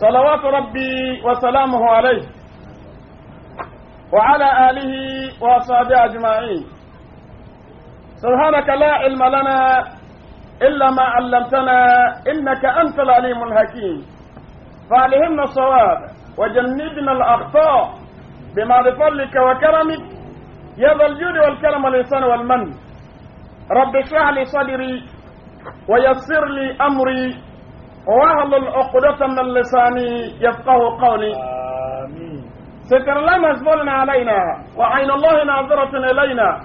صلوات ربي وسلامه عليه وعلى آله وأصحابه أجمعين سبحانك لا علم لنا إلا ما علمتنا إنك أنت العليم الحكيم فعليهن الصواب وجنبنا الأخطاء بما بفضلك وكرمك يا ذا الجود والكرم والإحسان والمن رب اشرح لي صدري ويسر لي أمري واهل العقدة من اللسان يفقه قولي آمين سكر الله مزبول علينا وعين الله ناظرة إلينا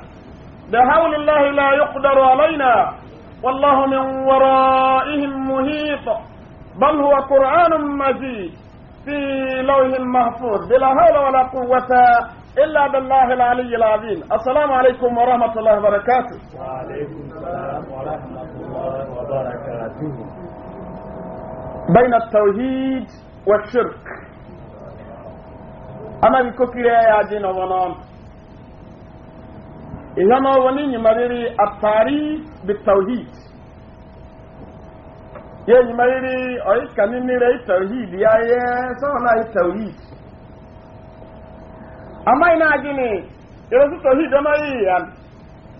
بحول الله لا يقدر علينا والله من ورائهم مهيط بل هو قرآن مجيد في لوح محفوظ بلا حول ولا قوة إلا بالله العلي العظيم السلام عليكم ورحمة الله وبركاته وعليكم السلام ورحمة الله وبركاته baina tawhid wa shirk ana biko kire ya ji na wana ilama wani nyimariri a tari bi tawhid ye nyimariri o iska ni nire yi tawhid ya ye so na yi tawhid ama ina gini yoro su tawhid ama yi ya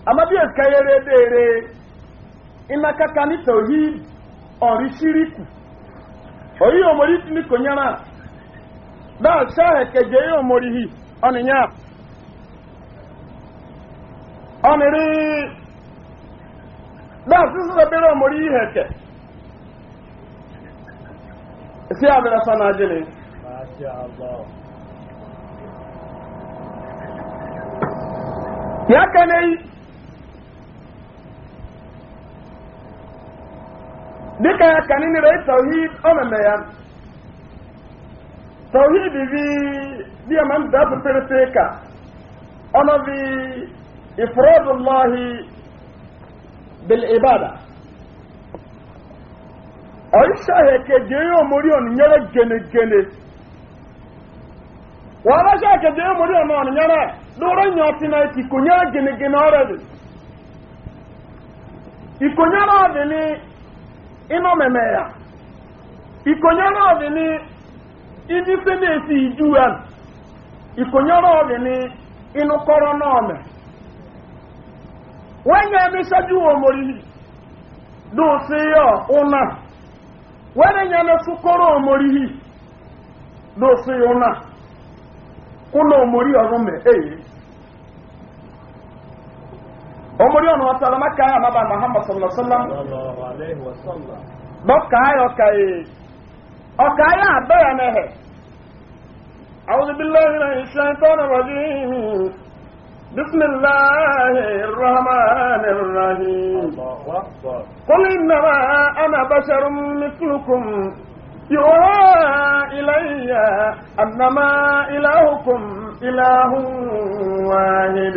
ama bi eska yere dere ina kaka ni tawhid orishiriku oyi omori tini konyana na shahe keje yi omori hi oni nya oni ri da sisi da bere omori yi heke si abira sana ajili ya kene dịka ya ka nínú rẹ̀ tawhid ọmọmẹ ya tawhid bi bí a máa ń dá pẹpẹrẹpẹ ka ọmọ bi ìfúrọ́dùnláhi bil ibada ọ̀yí ṣàyẹ̀ kejì yóò mórí ònìyànrẹ̀ gẹ́nẹ́gẹ́nẹ́ wọ́n bá ṣàyẹ̀ kejì yóò mórí ònìyànrẹ̀ lórí yàn tí náà ti kò nyẹ́rẹ̀ gẹ́nẹ́gẹ́nẹ́ ọ̀rẹ́ dì ìkònyẹ́rẹ̀ ọ̀dì ni ịnọ meme ya ikonyere ọdịni ịdị se na-esi iju ya ikonyere ọdịni ịnụkọrọ n'ọmị wenye emesaju omori dosi ya ụna were nye mesukọrọ omori dosi ya ụna ụna omori ọrụ mee eyi omori ọ̀nà wa sọ̀rọ̀ maka ayé àmàbà muhammad sọ̀rọ̀ sọ̀rọ̀ bọ́ọ̀kà ayé ọ̀kà yìí ọ̀kà ayé àbẹ̀rẹ̀ mẹ́hẹ̀ àwọn bílẹ̀ ní tọ́nà wọ̀dí بسم الله الرحمن الرحيم قل إنما أنا بشر مثلكم يوحى إلي أنما إلهكم إله واحد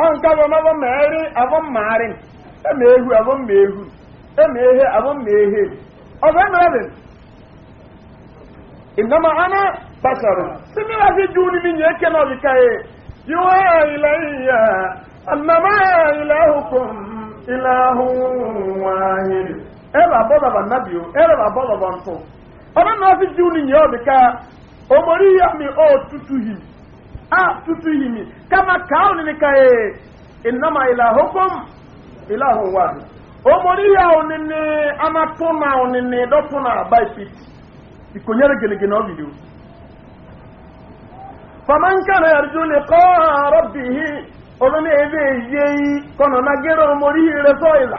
ọnkagọ m abọ mmeri abọ mmarị eme ehu abọ mma ehu eme ehe ehe ọzọ inama ana basaru simila si juni ni nye ke nọbi kaye yuwa ilayya annama ilahukum ilahu wahid ba ebe ba ntụ na si juni nye obi ka omori ya mi o tutuhi a tutu kama kaw ni ka ye inama ilahukum ilahun wahid omori ya onini ama tuna onini dɔ tuna by pit ikonyere gelegele ɔbili o faman kana yarju liqa rabbihi olóni ebe yeyi kɔnɔ na gero omori yi ila.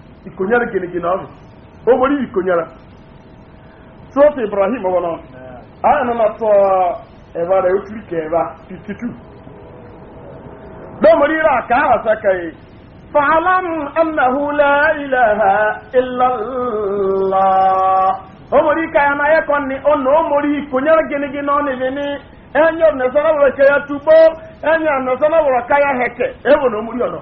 ikonyere gelegele ọrị o mori ikonyere sọfọ ibrahim ọwọlọ aya a na tọ ẹba otu otiri ebe fifty two dọmọri ra ka a wasa kai fàlám anahu la ilaha illallah o kaya na ayẹkọ ni ikonyere gelegele ọrị bi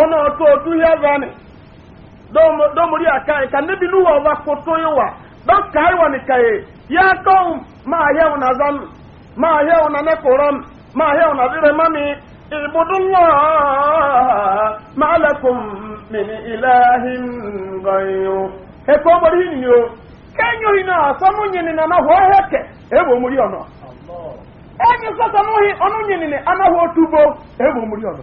ọ̀nà ọ̀tọ̀ ọ̀tún yẹ́ vani dọ́mọ̀rí àkáyè kà níbi níwọ̀ ọba kótó yóò wà dọ́kà ìwà nìkàyè yá kọ́hùn máa yẹ ọ̀nà zanu máa yẹ ọ̀nà nẹ́kọ̀ọ́rọ́n máa yẹ ọ̀nà rírẹ̀ mami ìbùdúnlọ́ máa lẹ́kùn mìíní ìlàhìn gbọ̀nyó. ẹ̀kọ́ ọmọdé yìí nìyó kẹ́nyó yìí náà sọ́nù yìí nìyẹn náà wọ́n hẹ́ kẹ̀ na wọ́n mú rí ọ̀nà ẹ̀yìn sọ́sọ́nù yìí ọ̀nù yìí nìyẹn náà wọ́n túbọ̀ ẹ̀ wọ́n mú rí ọ̀nà.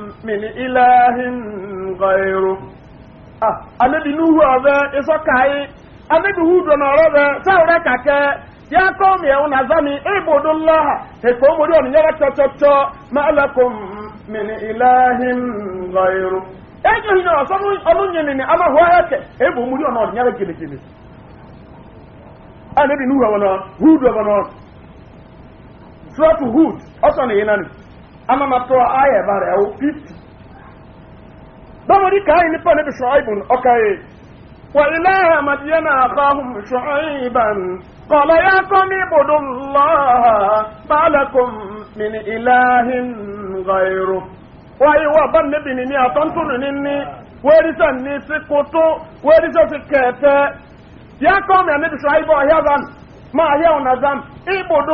min ilahin ghairu ah anabi nuhu ave iso kai anabi hudu na oro ya qawmi ya unazami ibudullah he ko mo don nyara tototo ma lakum min ilahin ama ma tɔ ayɛ ba rɛ o fifty dɔmɔdi kaa yi nipa ne bi sɔ ayi bun ɔka ye wa ilaha madiyana akahum shu'aiban qala ya qawmi ibudu allaha ma lakum min ilahin ghayru wa yi wa ban ne bi ni ni a tɔn tunu koto wɛri si kɛtɛ ya qawmi ne bi sɔ bɔ ɔhya zan ma ɔhya ɔna zan ibudu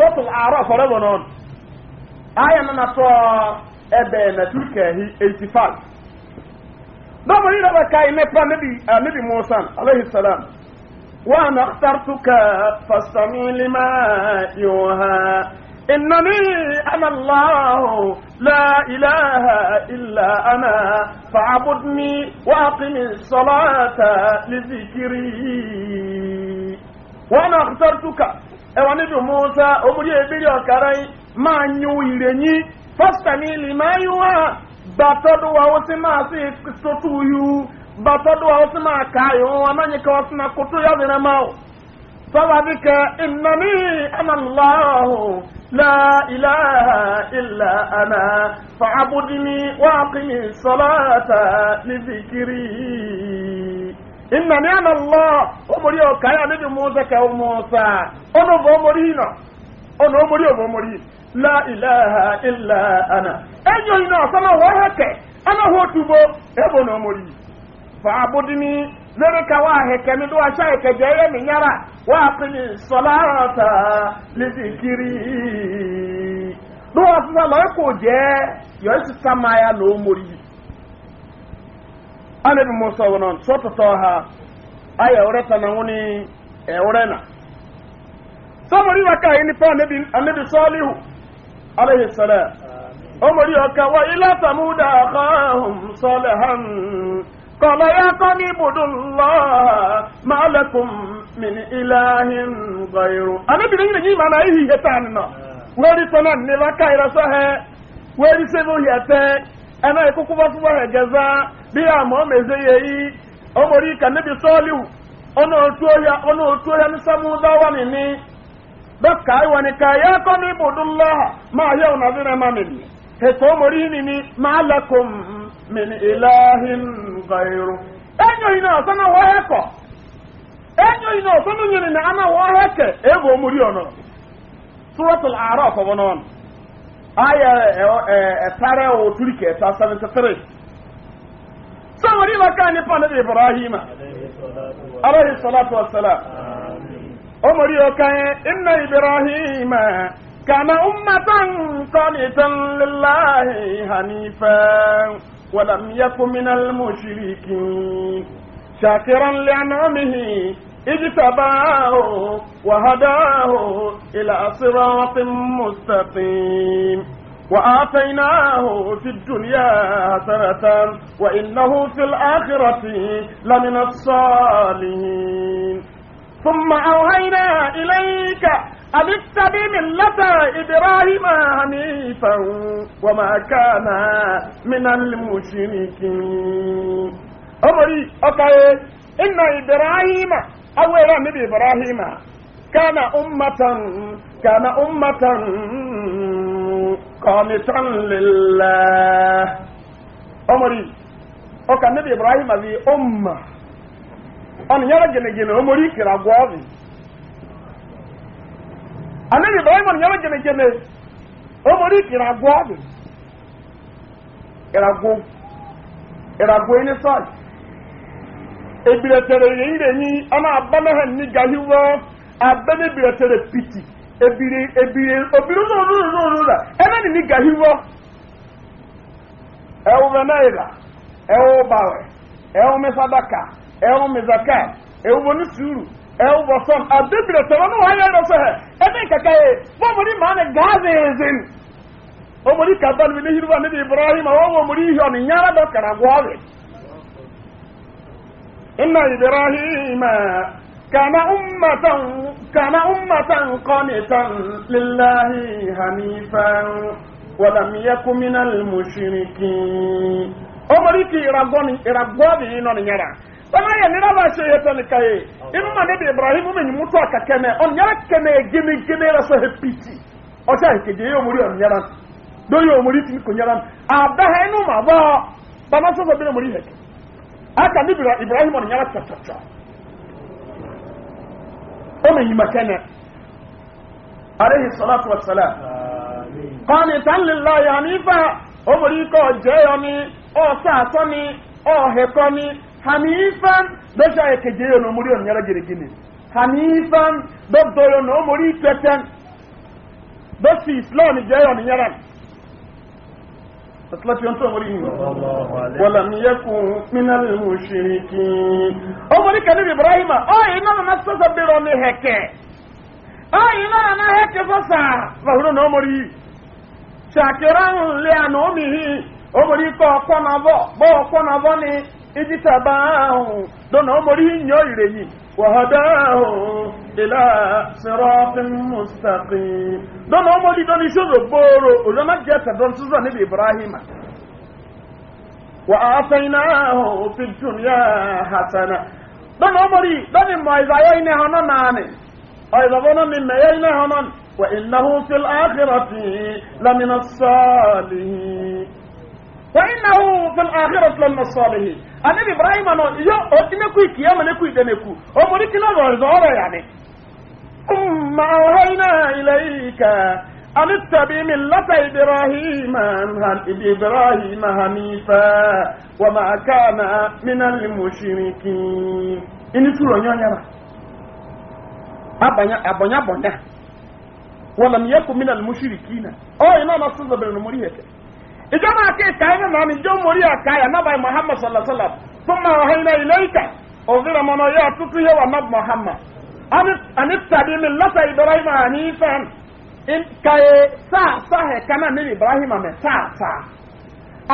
فوق الاعراف ربنون اي انا نصو ابي هي ايتفال دوما نعم، لي ربا كاي مي فام بي آه، آه، نبي موسى عليه السلام وانا اخترتك فاستمع لما يوها انني انا الله لا اله الا انا فاعبدني واقم الصلاه لذكري وانا اخترتك ẹwà níbi musa omúdí ebírí ọ̀kàrá yìí máa yún ìrè yín fọ́sítà ní ilé máa yún wá gbàtọ́dọ̀ wa ó sì máa sí sotu yú gbàtọ́dọ̀ wa ó sì máa ka ìhun amáyíká ọ̀sìn náà kótó yọ̀bìnrin máa o. sọ́wọ́ àbíkẹ́ ìnáni ànàláhùn la ilaha illa ana fa'abudini wa aqimi salata li zikiri. inna ni ana lọ omori ọka ya níbi ka musa ọnà ọbọ omori iná ọnà omori ọbọ omori la ilaha illa ana ẹjọ na omori fa abudi ni lórí ka wá hẹkẹ mi lọ́wọ́ aṣá hẹkẹ jẹ ẹyẹ mi yára wà á pè ní ya na omori anabi musa wọn sọtọtọ ha ayẹ ọrẹ tana wọn ni ẹwọrẹ na sọmọri wa kaa anabi anabi sọọlihu alayhi sẹlẹ Omori ọka wa ilá samuda akahum sọlẹhan kọlọ ya kọni budulọ maalekum min ma na ayi hihe taa nínà wọ́n rí sọ náà nílá ẹnna ìkókó bá fún bọ́ọ̀rẹ̀ jẹ̀zá bí àmọ́ mèzé yẹ yí ọmọrí kàníbi sọ́ọ̀lù ọ̀nà òtú ọ̀yà ní sẹ́múdá wà nìní dọ́kà ìwà ni yẹ kọ́ ní ibùdó lọ́hà máa yẹ ọ̀nà àdínà máa mèmí ètò ọmọrí nìní máa lẹ́kùn mìíní ìlàhìn gbàìrù. ẹnyọ yìí na náà sọ́nà aya ẹ̀tara eh, eh, eh, ẹ̀wọ̀ turkey ẹ̀ta seventy three sáwọn ìmọ̀ ká nípa níbi ibrahim alayhi salatu wa salam ọmọdé ọkà yẹn iná ibrahim kàmá ummatan qanitan lillahi hanifan walam yakun minal mushrikin shakiran li anamihi اجتباه وهداه إلى صراط مستقيم وآتيناه في الدنيا حسنة وإنه في الآخرة لمن الصالحين ثم أوهينا إليك أن اتبع ملة إبراهيم حنيفا وما كان من المشركين أمري أكاي إن إبراهيم awera nabi a kana ummatan kana ummatan qanitan lillah omori o ka nabi ibrahima bi umma on yara gene gene omori kira gwavi anabi ibrahima yara gene gene omori kira gwavi irago Iragu ni sai ebiretere yeirenyi ama abanahan ni gahiwa abane biretere piti ebiri ebiri obiru no no no no la ebe ni ni gahiwa ewo benaira ewo bawe ewo mesadaka ewo mezaka ewo ni suru ewo boson adebiretere no wa yero so he ebe kaka e bomori ma ne gazezin omori kabal bi ni hirwa ni ibrahim awo omori hiyo ni nyara do karagwa إن إبراهيم كان أمة كان أمة قانتا لله حنيفا ولم يكن من المشركين أمريكي إرغوني إرغوني إنوني نرى bana yɛ nira ba se na ni ka ye inu ma ne ibrahim mi ni mutu a ka kɛnɛ ɔn yɛrɛ kɛnɛ aka ne bira ibrahim ɔne nyama twatwatwa ɔma yima kɛnɛ alayhi salatu wassalam qanitan lillahi hanifa ɔmɔri kɔ jɛyɔni ɔsaasɔni ɔhɛkɔni hanifan bɛsɛ ayɛ kɛjɛyɔ na ɔmɔri ɔne nyara gyeregyene hanifan bɛbɔyɔ na ɔmɔri pɛtɛn bɛsi islam jɛyɔ ne nyara àtìláti ọ̀n tó ọmọ yìí wọ̀lá mi yẹ kún mínà lè mú ṣeré kí. ọmọ ní kẹ́lẹ́ ibrahima ọ̀yìn náà nà sọ́sọ́ ọmọ nà sọ́sà ń lé àná omi وهداه إلى صراط مستقيم دون عمر دون يشوذ بورو ولما جاءت دون سوزان نبي إبراهيم وآتيناه في الدنيا حسنة دون عمر دون ما إذا يأينا هنا ناني أيضا دون مما يأينا هنا وإنه في الآخرة لمن الصالحين وإنه في الآخرة لمن الصالحين anabi ibrahim no yo otimeku ikiyama neku idemeku omoriki nọrọ zọrọ ya ni umma awhayna ilayka an ittabi millata ibrahima ibrahima hanifa wa ma kana min almushrikin ini turo nyonyara abanya abonya bonya wala miyaku min almushrikin o oh, ina masunza bin muriyete ìjọba àti ìkàyẹ̀mí màmí jọ mórí àkàyà nábàá muhammad sallasala fún ma ọ̀hẹ́ iná ilé ìkà òfin ọmọnà yóò tútù yẹ wà náà muhammad àní tàbí mi lọ́sẹ̀ ibrahim ànífàn ìkàyè sáà sáà ẹ̀ka náà níbi ibrahim àmẹ sáà sáà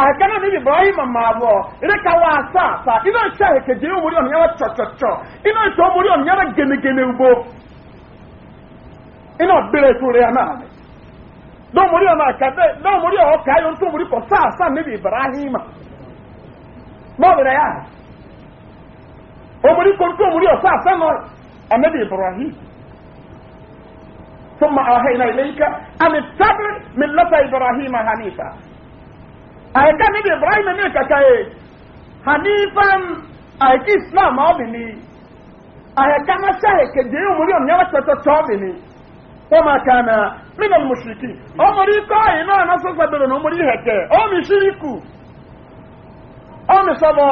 àhẹ̀ka náà níbi ibrahim àmàbọ̀ ìrẹ́ka wà sáà sáà iná ìṣe àhẹ̀kẹ̀ jẹ́ yóò mórí ọ̀nìyàwó tsọ̀tsọ̀tsọ̀ iná ìṣe ọmọdé ọ̀nìyàwó gẹ́nẹ́gẹ́nẹ́ ugbó iná ọ̀gbẹ́rẹ́ ìtúrẹ́ náà dɔw mori ɔna akadɛ dɔw mori ɔwɔ kaa yɔ ntɔ mori kɔ saa saa ne bi ibrahim bɔbɛrɛ ya omori kɔ ntɔ mori ɔsa saa nɔ ɛmɛ bi ibrahim ثم أوحينا إليك أن اتبع ملة إبراهيم حنيفا أي كان نبي إبراهيم ملك كاي حنيفا أي كي إسلام أبني أي كان شاهد كجيو مريم يرسل تتوبني وما كان nínú mùsùlùkì ọmọdé kọ́ọ̀yì náà náà na bẹ̀rẹ̀ náà ọmọdé ìhẹ̀kẹ́ ọmọ ìṣíríkù ọmọ ìṣọ́bọ̀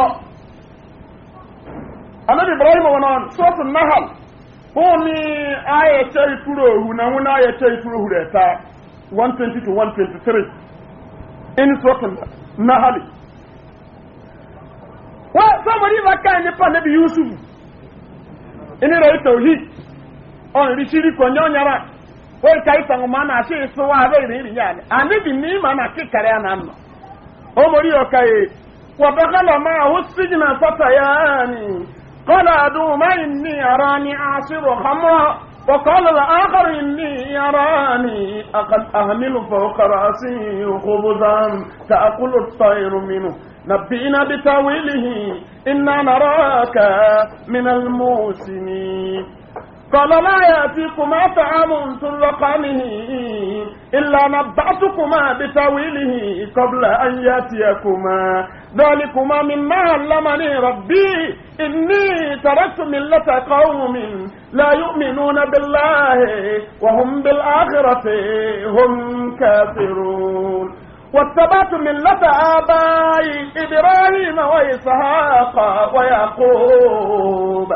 anábì ibrahim wọn náà sọ́ọ̀tù nahal fún mi ayẹ̀tẹ́ ìtúrò na nwunye wọn ayẹ̀tẹ́ ìtúrò òhù 120 to 123 in sọ́ọ̀tù nahal wọ́n sọ́mọdé ìbá káyìn nípa níbi yusuf wọ́n ta ifa ọmọ náà ṣe é sọ wá abẹ́ ìrìn ìrìn yá ni àníbi ní ìmọ̀ náà kékeré àná nù ó mórí ọ̀ka yìí wọ́n bẹ́ẹ̀ lọ máa ó sígi náà sọ́tà yá ni kọ́lá àdùn máyì ní ara ni àṣírò hamọ́ وقال الآخر إني أراني أهمل فوق رأسي خبزا تأكل الطير منه نبئنا بتاويله إنا نراك قال لا يأتيكما طعام قامه إلا نبعتكما بتاويله قبل أن يأتيكما ذلكما مما علمني ربي إني تركت ملة قوم لا يؤمنون بالله وهم بالآخرة هم كافرون واتبعت ملة آبائي إبراهيم وإسحاق ويعقوب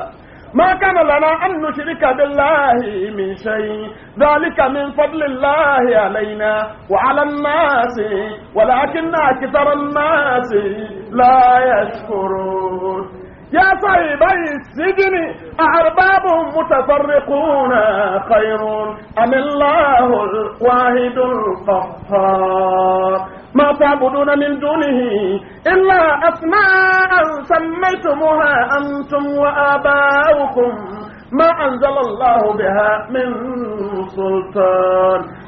ما كان لنا أن نشرك بالله من شيء ذلك من فضل الله علينا وعلى الناس ولكن أكثر الناس لا يشكرون ya sahibay sijini arbabum mutafarriquna khayrun am illahu lwahidu lqahar ma tabuduna min dunihi illa asmaan sammaytumuha antum wa abaukum ma anzala allahu biha min sultan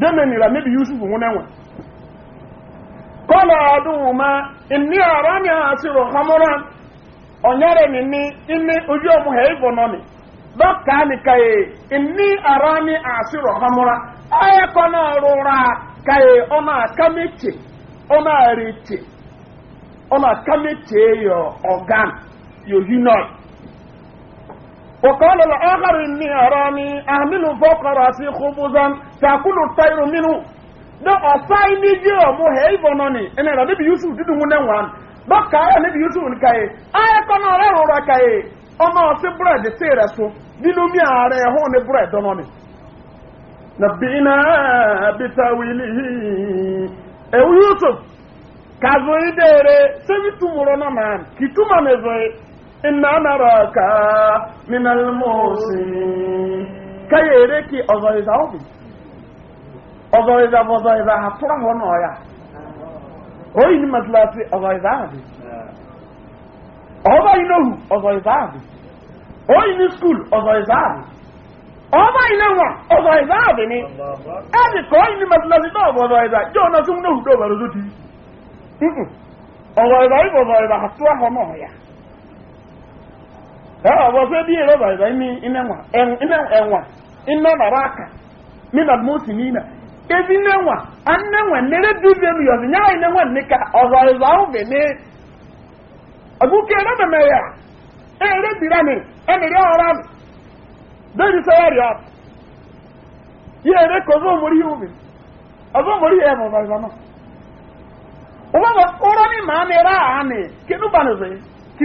دمني maybe يوسف ونوى قال عدوما إني أراني أسير خمرا أنيرني إني أجوب هيفو نومي dọ́kà ni kàyé ìní ara ní àṣírò hamura ayẹkọ náà rọra kàyé ọmọ àkàmẹ́tì ọmọ àrètì ọmọ àkàmẹ́tì yọ ọ̀gán وقال الآخر إني أراني أحمل فوق رأسي خبزا تأكل الطير منه ده أصاي نيجي ومو هي بناني أنا لا نبي يوسف تدو من وان ده كاي نبي يوسف نكاي أي كنا رأوا ركاي أما سبرة تسير سو دينومي أره هون برة دناني نبينا بتاويله أو يوسف كازوي ديري سبي تمرنا مان كتوما مزوي inna naraka minal musini ozoiza obi ozoiza oyi ni maslasi ozoiza abi ọba inohu ozoiza abi oyi ni skul ozoiza abi ọba ilewa ozoiza abi ni ẹni oyi ni maslasi náà bozoiza yóò na sún nohu dóbaru zuti ọzoiza ibozoiza ọ̀bọ̀sẹ̀ bí èrò bàbá mi ìmẹ̀wà ẹ̀wà iná bàbá àkà nínà mọ́sì nínà ebi nẹ̀wà anẹ̀wà nẹ́rẹ́ dúdú mi ọ̀sìn yáà nẹ̀wà nìka ọ̀rọ̀ ìzà ọ̀bẹ̀ ní. ọ̀gùnkè ẹ̀rọ mẹ̀mẹ̀ yà ẹ̀rẹ́ bìrà mi ẹ̀nìrẹ́ ọ̀rá mi bẹ́ẹ̀ni sẹ́yà rẹ̀ ọ̀t yẹ ẹ̀rẹ́ yẹ bàbá náà. mi màá mi rà á mi kí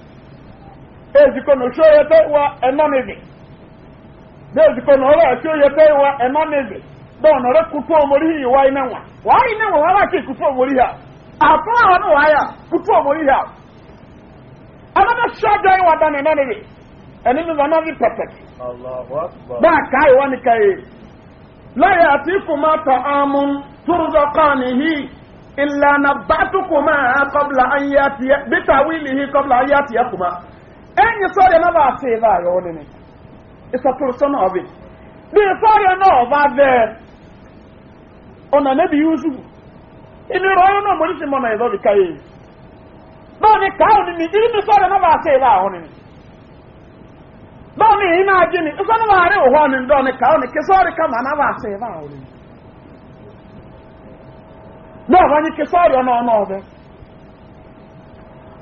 ezikọ na osi oyete wa emamizi ezikọ na ọrụ osi oyete wa emamizi dọọ na ọrụ kutu omori hi wa ina nwa wa ina nwa wala ki kutu omori ha afọ ahụ na wa ya kutu omori ha anaba sọjọ iwa da na emamizi ẹni mi zana bi pẹpẹti bá a ká ìwọ nìkan ta láyé àti kùmà tọ àmú túrúzọ kan nìyí ìlànà bá tukùmà kọbla ayé àtìyẹ bí tàwílì yìí kọbla ayé àtìyẹ kùmà. nye sɔre na ba se ba yɔ ne ne esaporo sɔ na ɔbe bi sɔre na ɔba bɛ ɔna ne bi yusu ibi rɔyɔ na mɔri si mɔ na bi ka ye ni kaa ni mi ibi mi sɔre na ba se ba yɔ ne ne ni ni ba ni ni kaa ni sɔre kama na ba se ba yɔ ne ne ni sɔre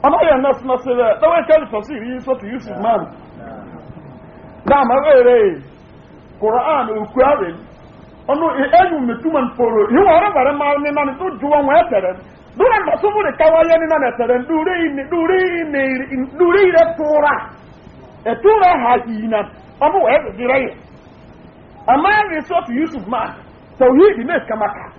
ọmọye ẹ̀nà sinọ sí rẹ̀ lọ́wọ́ ẹ̀kẹ́ ìfọ̀sí yìí sọ́tù yusuf man dáàmà rẹ̀ kùrán òkú àrẹ̀ ọ̀nà ẹ̀yùn mẹ́túmọ̀ fòrò ìwọ̀n ọ̀rẹ́ bàrẹ̀ máa ní náà tó ju wọn ẹ̀tẹ̀rẹ̀ dúró ẹ̀nà tó fún ìka ní náà ẹ̀tẹ̀rẹ̀ dúrí rẹ̀ tóra ẹ̀túra ha yìí na ọmọ ẹ̀rẹ̀ dìrẹ̀ yẹ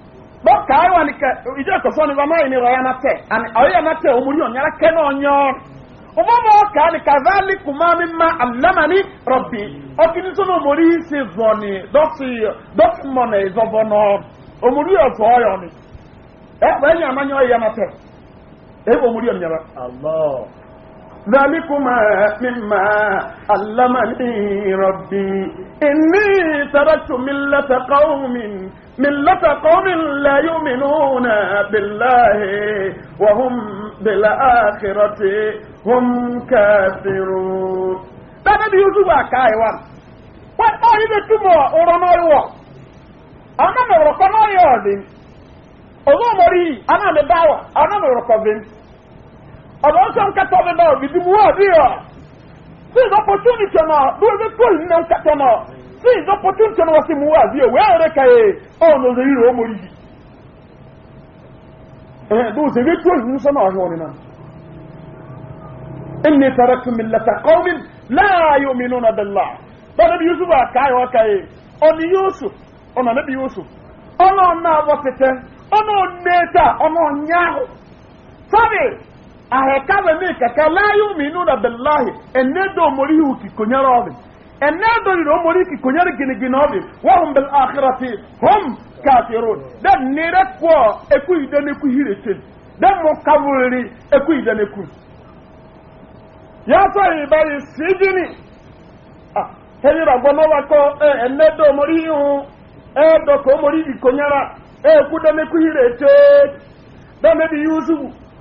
bó kàá wà ní kẹ ìjọ ìkọ̀sọ́ ni wàmọ́ ìní rọ̀yà náà tẹ̀ àní ọ̀yà náà tẹ̀ òmùrí ọ̀nyára kẹ́ náà yọ̀ ọmọ mọ̀ kàá ní kàzáàlì kùmá mi má àlámàní rọ̀bì ọkìní tó ní òmùrí ṣe zọ̀ ni dọ́tì dọ́tì mọ̀ ní ìzọ̀bọ̀ náà òmùrí ọ̀tọ̀ ọ̀yọ̀ ni ẹ̀ ذلكما مما علمني ربي إني تركت ملة قوم ملة قوم لا يؤمنون بالله وهم بالآخرة هم كافرون Bẹ́ẹ̀ni bí Yusuf àkáyé wa, wọ́n náà yí lè túbọ̀ ọ̀rọ̀ náà wọ̀. Àwọn náà mọ̀ ọ̀rọ̀ kan náà yọ̀ ọ̀dín. Òun ò mọ̀ rí, àwọn náà lè bá wọ̀, àwọn náà mọ̀ ọ̀rọ̀ kan bẹ́ẹ̀ ọ̀dọ̀ ọ̀sán kẹtọ́ mi náà bìbí mu wá bí yà sí ìdí opportunity náà bí wọ́n fi kó ìlú náà kẹtọ́ náà sí ìdí opportunity náà wọ́n sì mu wá bí yà wẹ́ ẹ̀rẹ́ kẹyẹ ọ̀nà òde yìí rẹ̀ ó mori yìí ẹ̀hẹ́ bí wọ́n sì fi kó ìlú sọ́nà ọ̀hún ọ̀nà náà. inni taraktu millata qaumin la yu'minuna billah bọ́dọ̀ bí yusuf àkáyọ̀ kẹyẹ ahekabe mi kẹkẹ láyé omi inú na bẹláhi ẹnẹdọ omori ihu kìkonyẹrẹ ọbẹ ẹnẹdọ yìí omori gịnị gìnnìgìnnì ọbẹ wọn bẹ àkàràtì hom káfíìrún dẹ nire kọ ẹkú e, yìí dẹni kú yìí De dẹ mọ kàwérì ẹkú yìí dẹni kú. yàtọ̀ yìí báyìí ihu omori e,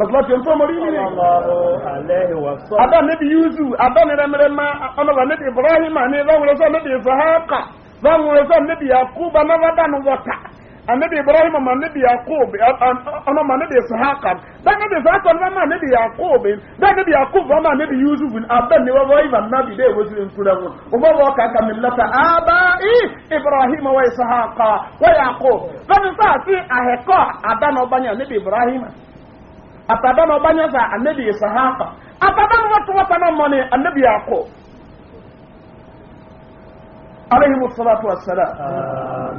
masalati yanzu mori ne ne ada nabi yusu ada ne ramre ma ana ba nabi ibrahim ne za mu rasa nabi ishaqa za mu rasa nabi yaqub ma ba dan ibrahim ma nabi yaqub ana ma nabi ishaqa dan nabi ishaqa ma ma nabi yaqub dan nabi yaqub ma ma nabi yusuf ada ne wa boy man nabi dai wasu in tura mu uba ba ka ka millata abai ibrahim wa ishaqa wa yaqub kan sa ti aheka ada no banya nabi ibrahim atabana ọbanyaza anabi yi sahaba atabana wata wata na mmọni anabi akọ alayhi wa salatu wa salam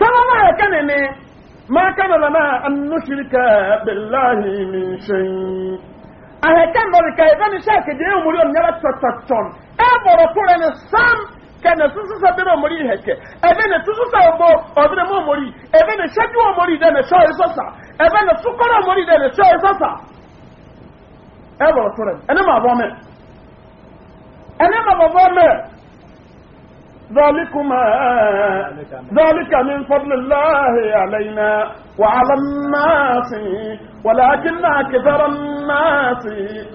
sábà náà yẹ kẹ́ni ni máa kẹ́ni lọ́nà anúṣirika bẹ̀láhi mi ṣẹ́yìn ahẹ́kẹ́ mbọ̀rìkà ẹ̀fẹ́ ni sẹ́ẹ̀ kejì ní òmùrí òmìnira tọ̀tọ̀tọ̀n ẹ bọ̀rọ̀ tó rẹ̀ ni sam kẹ́ni tuntun sọ bẹ́ẹ̀ òmùrí ìhẹ̀kẹ́ ẹ̀fẹ́ ni tuntun sọ ọgbọ́ ọ̀bẹ̀rẹ̀ mọ́ òmùrí ẹ̀fẹ́ ni ṣẹ́jú òmùrí dẹ́ni sọ́ọ̀ ebe na sukọrọ mori dẹ lẹsẹ ẹsẹsà ẹ bọrọ sọrọ ẹni ma bọ mẹ ẹni ma bọ bọ mẹ ذلكما ذلك من فضل الله علينا وعلى الناس ولكن أكثر الناس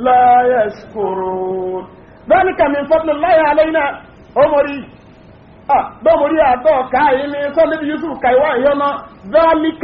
لا يشكرون ذلك من فضل الله علينا أمري أه بمري أدوك أي من صلب يوسف كيوا يوما ذلك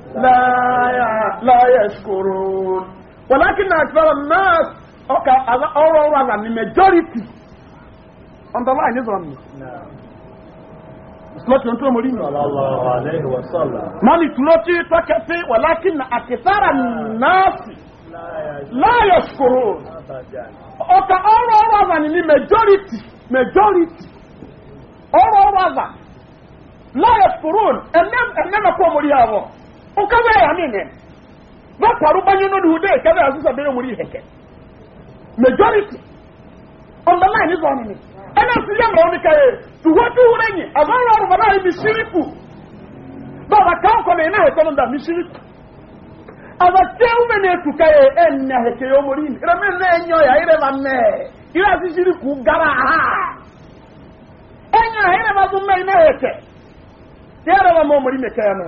لا يشكرون ولكن أكثر الناس أوكا أنا أورا وانا من majority underline isn't it Slọ́tí ohun tó mọ̀ rí mi. Mọ́lì tulọ́tí tọ́kẹ́ sí wàlákìn àkìsára náàsì láyọ̀ ṣòro. Ọ̀kà ọ̀rọ̀ ọ̀rọ̀ àzà ni ní majority majority ọ̀rọ̀ ọ̀rọ̀ àzà láyọ̀ ṣòro ẹ̀mẹ́mẹ́kọ́ mọ̀ ukaba ya nini bakwaru banye no dude e kebe asusa bere muri heke majority on the line is on me ana sija mraoni kae tuwatu urenye abara ro bana ibi shiriku baba kan ko le na he ko nda mi shiriku aba te ume ne tu kae enna heke yo muri ira me ne nyo ya ire ma me ira si shiriku gara ha enyo ire ma bu me ne heke Tera wa mo muri me kaya na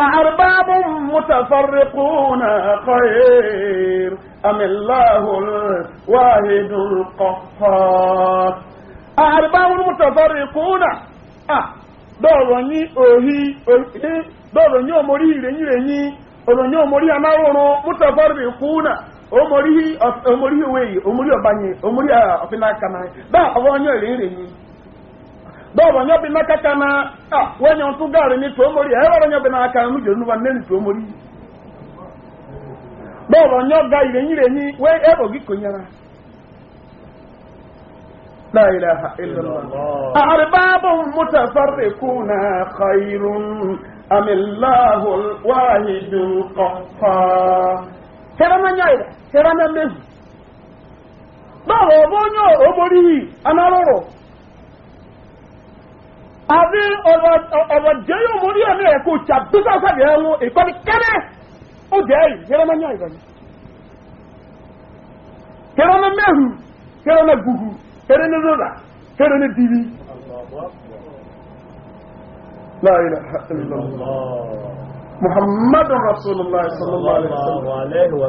أأرباب متفرقون خير أم الله الواحد القهار أأرباب متفرقون أه dọ́ọ̀rọ̀ yín òhì dọ́ọ̀rọ̀ yín òmòrí ìrẹ̀yìnrẹ̀ yín òròyìn òmòrí amáwòrán mútàfọ́rì dɔwɔ nyɔ na kaka ah, na a wɔnyɔ ntu gaari ni tuomori ɛ wɔrɔ nyɔ na kana nu jɔnu ba ne ni tuomori dɔwɔ ga yirenyi renyi wɛ ɛ ogi ko nyara la ilaha illallah arbabun mutafarriquna khairun am illahu alwahidul qahhar kerama nyaida kerama mehu dɔwɔ bo nyɔ omori anaroro àbí ọ̀rọ̀ jẹ́ yóò mú ní ọ̀nà ẹ̀kọ́ ìjà bí sọ́sọ́ jẹ́ ẹ̀wọ̀n ìkọ́ni kẹ́lẹ́ ó jẹ́ yìí kẹ́lẹ́ máa ń yàn ìbẹ̀rẹ̀ kẹ́lẹ́ ní mẹ́hù kẹ́lẹ́ ní gbùgbù kẹ́lẹ́ ní rọ́là kẹ́lẹ́ ní dìbí. muhammadu rasulillah sallallahu alayhi wa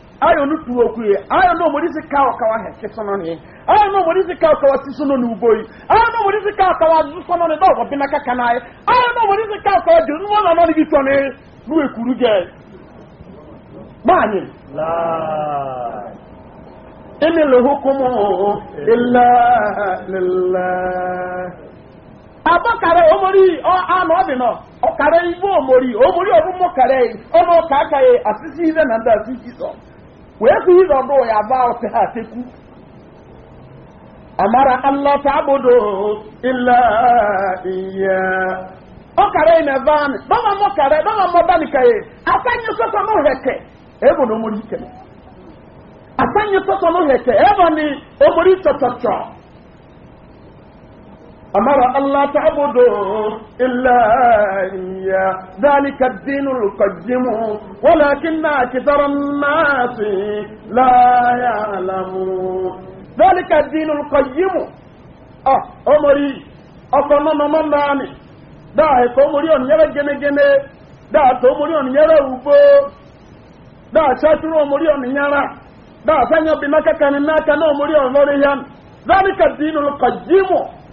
ayo no oku ayo no kawa he sono ayo no kawa sono ayo no sono kaka na ayo no mori se kawo kawa du no na no ni to ne nu ekuru je bani la ان الحكم الا لله abọ́kàrẹ́ omori ọ̀hánà ọ̀dìnà ọ̀kàrẹ́ igbó omori omori ọmọ wee kwughị na ọdụ ya bụ ọsị ha teku amara allah ta'budu illa iya ọkara ina vani dọba mọ kare dọba mọ dani kaye asanye sọsọ mọ heke ebo na omori ikele asanye sọsọ mọ heke ebo ni omori tọtọtọ أمر الله تعبدوا إلا إياه ذلك الدين القيم ولكن أكثر الناس لا يعلمون ذلك الدين القيم أه أمري أفنى من نامي داهي كومري أن يرى جنة جنة دا تومري أن يرى أبو دا شاتر أمري أن يرى دا سنة بمكة كان ناكا نومري أن ذلك الدين القيم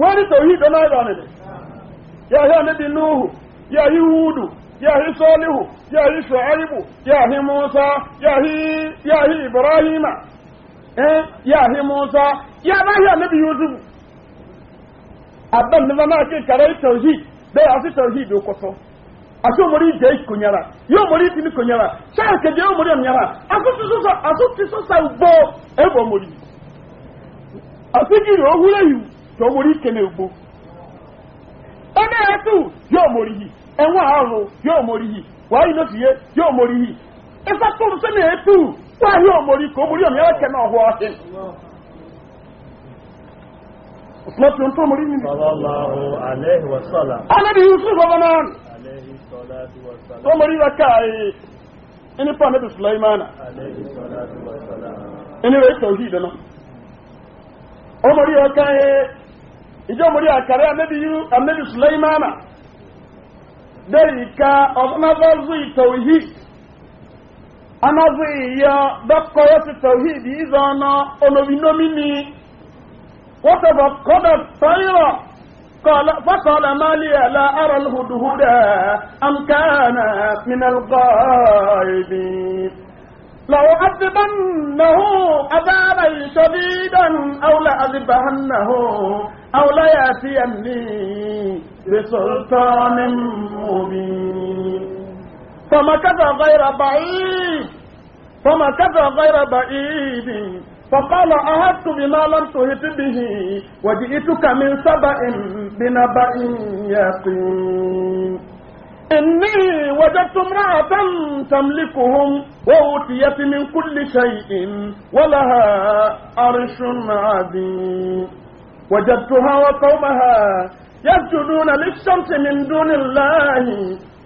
wọ́n rí tòhídì ọlọ́rọ̀ nìdí yàhí ọ̀nìdí núhù yàhí wúdù yàhí sọ́líhù yàhí ṣọ̀ọ́yìbù abẹ́ nígbà náà kí kàrẹ́ tòhídì bẹ́ẹ̀ àti tòhídì okòtò àti òmòrí ìjẹ́ ìkònyára yóò mórí ìtìmí kònyára sáà kẹjẹ yóò sọ́sà àti kí yóò mórí kẹmẹ ògbó ọdẹ ẹtù yóò mórí yìí ẹwọn àrùn yóò mórí yìí wàá yìí lóṣù yẹ yóò na etu ẹfà tó ń ka ẹtù yóò mórí kò mórí ọ̀mí ẹwà kẹmẹ ọ̀hún ọ̀hìn. Osùmọ̀ tí ó ń tó mórí nínú. Sọlọ́láhùn Alẹ́hì Wàsọ́lá. Yusuf ọmọ náà. Alẹ́hì Sọlá ka pa Sulaimana. ìjọ mori àkàrẹ́ amẹ́bí sulaimana dẹ́rì ká ọ̀sánàfọ́zù ìtòwìhì anáfọ́ ìyọ dọ́kọ̀ọ́ sí tòwìhì ìzọ ọ̀nà olóbinómi ni wọ́n tọ̀bọ̀ kọ́dọ̀ tọ́yọ̀ فقال ما لي لا أرى الهدهد أم كان من الغائبين لأعذبنه عذابا شديدا أو لأذبحنه أو لا يأتيني بسلطان مبين فما كذا غير بعيد فما كذا غير بعيد فقال أهدت بما لم تهت به وجئتك من سبأ بنبأ يقين إني وجدت امرأة تملكهم وأوتيت من كل شيء ولها عرش عظيم وجدتها وقومها يسجدون للشمس من دون الله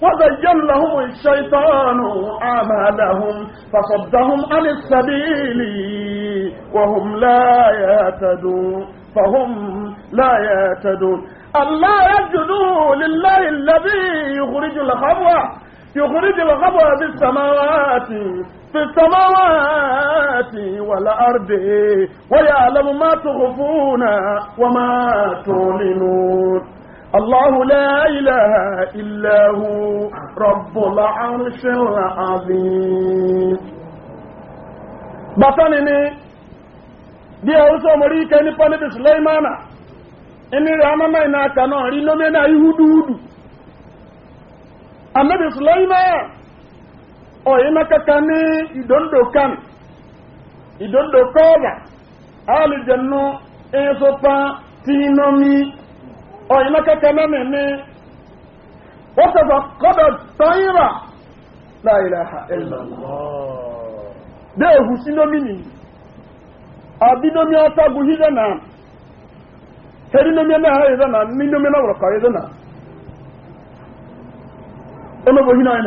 وزين لهم الشيطان أعمالهم فصدهم عن السبيل وهم لا يهتدون فهم لا يهتدون الله يسجدوا لله الذي يخرج الخبوة يخرج الخبوة بالسماوات في السماوات والأرض ويعلم ما تغفون وما تعلنون الله لا إله إلا هو رب العرش العظيم بطنني bí ẹ̀rù sọ mọ̀rí ikẹ́ nípa níbi suleimana inú rẹ̀ amọ́mọ́ ìnà àkànà rí lómìnà ihuduhudu àmẹ́bì suleimana ọ̀yìnà kankan ní ìdòǹdò kan ìdòǹdò kọ́ọ̀gà alìjẹ̀nu ìsopa tí iná mi ọ̀yìnà kankan ní wọ́n kọ́dọ̀ tọ́yìnrà láìláha ẹ̀lọ́lọ́ déèhù sínomi ni àbínomi ọ̀tọ́gun yíyẹ náà herinomi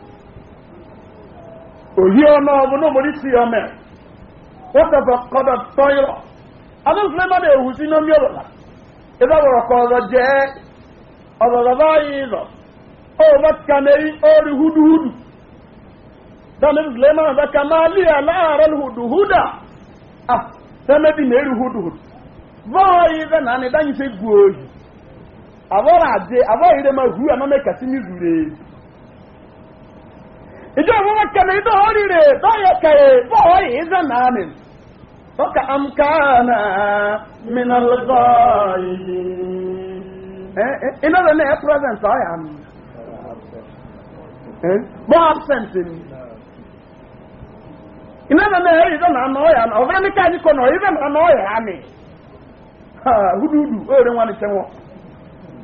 òhì ọmọ ọmọ náà mọ̀rí sí ọmọ ẹ̀ wọ́n tẹ̀fọ̀ kọ́dọ̀ tọ́yọ̀ adúlùfẹ́ má dẹ̀ hù sí ní omi ọ̀rọ̀lá ìdá wọ̀rọ̀ kọ̀ ọ̀rọ̀ jẹ́ ọ̀rọ̀lá báyìí lọ ó bá kàmẹ́rí orí húdúhúdù dáná ìfẹ́ húdúhúdù báyìí bẹ́ẹ̀ náà ni dáyìí ṣe gbòòyì ìjọ àwọn mẹ́kẹ̀lẹ̀ ìjọ oríire lọ́yẹ̀kẹ̀rẹ̀ fọ́wọ́ yìí zẹ́nà mi na amkana minalgọ́ yìí iná rẹ̀ ní ẹ̀ present ọ̀yà mi bọ́ absent ni iná rẹ̀ ní ẹ̀ na nà ànà ọ̀yà mi ọ̀fẹ́ na káyí kọ́ nà ọ̀yẹ́ nà ọ̀yà mi hududu ọ̀rẹ́ wọn na sẹ́wọ̀n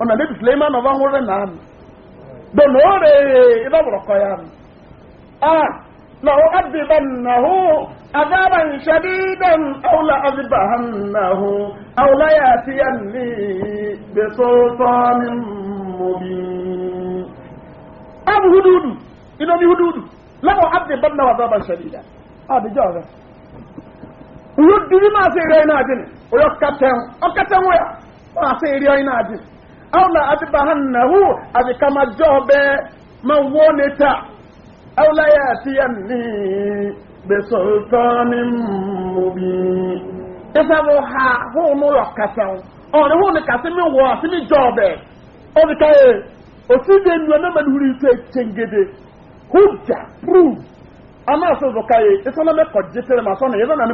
ọ̀nà david suleiman ọ̀fẹ́ ń wọ́rẹ́ Dọ na dọ̀nà ọ̀rẹ́ ìdọ̀bọ̀rọ̀kọ̀ yà mi. آه لأؤدبنه عذابا شديدا أو لأذبحنه أو ليأتيني بسلطان مبين أم هدود إنني هدود لأؤدبنه عذابا شديدا هذا جاهز yóòdìrí máa ṣe eré iná àjìn oyọ kẹtẹun ọkẹtẹun ya máa ṣe eré iná àwọn àti bàhánà hù àti kàmájọ ọbẹ máa wọ́n ní ta أو ليأتيني بسلطان مبين إسابو هو مولو كسو أنا هو نكاسمي واسمي جوبي من هوري تشنجدي هجا proof ama so zo kai ita na me koje tere ma so na yeza na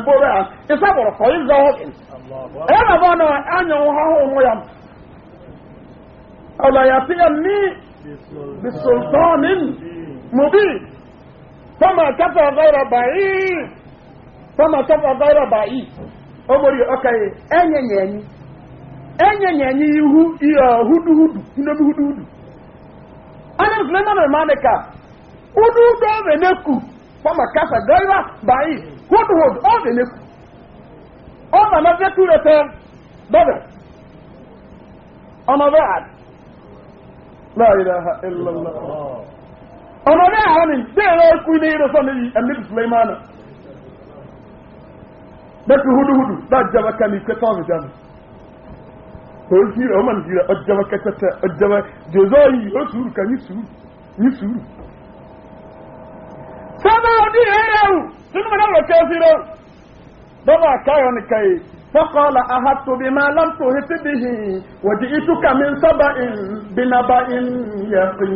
na na fama kafa gaira ba'i fama kafa gaira ba'i omori okaye enyenyenyi ihu iya huduhudu inobi huduhudu ana sulaiman almanika huduhudu ove neku fama kafa gaira ba'i huduhudu ove neku ọba na fẹ tu rẹpẹ bẹbẹ ọmọ bẹ àd ọmọ ní àwọn ni déèrè ikú ní ìrẹsọ níbi ẹmí suleimana bẹ́ẹ̀kì huduhudu náà jẹba ká ní ìkẹta ọ̀rọ̀ jáde òun sí rẹ̀ ọmọ nìyí ọjọba kẹtẹtẹ ọjọba jòzó yìí ó sùúrù ká ní sùúrù ní sùúrù. sábà ọdí eré ẹrù sínú mi náà lọ kẹ́ sí rẹ̀ bọ́bá àkáyọ̀ nìkan yìí فقال أهدت بما لم تهت به وجئتك من سبأ بنبأ يقين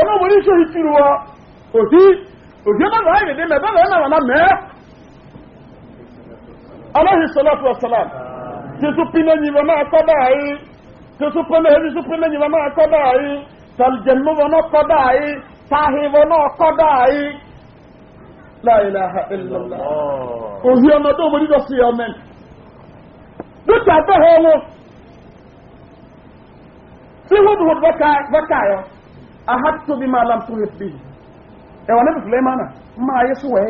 ọlọ́wọ́ ní sọ ìtìrù wọ òsí òsí ọmọ náà ìrìndé mẹ bẹ́ẹ̀ náà wà náà mẹ́ aláhi sọlọ́tù ọ̀sọ́lá jésù pinnu ẹ̀yìn wọn máa kọ́ báyìí jésù pinnu ẹ̀yìn jésù pinnu ẹ̀yìn wọn máa kọ́ báyìí tàlìjẹ̀mú wọn náà kọ́ báyìí táhì wọn náà kọ́ báyìí láìláha ìlọ́lá òsí ọmọ tó wọlé lọ sí ọmọ ẹ̀ dúkìá bẹ́ẹ̀ wọ́n sí wọ́n bọ̀ bọ́kà yọ ahattu bima lam tuhit bihi e wa nabi sulaimana ma yesu we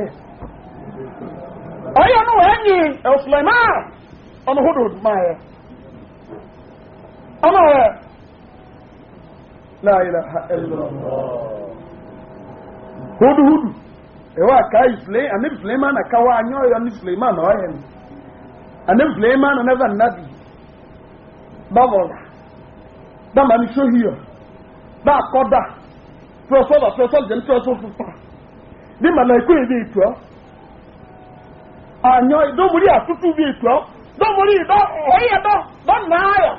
oyo no wanyi e sulaiman ono hudud ma ye ono we la ilaha illallah hudud e wa kai sule anabi sulaiman ka wa nyoyo ni sulaiman o ye anabi sulaiman na nabi babo da ma ni shohiyo baa kɔda trɔsɔlɔ trɔsɔlɔ jɛn trɔsɔlɔ fufa ní màláìkó yìí bí ìtura ànyɔ dɔmɔdé atutu bí ìtura dɔmɔdé yìí bá ɔyɛ bá bá nàáyɔ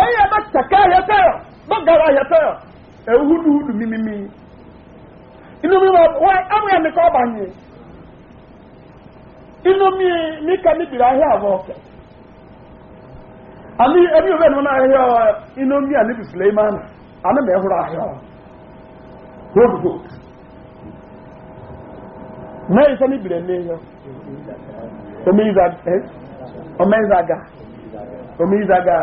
ɔyɛ bá tsaka yɛtɛyɔ bá gara yɛtɛyɔ ehuduhudu mímímí inú mi wà wá amu mi kọ́ bá nyi mi ka mi bìrì ahẹ́ àbọ̀ kẹ́ àmì ana ma ɛhoro ahia road road mẹ́rin sẹ́ni bìrẹ̀ ní yọ omi ìzaga omi ìzaga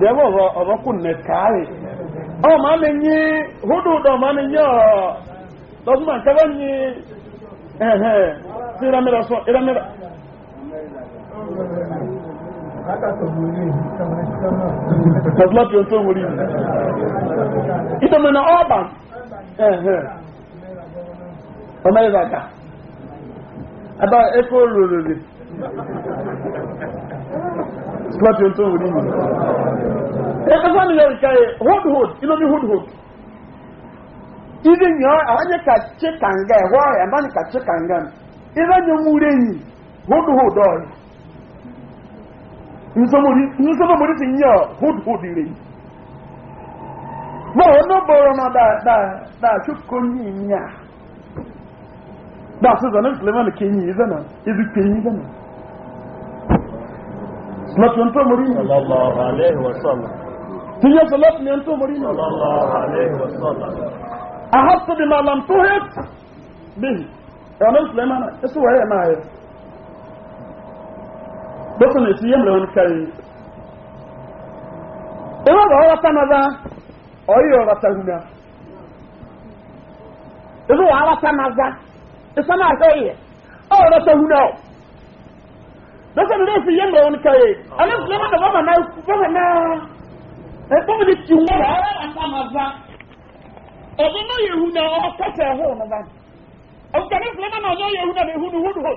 jẹ́wọ́ ọ̀rọ̀ kò nẹ̀ káàrí ọ ma mi yí húdù dọ̀ ma mi yí ọ̀rọ̀ lọ́sùmọ̀ kẹfẹ́ yí ẹ̀hẹ́ sí ìrẹ́mìrẹ́sọ ìrẹ́mìrẹ́sọ Ọ̀tọ́lọ́pì ohun ọba ọmọ ìrọ̀gà. Abá ẹkọ́ rọrọrẹ. Ọ̀tọ́lọ́pì ohun tó wòrí mi. Ẹkọ́sọ́ ni yọ̀rì káyẹ, hood-hood, inú hood-hood. Ibi yọ̀ àwọn yẹ kà ṣe kànga ẹ̀họ́ ẹ̀ bá ní kà ṣe kànga. Ìrẹ́nyẹ mú rẹ̀ yìí, hood-hood ọ̀rẹ́. nsọmọ mori ti nyɛ hudhud re mo ɔno bɔrɔ no da da da atwoko nyi nya da asosɔ ne nsulema e ne e kenyi yi zana ebi kenyi zana sọlọtì ntọ mori nyi tinyɛ sọlọtì ne ntọ mori nyi ahasu di ma lam tuhit bihi ɛwɔ ne nsulema na esu wɔyɛ na ayɛ. ọ na dókòmù ètí yé mìíràn kẹrì ìwọ́n bá ọ̀rọ̀ tánábà ọ̀yẹ́ ọ̀rọ̀ tánábà ìlú wà ọ̀rọ̀ tánábà ìsọ́nà àtẹ́yẹ ọ̀rọ̀ tánábà dókòmù ètí ọ mìíràn kẹrì ọ̀rọ̀ tánábà ọ̀rọ̀ tánábà bọ́mọ̀ náà bọ́mọ̀ ní ti na ọ tánábà ọ̀bọ̀n na yẹ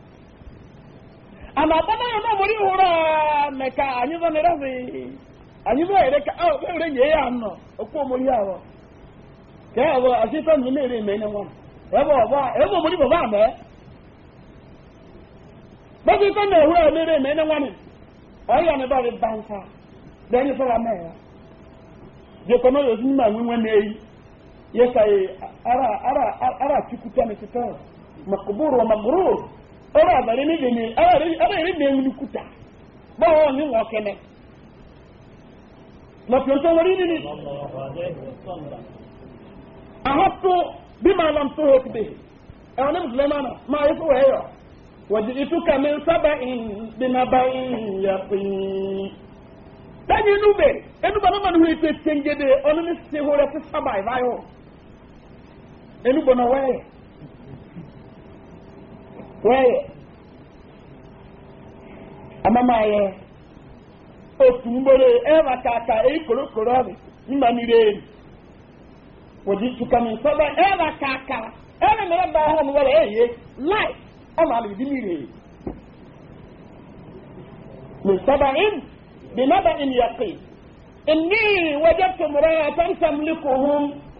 a na yɛ no mori horo mɛka ka anyị bɛ wura nyɛ yɛ ano ɔkɔ mori yɛ awɔ kɛ awɔ asesa nu ne yɛrɛ mɛ ne wɔn ɛbɔ ɔbɔ ɛbɔ mori bɔ baa mɛ bɛsi sɛ ne wura ne yɛrɛ mɛ ba de bansa ma ara ara ara makuburu wa maguru. ọba abali ni lele ọba yẹn lè wuli kuta báwo ni wọn kẹlẹ lọtọ tó wọlé nínú. àwọn tó bí màá lam tó hókì bẹ́ẹ̀ ẹ̀wọ̀n ní mùsùlùmí náà máa yẹ fún yọ. wọ́n ìyàpín. lẹ́yìn inú bẹ̀ bọ̀ náà ètò bẹ̀ ní ti sábà ìbáyọ̀ bọ̀ náà wee amamaye otu mgbere ewaka aka ekorokoro ọrị mma mmiri elu wòdi tukami nsọba e ewaka aka ẹni mẹrẹ bá ọhún mi wẹrẹ ẹyẹ láì ọmọ àlè ìdí mmiri elu nsọba im bí mẹba im yàtọ̀ ìní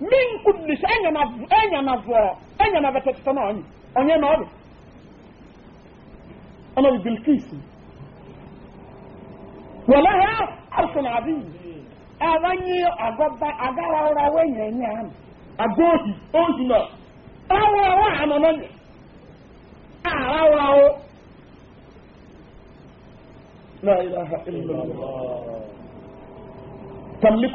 min kudisi enyamavo enyamavetetete na onye onye na ọbị ọnọ ha hmm. na adị abanye agọba agara ụra wee nyere nye ahụ agụ ohi ohi nọ ọwụrụ ọwụ anọ n'onye ahara ụra ụra لا إله إلا الله تملك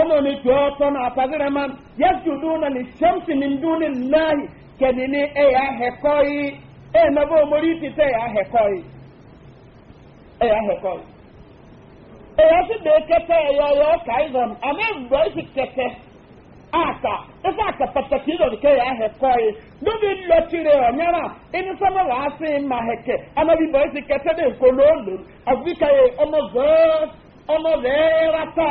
ọmọ ni jọ tọ́nà àpàgẹ́rẹ́ máa yẹ́sù dúnà ní ṣẹ́mùsì ní dúnà láàyè kẹ̀dì ní ẹ̀yà ẹ̀kọ́ yìí ẹ̀yà nàbọ̀ mórí ti tẹ̀ ẹ̀yà ẹ̀kọ́ yìí ẹ̀yà ẹ̀kọ́ yìí. ẹ̀yà sì dé kẹtẹ ẹ̀yà ẹ̀yà ọ̀kà ìzọ̀n àmì ìgbọ̀ ìsì kẹtẹ àkà ìfẹ́ àkà pàtàkì ìzọ̀n kẹ̀ ẹ̀yà ẹ̀kọ́ yìí lóbi lọtìrì ọ̀nyára ẹni sábà wàá sí ma hẹ̀kẹ́ àmàbí ìgbọ̀ ìsì kẹtẹ dé nkolo lòlù àfikà ọmọ zọ́ọ́ ọmọ rẹ̀ rátà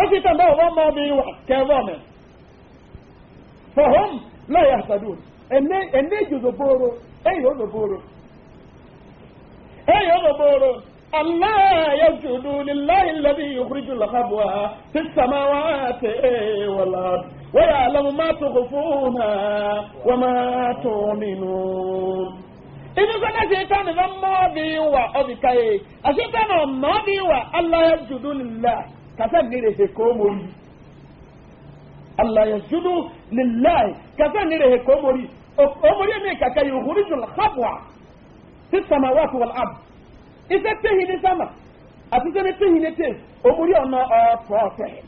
فجت ما ماضي وكامامي فهم لا يهتدون اني جزبورو اي جزبورو اي جزبورو الله يسجد لله الذي يخرج الخبوة في السماوات والأرض ويعلم ما تخفون وما تؤمنون ibi sọ́dọ̀ ṣetán ní ọmọ bí wà ọbìkà yìí àṣetán ọmọ kasanire he komori allah yasjudu lillahi kasanire he komori omori mi kaka yuhuriju lhabwa fi samawati wal ard ise tehi ni sama àti sẹni tehi ni te omori ọ̀nà ọ̀tọ̀ ọ̀tẹ̀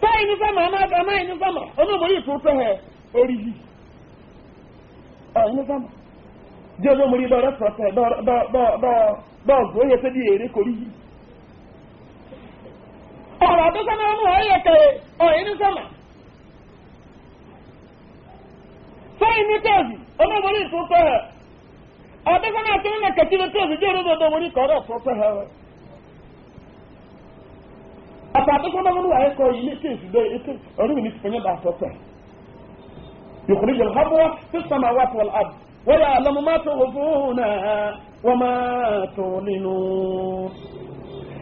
sáyìn ní sama anáda anáyìn ní sama ọ̀nà omori tó tẹ̀hẹ̀ orí yìí ọ̀yìn ní sama jẹ́ olómori dọ̀rẹ́ sọ̀tẹ̀ dọ̀rẹ́ dọ̀rẹ́ dọ̀rẹ́ dọ̀rẹ́ dọ̀rẹ́ dọ̀rẹ́ dọ̀rẹ́ dọ̀rẹ́ ọ̀rọ̀ tó sọ́nà ọmọ ọ̀yẹ̀ kẹrẹ ọ̀yẹ̀ ní sọ́nà sẹ́yìn ní tẹ́ẹ̀sì olóòmòrí ìtúntọ́ ẹ̀ ọ̀dọ́ sọ́nà akẹ́rẹ́ náà kẹ̀tí ní tẹ́ẹ̀sì jẹ́ olóòmòdó orí kọ̀ọ̀rọ̀ ìtúntọ́ ẹ̀ ọ̀pọ̀ àtúntọ́ náà wọ́n wà ẹ̀ yìí ní tẹ́ẹ̀sì dé orí mi ní fúnyẹ́ bá tọ́tọ́ يخرج الخبر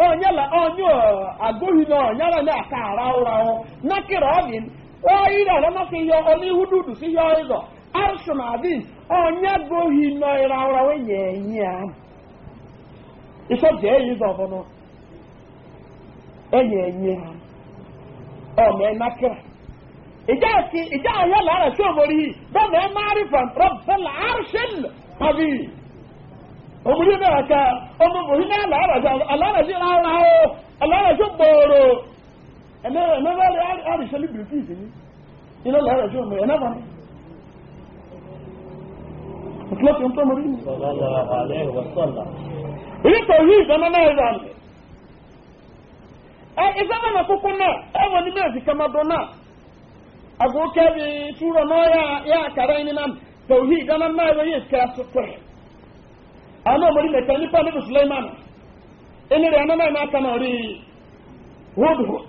onyela onye agụghị na-aka nakịrị ọdịn oyiri ọrọmasị ihe olihu dudu si ihe ọzọ arụsụ na onye gụghị n'ọrahụ rahụ nye enyi ya isọjee ya ịzọ ọbụnụ enyi enyi ya ọmọ ẹ nakira ìjà àti ìjà àyẹ̀lẹ̀ o mọ̀ rí bẹ́ẹ̀ mẹ́rin fún rọ́bẹ̀lẹ̀ omuli náà ka ọmọ òhun náà làáràjọ aláràjọ ara o aláràjọ gbòòrò ẹnẹ ẹnẹ bá rẹ àrìṣẹ libiriti ìsìnyí iná na. ọmọ ẹ náà bá mi. òtún ọtí ń tọ́ mọ́rí mi. èyí tó yí ìdáná náà rà mí. ẹ àwọn ọmọdé mẹta nípa nípa suleiman ẹni rẹ̀ anáná ẹ̀ máa ta náà rí woodwood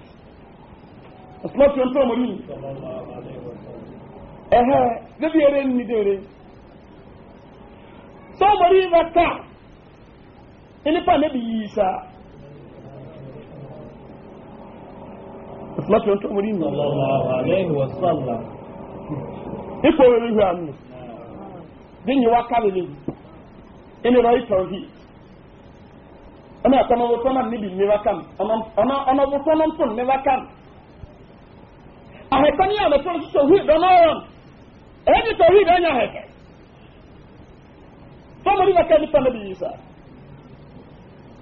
ọ̀sùlọ́tì ohun tó ọmọdé yìí ẹ̀hẹ́ débi eré ní dèrè tó ọmọdé yìí bá ká nípa níbi yìí sá ọ̀sùlọ́tì ohun tó ọmọdé yìí ipò orí ìhù àmì bí nyiwa kábìlì yìí ɛne rɔyi tɔnhi ɛna atama wosɔnam ne bi mmeba kam ɔna ɔna wosɔnam so mmeba kam ahɛkɔ ne yɛ abɛtɔn so tɔhi dɔn ɔyɔn ɛyɛ ne tɔhi dɔn nyɛ ahɛkɛ fɔmɔ ne bɛka nipa ne bi yi sa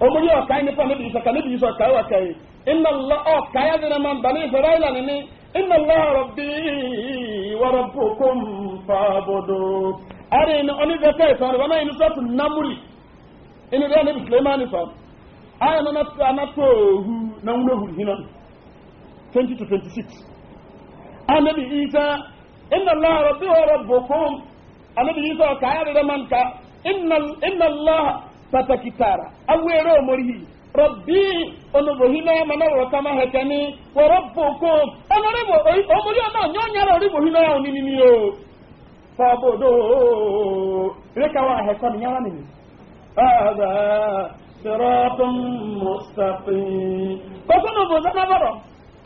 ɔmɔ ne ɔkae nipa ne bi yi sa ka ne bi yi sa ɔkae wa kae inna lɔ ɔkae adi na ma ba ne fɛrɛ ayi la ne ne inna lɔ rɔbi wa rɔbukum faabodo. ari ina oni vete sanu wana inu sotu namuri inu vya nibi suleimani sanu na natu anatu hu na uno hu hinan 20 to 26 anabi isa inna allah rabbi wa rabbukum anabi isa ka ya da man ka inna inna allah fatakitara awero morihi rabbi ono bohina mana ma wa rabbukum bo omori ona فاعبدوه لك واحد كم يرمي هذا صراط مستقيم فكنا بوزنا برا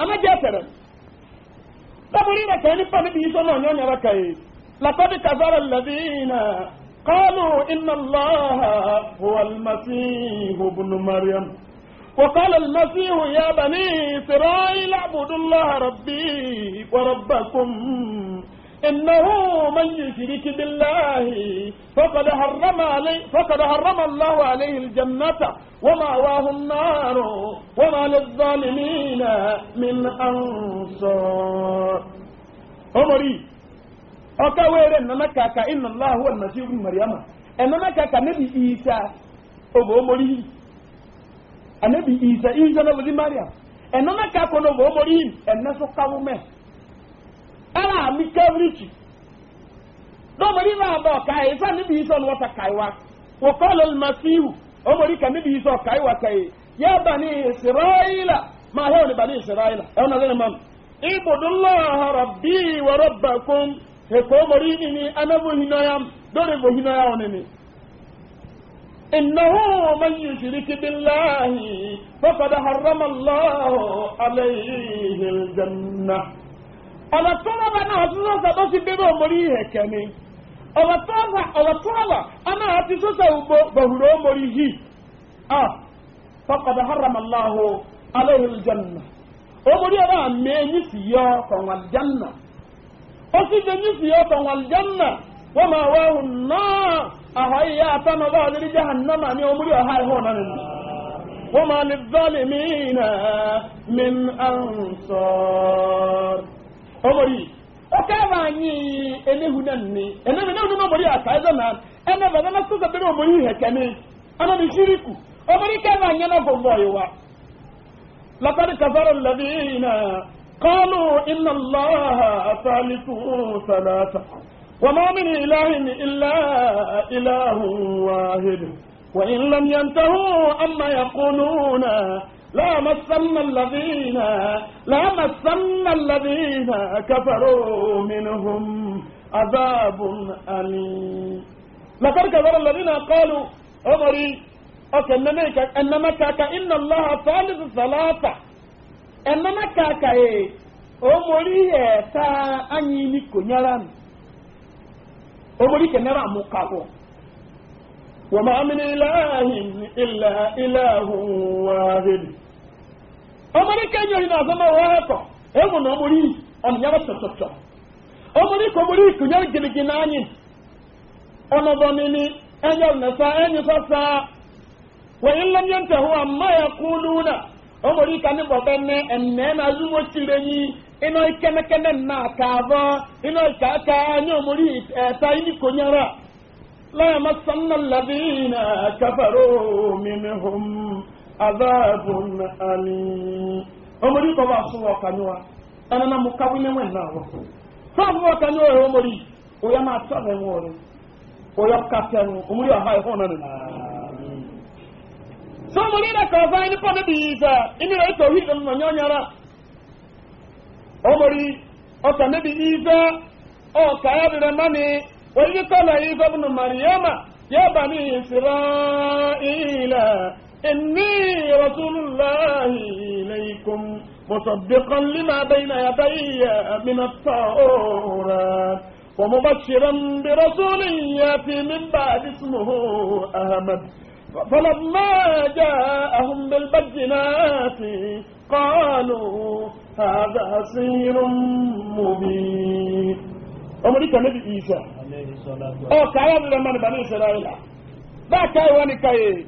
أما جاتر تبرينا كان يفهم بيسونا نيون يركي لقد كذب الذين قالوا إن الله هو المسيح ابن مريم وقال المسيح يا بني إسرائيل اعبدوا الله ربي وربكم إنه من يشرك بالله فقد حرم عليه فقد حرم الله عليه الجنة ومأواه النار وما للظالمين من أنصار أمري أكوير إنما كاكا إن الله هو المسيح ابن مريم إنما كاكا نبي إيسى أبو عمري النبي إيسى إيسى نبي مريم إنما كاكا نبي أمري إنما سكاومه ɛna ami kabiriki dɔmɔdi b'a bɔ kaye sani bi sɔn wɔta kayewa o kɔlɔ masiwu o mɔdi ka ne bi sɔn kayewa kaye ya bani israila ma hew ni bani israila ɛw na lene mam ibudulaha rabbi wa rabbakum he ko mɔdi nini ana bo hinayam do de bo hinayaw nini إنه من يشرك بالله فقد حرم الله عليه الجنة ọ̀rọ̀ tó rọ̀bà náà ọ̀tún sọ̀sọ̀ tó ti bíbọ̀ mórí ìhẹ̀kẹ́ ni ọ̀rọ̀ tó rọ̀bà ọ̀nà àti sọ̀sọ̀ gbogbo gbòhùrò mórí yìí à fọkàdà haramallahu alayhi janna ó mórí ọ̀rọ̀ àmì ẹ̀yìn sì yọ kọ̀wọ̀n janna ó sì ṣe ẹ̀yìn sì yọ kọ̀wọ̀n janna wọ́n máa wá òun náà àhọ́ ìyá àtàmọ́ bá ọ̀dẹ́rẹ́ jahannama ni ó mórí ọ̀há ìhọ́ náà nínú وما للظالمين من أنصار omori okaba anyi enehu na nni enemi na nnu omori akaiza na ene bana na soza bere omori hekene ana mi shiriku omori kaba anyi na gogo yiwa لقد كفر الذين قالوا إن الله ثالث ثلاثة وما من إله إلا إله واحد وإن لم ينتهوا أما يقولون لا مسن الذين لا مسن الذين كفروا منهم عذاب أليم لقد كفر الذين قالوا عمري أكنما أنما كاكا إن الله ثالث ثلاثة أنما كاكا إيه عمري تا أني نيكو نيران عمري كنرا مقاوم وما من إله إلا إله واحد omori ka enyoghị na azọ mawa ahapụ na omori ọnyaba ka kụnyere wee hụ amma ya kulu na omori ka ndị bọbọ nne enne na azụ mochire nyi ino ikenekene nna aka abọ aka anyị omori eta ini kụnyere la عذاب أليم أمري كما سوى كانوا أنا نمكوين من نار فهو كانوا أمري ويما تسمى موري ويبكتن أمري أهاي هنا sọmọlẹ náà kọ fún ẹni pọnmi bíi sẹ ẹni rẹ tó wíìsì ọmọ nyọnyọrọ ọmọrí ọkà إني رسول الله إليكم مصدقا لما بين يدي من التوراة ومبشرا برسول يأتي من بعد اسمه أحمد فلما جاءهم بالبينات قالوا هذا سير مبين أمريكا نبي إيسا عليه الصلاة والسلام أو كلام لمن بني إسرائيل ذاك أيواني كاي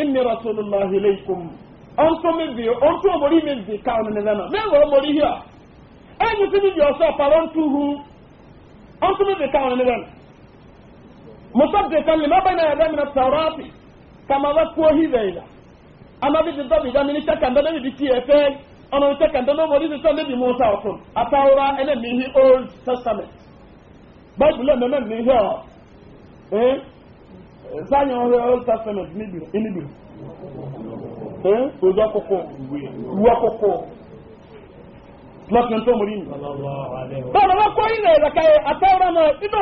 inni rasulullahi ilaykum ọ̀ntọ́ mẹ́bi ọ̀ntọ́ ọ̀mọ̀rí mẹ́bi káwọn nínú náà mẹ́wàá ọ̀mọ̀rí híà ẹ̀yìn tí níbi ọ̀sọ́ ọ̀pàrọ̀ ń tuhu ọ̀ntọ́ mẹ́bi káwọn nínú náà musadde kan lè mi na tàwọ́rọ́ọ̀tì kàmá wá kú ohi bẹ́ẹ̀ la ama bi ti dami ni ti musa old testament bible Sanya ọhịa Old Testament n'ibiri. Ee, ozu akwụkwọ. Uwe akwụkwọ. Lọ́sìn tó mú rí mi. Bọ́ọ̀lù bá kọ́ ilẹ̀ ẹ̀dá káyé àtẹ́wọ́rọ́ náà ibi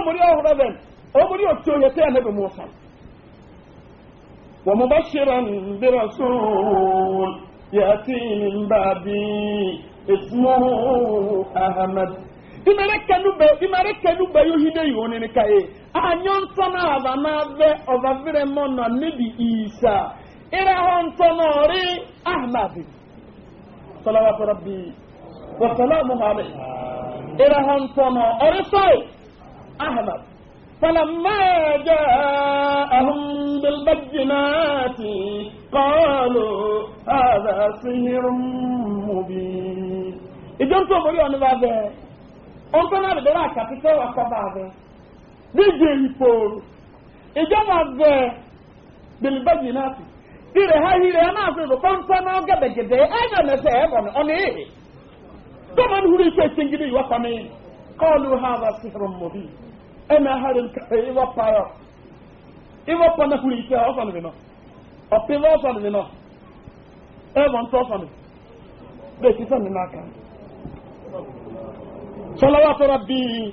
òmùrí anyụ nsọ na ava na abe mọ na nebi isa ịrahụ nsọ ahmad salawatu rabbi wa salamu alayhi ịrahụ nsọ na ọrị sọị ahmad فلما جاءهم بالبينات قالوا هذا díje ìfòòrò ìjọba bẹ bilibagi náà fi tirẹ ha yìí rẹ náà fi rò pọnpọn náà gẹbẹgẹbẹ ẹ yàn mẹsẹ ha ha rẹ nkàfẹ ìwà pààyọ ìwà pọ náà huru iṣẹ ọsàn nìyẹn náà ọpẹ ìwà ọsàn nìyẹn náà ẹ bọ ntọ ọsàn nìyẹn bẹẹ sísọ nìyẹn náà kàn sọlá wà sọrọ bíi.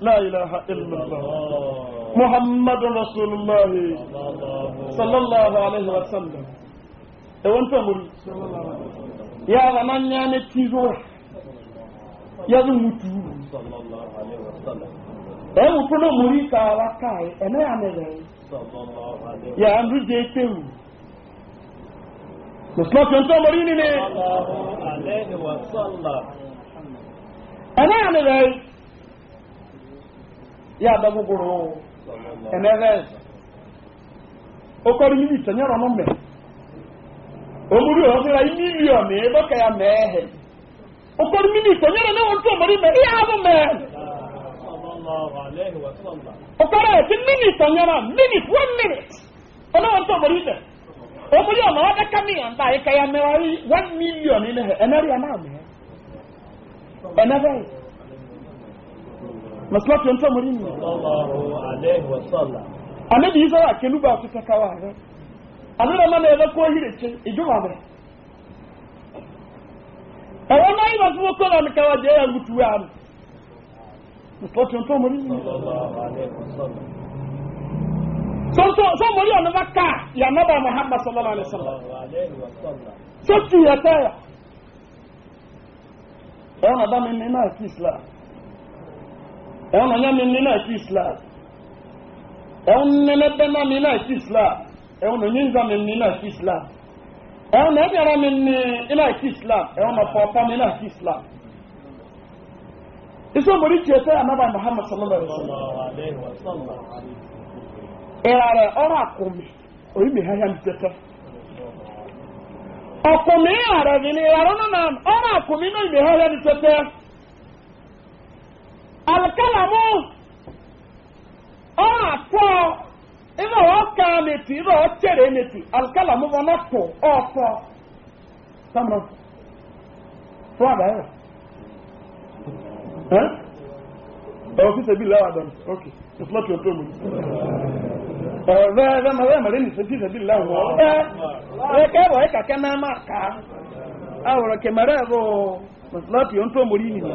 لا إله إلا الله محمد رسول الله صلى الله عليه وسلم ewon to muri ya ga nan ya ne tizo ya zu mutu sallallahu alaihi wasallam e mutu no muri ka wa kai e, e ya ne re ya andu je tewu muslo kan to muri ni ne sallallahu alaihi wasallam ana e ne re ya adabu gụrụ eneve eze okoro imi tenyere ọnụ mere omuri ohosira imilion ebe ka ya mee ehe okoro imi tenyere ya ntụ omori mere ihe ahụ mee okoro eti minit one minute ọnụ ntụ omori mere omuri ọnụ ọdị kamion da ka one million ya na masilati ọ̀ntọ́ mọ̀rí mi. anabi yi sọ́wọ́ àkẹ́lú bá ọ̀tún kẹta wà rẹ̀ àdúrà na lẹ́yìn lọ́kọ́ yìí rèé ìjọba rẹ̀. ẹ̀wọ́n náà yìí lọ́sọ́ kọ́ lọ́nà káwá jẹ́ ẹ̀rù tu wá mi. masilati ọ̀ntọ́ mọ̀rí mi. sọ́mọ̀rí ọ̀nà bá ká yànnàbà muhammad sallallahu alayhi wa sallam. na ní náà ẹ̀wọ̀n náà yẹ́mi ní náà sí islam ẹ̀wọ̀n nẹ́nẹ́bẹ́ náà mi náà sí islam ẹ̀wọ̀n náà yínza mi ní náà sí islam ẹ̀wọ̀n náà ẹ̀bẹ̀rẹ̀ mi ní náà sí islam ẹ̀wọ̀n isomori muhammad sallallahu wa sallam. mi mi ni ìrarẹ̀ náà ọ̀rọ̀ àkùnmí mi alikalamu ọ̀tọ̀ iná ọ̀ka mẹ̀tì iná ọ̀tẹ̀rẹ̀ mẹ̀tì alikalamu wọn ọ̀tọ̀ ọ̀tọ̀ sọmọ fún àbá ẹ̀rọ ẹ̀ ọ̀ fi ṣe bí lọ́wọ́ àdán ok ìfúlọ́tì ọ̀tọ̀ mi ọ̀rẹ́ ẹ̀rẹ́ mẹ́rẹ́ mẹ́rẹ́ ní ṣe ṣe bí lọ́wọ́ ẹ̀ ẹ̀ kẹ́rọ ẹ̀ kàkẹ́ náà máa kà á àwòrán kẹmẹ́rẹ́ rọ̀ ọ́. láti ohun tó mórí nìyí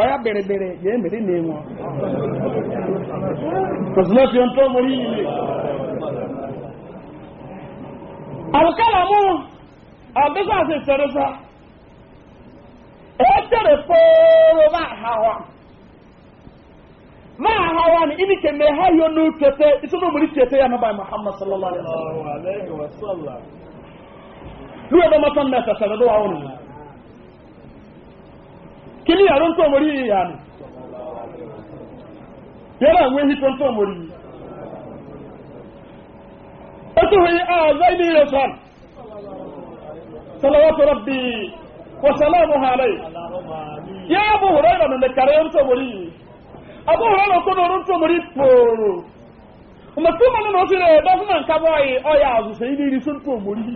ọ̀yá bẹ̀rẹ̀bẹ̀rẹ̀ yẹ mẹ́rin ní wọn láti ohun tó mórí nìyí àwùkálà mú àbísàsì sẹ̀rẹ̀sà ẹ tẹ̀rẹ̀ fóró máa ha wá máa ha wá ní ibi kẹ̀mẹ̀ ha yóò ní tètè ìtúnú mórí tètè yà nàbà muhammad sallallahu wa sallam kini yaro nto mori ya ni yara anwe hito nto mori otu hi a ah, zaini rasul salawatu rabbi wa ya abu huraira Ya da kare nto mori abu huraira ko do oh, nto mori poro kuma tuma na no sire da kuma nka boy ya azu sai ni ri sun to mori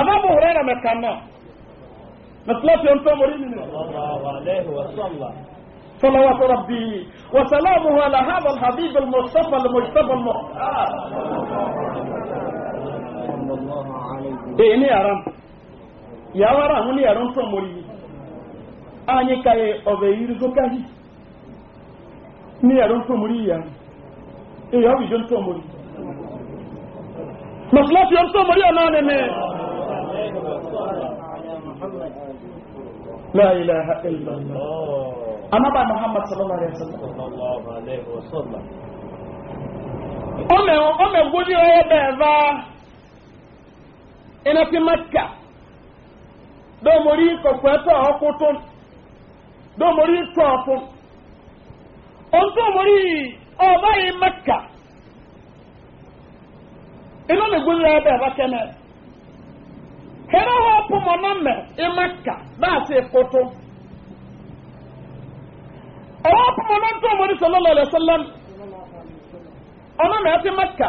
أمام هريرة مكانا نصلاف ينطو مريم الله عليه وسلم صلوات ربي وسلامه على هذا الحبيب المصطفى المجتبى المختار ارم يا ورا هوني ارم تموري اني كاي اوبير زوكاي ني ارم تموري يا ايه يا بيجون تموري مصلاف ينطو مريم انا لا إله إلا الله أما بعد محمد صلى الله عليه وسلم صلى الله عليه وسلم أمي أمي قولي أي بيضا إنا في مكة دو مريك وكويتا أقوتون دو مريك توافون أنتو مريك أو باي مكة إنا نقول لها بيضا كمان hɛrɛ hɔ pɔmɔ nɔmɛ imaka baasi na ɔwɔ pɔmɔ nɔntɔn mɔri sɔlɔlɔ lɛ sɔlɔm ɔnɔmɛ ɛti maka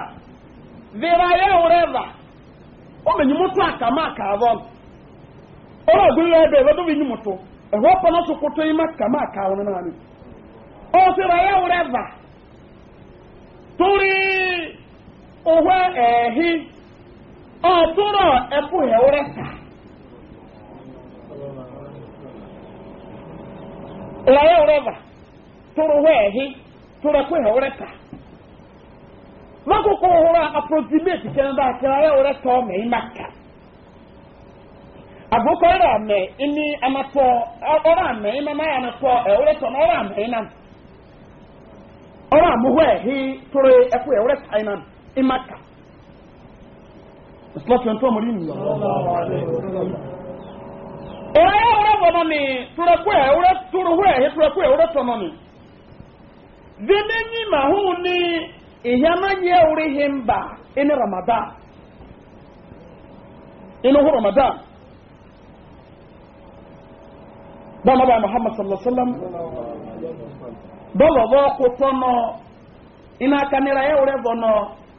vera yɛ wɛrɛva ɔmɛ nyimutu akama akaavɔ ɔwɔ agolo yɛ bɛ ɛbɛdɔ bi nyimutu ọpụ na ma ọ̀túnrọ̀ ẹ̀kú yẹn wúrẹ́ sà. Ìlàyé tụrụ tóró wẹ̀ẹ́hí tóró ẹ̀kú yẹn wúrẹ́ sà. Lọ́kùnkùn òhúra approximate kẹ́rin bá kẹ́rin ayé wúrẹ́ tọ́ mẹ́yìn má kà. ìsìlọ́tì ọ̀ntọ́ mọ̀rí nìyà ọ̀rẹ́ ọ̀rẹ́ bọ̀nà ni tùrẹ̀kú ẹ̀ ọ̀rẹ́ tùrùhú ẹ̀ tùrẹ̀kú ẹ̀ ọ̀rẹ́ ramadan ramadan muhammad sallallahu alaihi wasallam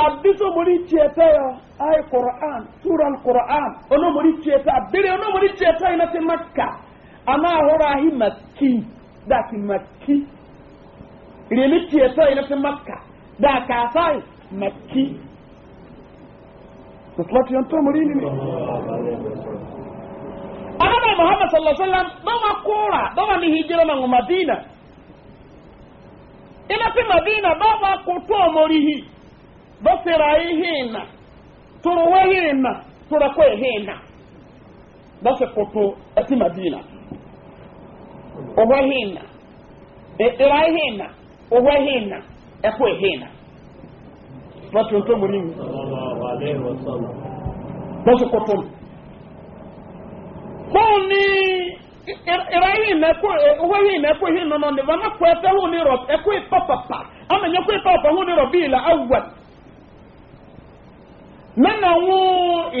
abiso mori tiɛtɛ yɔ ayi kɔrɔan suran kɔrɔan ono mori tiɛtɛ abiri ono mori tiɛtɛ yi na ti ana ahoro ahi ma ki daaki ma ki remi tiɛtɛ yi na ti ma ka daaki asa yi ma ki anaba muhammad sallallahu alaihi wa sallam dɔw koora dɔw ni hijira na ŋun madina ina fi madina dɔw ma ko tɔ basira yi hina turuwe hina turakwe hina basi koto ati madina owe hina ira hina owe hina ekwe hina basi nto mulimu basi koto boni ira hina owe hina ekwe hina nondi vana kwete huni rop ekwe papapa ama nyekwe papa huni bila awwal mena ŋu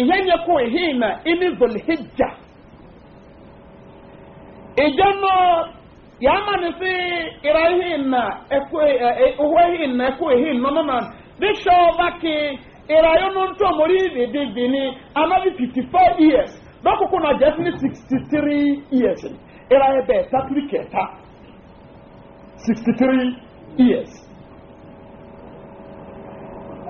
ihe nye ihe na ini zolhijja ijano ya mani fi ira ihe e, e, na eko ihe na eko ihe no no man this show 54 years n'ọkụkụ na jefini 63 years ira ebe tapliketa 63 years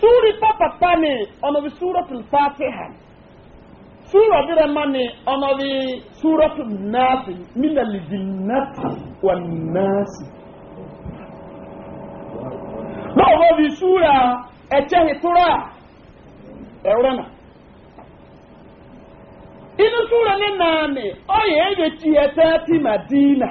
suri papa pani ono bi suratul fatiha sura bira mani ono bi suratul nas min al jinnati wan nas ba ono bi sura eche hitura eurana inu sura ni nani oye ebe ti eta ti madina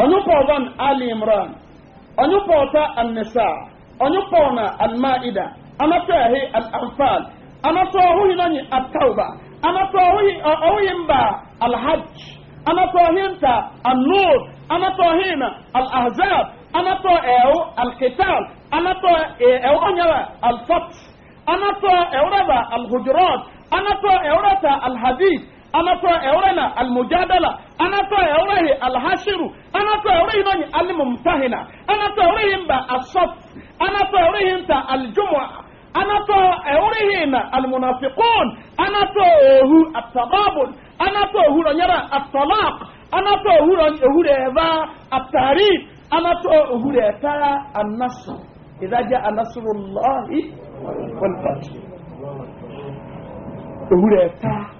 أنو بوضان آل إمران أنو بوضا النساء أنو بوضا المائدة أنا تاهي الأنفال أنا تاهي لني التوبة أنا تاهي أوين با الحج أنا تاهين تا النور أنا تاهين الأحزاب أنا تاهي القتال أنا تاهي الفتح أنا تاهي الهجرات أنا تاهي الحديث anato ɛwɔrɛ na alimujadala anato ɛwɔrɛ yi alihashiru anato ɛwɔrɛ yi nɔnyi alimumtahina anato ɛwɔrɛ yi ba asɔf anato ɛwɔrɛ yi ta alijumua anato ɛwɔrɛ yi na alimunafikun anato ohu atababun anato ohu rɔnyɛra atalak anato ohu rɔn ohu rɛɛba atari anato ohu rɛɛta anaso idaja anasurulahi wal fati ohu rɛɛta.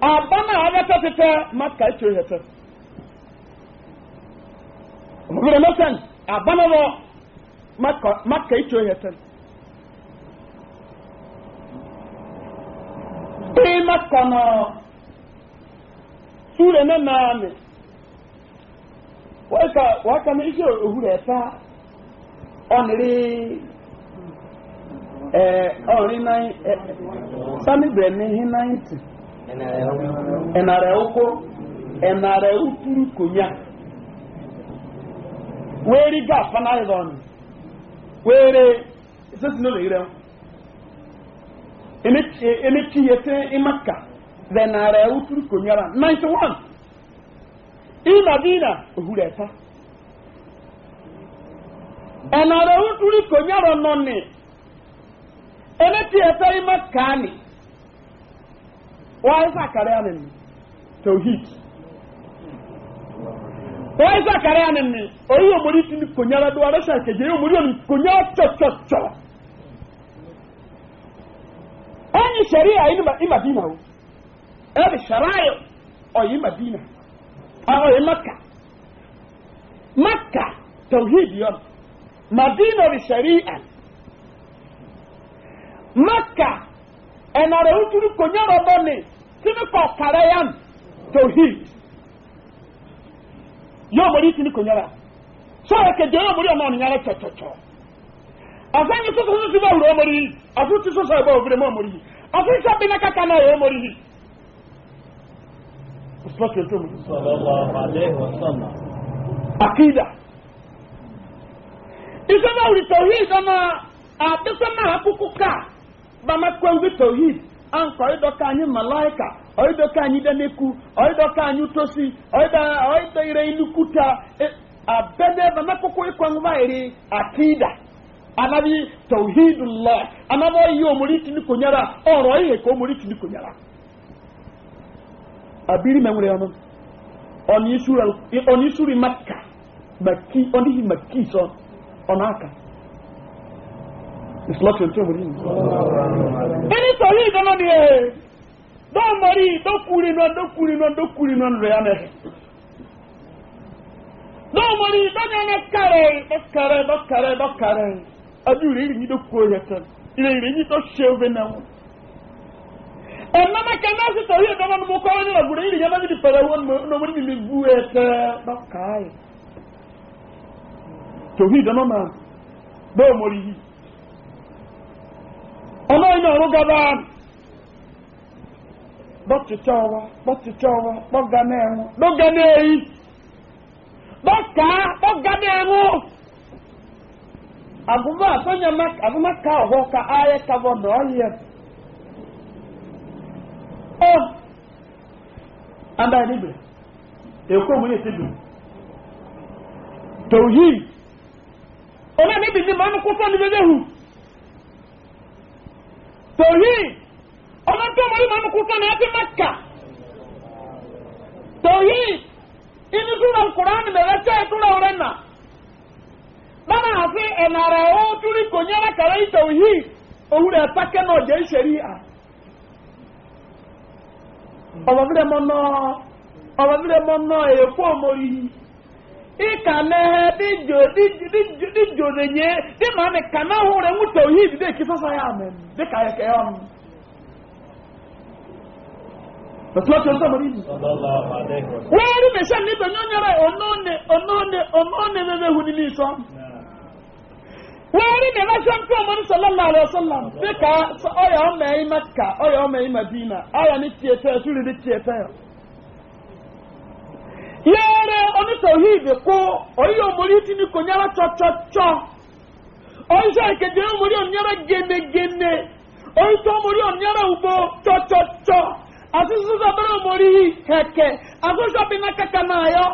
abana abɛtɛ tetɛ matka etwe hɛtɛ ɔmɔbɛrɛ mɛsɛn abana wɔ matka matka hɛtɛ ne naani ɛta ɛɛ nan ɛ sani bɛrɛ hi ịnara ụkwụ ịnara ụtụrụ konya wee riga afanaghịzị ọnụ wee ree isesi n'ụlọ ire emechi ya te ịmaka dị nara ụtụrụ konyara 91 ịnadina ohuru eta ịnara ụtụrụ konyara nọ ni emechi ya te ịmaka ni wọ́n sàkàrẹ́ ànà ni tawhid wọ́n sàkàrẹ́ ànà ni orí òmòrí ti ní kònyára dó arẹ́sà ìkẹjẹ yóò mórí òní kònyára tsọ̀tsọ̀tsọ̀ ẹ̀yìn sẹ̀rí àyè ní madina o ẹ̀rì sàráyọ̀ ọ̀yẹ́ madina ọ̀yẹ́ maka maka tawhid yọ madina ọ̀rì sẹ̀rí à maka. ẹnara ojúlù kò nyọrọ bọ ni sinukọ kàrẹ yam tohid yóò mọ ní sinukọ nyọrọ sọ̀rọ̀ kẹjọ yóò mọ ní ọmọ ọ̀nìyàrá tọ̀tọ̀tọ̀ ọ̀sán yìí sọ́sọ́ sọ́sọ́ bá wùrọ̀ ọmọ yìí ọ̀sán tí sọ́sọ́ ẹ̀bọ̀ òfin mọ́ ọmọ yìí ọ̀sán iṣẹ́ bí náà kàkà náà yóò mọ yìí. akida iṣẹ́ bá wùrọ̀ tọ̀hid na àbísọ́mọ́ àkókò káà. bamakwengu tohid anka ọyịdọka anyị malaika ọyịdọka anyị deneku ọyịdọka anyị utosi ọyịdọ ire ilukuta e, abede bamakwụkwọ ịkwanwu bayiri akida anabi tauhidullah anabi ọyị omori tini konyara ọrọ ihe ka omori tini konyara abiri menwere ọnụ ọnụ isuri maka maki ọnụ ihe maki sọ ọnụ aka ìsìlọ́tì ohun tí ó mú rí ní. ẹni sọ̀rí ìdáná ni ẹ̀ dọ́ọ̀mọ̀rí dọ́kùnrin náà dọ́kùnrin náà dọ́kùnrin náà rẹ̀ ánẹ̀ dọ́ọ̀mọ̀rí dọ́nyẹ́nẹ́ kẹrẹ dọ́kẹrẹ dọ́kẹrẹ dọ́kẹrẹ adúlé yìí ló kó yẹ tán ilé ìrè yìí tó ṣe é bẹ́ẹ̀ náà. ẹ̀nàmẹ́ kẹ́ náà sì sọ̀rí ìdáná ni mo kọ́ wọ́n ní ọ̀gùnrin yìí yẹn náà ti pẹ̀lẹ́ wọn lọ́mọdé mi bú ẹ tẹ́ dọ́kàá yìí tòwí ìdáná máa dọ́ọ̀mọ̀rí yìí ọmọ iná ọrụ gaba bọ́tìtọ́ wa bọ́tìtọ́ wa bọ́ga náà ẹ̀rún lọ́ga náà èyí bọ́ka agụba ka ọhọ ka ayọ na ọyịa ọ anda ekwe mu n'esi bi tauhid ọ na-ebi ndị ma kwụsọ ndị bebe hụ tòyìn ọmọ tó mọ̀ lùmọ̀ nùkú sọ̀nà ẹ̀ ti má kà tòyìn inú súnà kùránì lẹ̀rẹ̀ tẹ́ ẹ̀ túnra ọ̀rẹ́ nà lọ́nà àfi ẹ̀nàrà ó túrí kò nyẹ́rẹ́ kàrẹ́ ìtòyìn òwúrẹ̀ pákẹ́ náà jẹ́ ìṣẹ̀rí à ọ̀bọ̀bílẹ̀ mọ́ náà ọ̀bọ̀bílẹ̀ mọ́ náà èèfó òmòrì yìí. ịka mehe dijorenye dị ma mị ka na hụrụ enwute ohi ibido ekesasa ya amem dịka ka ya ọnụ wọ́n rí mẹ́sàn níbẹ̀ ní ọ̀nyẹ́rẹ́ ọ̀nọ́ọ̀nẹ́ ọ̀nọ́ọ̀nẹ́ ọ̀nọ́ọ̀nẹ́ mẹ́mẹ́ ní nìsọ́ wọ́n rí mẹ́sàn tó ọmọ mẹ́ka ní ní yẹ́rẹ́ onítọ̀hídì kó oyè omori tí ni kò nyẹ́rẹ́ tsọ́tsọ́tsọ́ oyinṣẹ́ ìkejì omori gene genegene oyinṣẹ́ omori onyere ugbo tsọ́tsọ́tsọ́ asusu sabere omori kẹkẹ asusọ bi na kẹkẹ náà yọ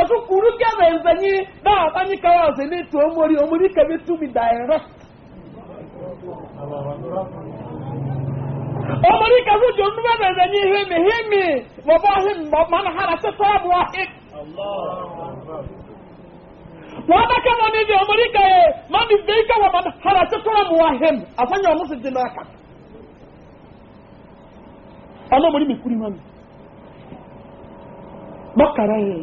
asukuru gẹ́rẹ́ nzanyi náà abanyi kawa ọ̀sẹ̀ ní ètò omori omori kẹbi tumi direct. ọmọdé kẹfù jọ nínú bẹ́ẹ̀ bẹ́ẹ̀ ní hemi hemi wọ́pọ̀ hemi mọ̀mọ́nà hàrà sí sọ́ọ̀bù ọ̀hìn. wọ́n bá kẹ́ wọn níbi ọmọdé kẹ́ ẹ mọ́mí bẹ́ẹ̀ kẹ́ wọ́n hàrà sí sọ́ọ̀bù ọ̀hìn àfọ́nyẹ́ ọmọ sì dín ọ̀ka. ọmọ ọmọdé mi kúrú mọ́mi bọ́kàrà yẹ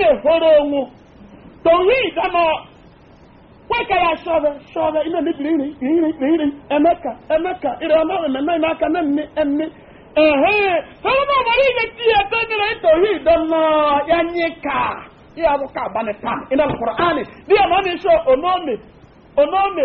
na-ehoro onwu tohi idama kweka ya shove shove ime mebiri iri iri iri iri emeka emeka ire ọma mmemme ime aka na nne nne ehe sọrọ na ọbara ihe ti ya ebe mere tohi idama ya nye ka ya bụ ka agbani pan ina lụkwara ani di ya ma ọ na-eso onome onome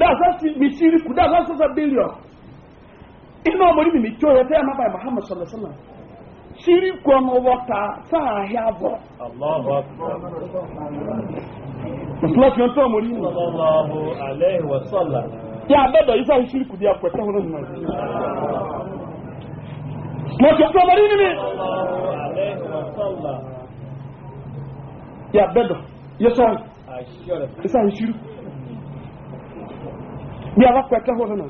da za su mi shiriku da za su za biliyon ina omori mi mi kyo ya taya mabai muhammad sallallahu alaihi wasallam shiriku ọmọ wọta sáà ahịa bọ. Mùsùlùmí ọ̀tọ́ ọmọrí ni. Yà abẹ́dọ̀ yìí sáà shiriku bí apẹ̀tẹ̀ wọn nù. Mùsùlùmí ọ̀tọ́ ọmọrí ni mi. Yà abẹ́dọ̀ yẹ sọ́ọ̀ yẹ sáà shiriku. bí a bá pẹ̀ kẹ́họ́ sọ́nà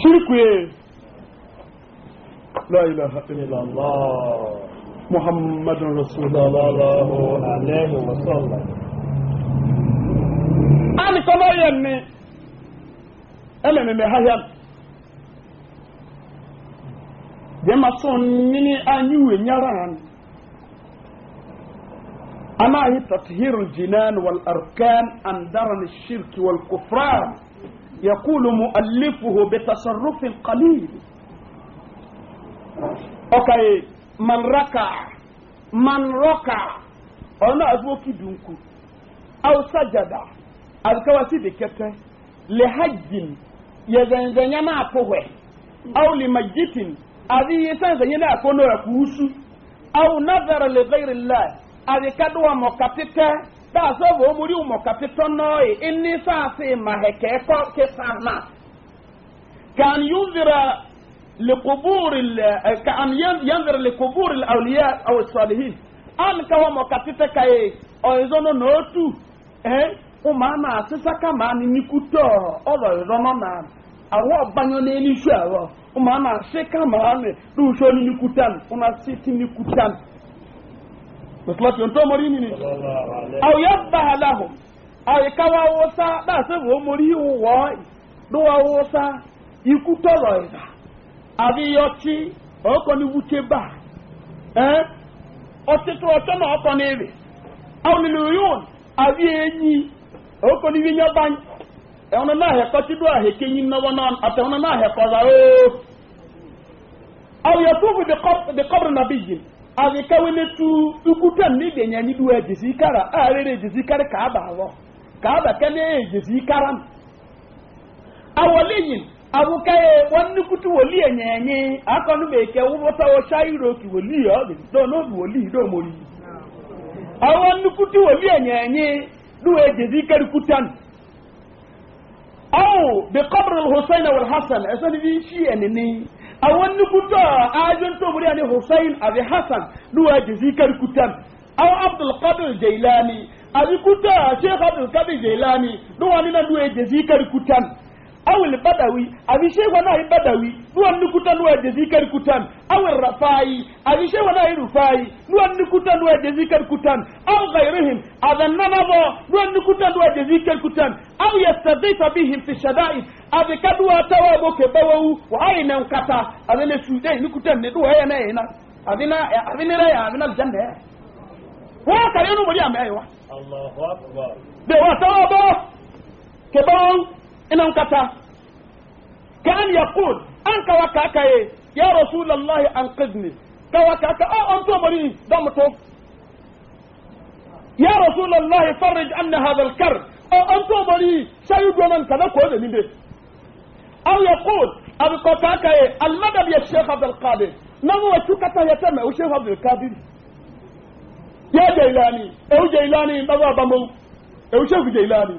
ṣíríkù yẹ láìlá ìlàlá muhammadu a ni ẹlẹ́mẹ̀mẹ̀ háyà ma sọ ní ní nyára ni أما هي تطهير الجنان والأركان أن درن الشرك والكفران يقول مؤلفه بتصرف قليل أوكي من ركع من ركع أنا أزوك دونكو أو سجد الكواسي بكته لحج يزنزن ما فوه أو لمجيت هذه يسنزن ينا أكون ركوسو أو نظر لغير الله àríkádùn ọmọkà pípẹ́ bá a sọ̀rọ̀ omori ọmọkà pípẹ́ náà ẹ̀ ní sáàsì màhẹ̀kẹ́ kọ́ kíkà náà. كأن ينذر لقبور كأن ينذر لقبور الأولياء أو الصالحين أن كهو مكاتبة كاي أو يزونو نوتو إيه n'otu ما سسكا ما نيكوتو أو يزونو نام awo banyo na eni su awo ụmụ ama sị kama ha na usoro ụmụ asị ti nikutan òtúmọ̀tì ohun tó mọ̀ rí nìyí. àwọn yóò bá a láhùn wa wọ sá láti wò mọ̀rí wọ̀ ló wa wọ sá ikú ní wúté bá ọtí tó ọtọ́ náà ní èrè àwọn ènìyàn yóò àbí ẹyìn ní bá ẹ̀wọ̀n náà tí yín náwọ́ náà àtẹ̀wọ̀n azikawenetu ukuta mide nyani duwe jisikara arere jisikara kaaba alo kaaba kene jisikaram awaleyin abukaye wani kutu woli enyenye akonu beke wubota wo shairo ki woli yo do no bi woli do mori awon nukutu woli enyenye duwe jisikara kutan aw bi qabr al husayn wal hasan asani bi shi enini a ni kuta ajon to muri ne Hussein abi Hassan duwa jizikar kutan aw Abdul Qadir Jailani a kuta Sheikh Abdul Qadir Jailani duwa ni nan duwa kutan au lbadawi avishegwa naye badawi nuwannikuta nuwajezikar kutan au rafai avishegwa naye rufai nuwannikuta nuwajezikar kutan au ghairihim adhannanavo nuwannikuta nuwajezikar kutan au yastadhifa bihim fi shadaid ave kaduwa tawagoke bawau wa ainan kata avene suidei nikutan ne duwa yana yana avina aviniraya avina aljanna wa karenu muri amewa Allahu akbar de wa tawabo kebon إنهم كتا كأن يقول أنك وكاكا إيه؟ يا رسول الله أنقذني كوكاكا أو آه، أنتو مريض دمتو يا رسول الله فرج أن هذا الكرب أو آه، أنتو مريض سيد ومن كذا كل من أو يقول أبو كوكاكا إيه؟ المدد يا شيخ عبد القادر نمو وشوكتا يتمع وشيخ عبد القادر يا جيلاني أو جيلاني بابا بمو أو شيخ جيلاني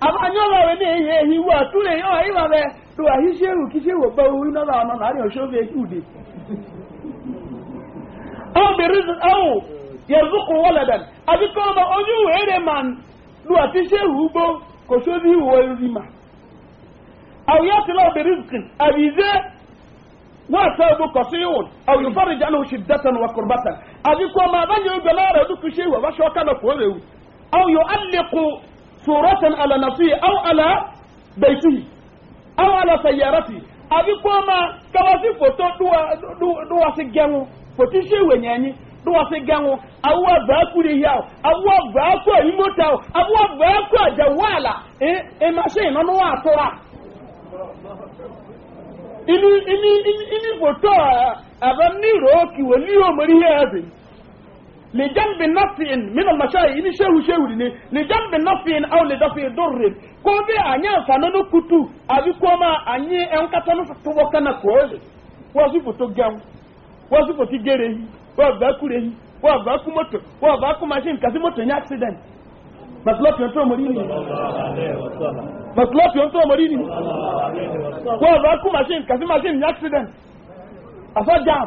abanyola we ne ye hi wa tule yo hi ba be to a hi shehu ki shehu ba wu na ba ma na ri o shehu be ku de aw bi rizq aw yarzuqu waladan abi ko ba o ju ere man lu ati shehu bo ko so bi wo ri ma aw yatla bi rizqin abi ze wa sabu qasiyun aw yufarrij anhu shiddatan wa qurbatan abi ko ma banyo golara du ku shehu ba shoka na ko rewu suratan ala nafsihi aw ala baitihi aw ala sayyaratihi abi koma kawasi foto duwa duwa si gẹnwu foti se wenyanyi duwa si gẹnwu awo abaakuri ya o awo abaaku ayimota o awo abaaku ajawala ẹ ẹ ma se ìnáwó wa atora ini ini ini foto abẹ ní ìró kìwé ní òmòrí yẹ ẹ bẹ. لجلب نفع من المشاي إني شهو شهو ديني لجلب نفع أو لدفع ضر كوبي أنيا فنانو كتو أبي كوما أني أنكتانو فتوكنا كوالي وازي فتوكيام وازي فتوكيري واباكوري واباكو موتو واباكو ماشين كازي موتو ني أكسيدنت masulọ́pì ọ̀tọ́ ọmọdínì masulọ́pì ọ̀tọ́ ọmọdínì wọ́n bá kú machine kàfí machine ní accident àfọ́ jam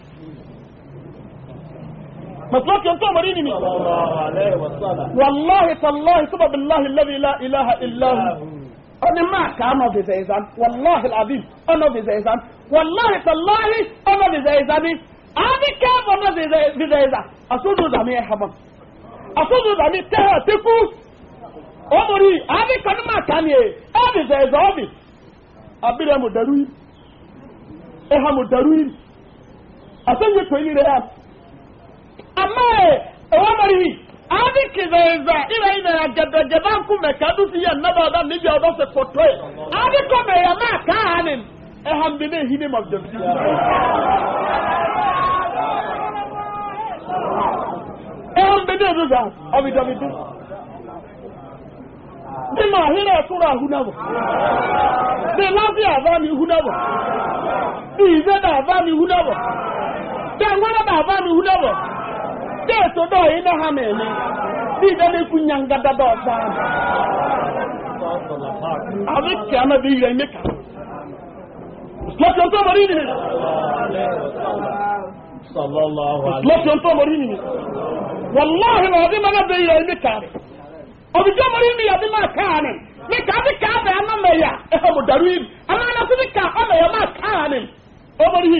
مسلوك ينتهي مريني مين والله تالله ثم بالله الذي لا إله إلا هو أنا معك أنا زيزان. والله العظيم أنا زيزان. والله تالله أنا بزيزان أنا كيف أنا بزيزان أسودو زمي حمام أسودو زمي تهى تكو أمري أنا كان معك أنا بزيزان أبدا مدروين إها مدروين أسودو كويني رئيس amma e, ewa mari adi kizeza ila ina ya gada gada kume kadu fiya naba da nibi ya odose kotoe adi kome ya maa kaa anin ehamdine hini mavjemi ehamdine zuza abidamidu ni mahira atura hunabo ni lafi avani hunabo ni izeda avani hunabo ni angwana da avani hunabo deeto dọọ ị na ha na-eme bibe na-ekwu nya ngadaba ọzọ ahụ abịkị anaghị ire ime ka lọ́tí ọ̀tọ́ mọ̀rí nìyẹn lọ́tí ọ̀tọ́ mọ̀rí nìyẹn wàláhì wà ọdí mọ́lá bẹ́ẹ̀ yẹ ẹni kàrí ọdíjọ́ mọ̀rí ni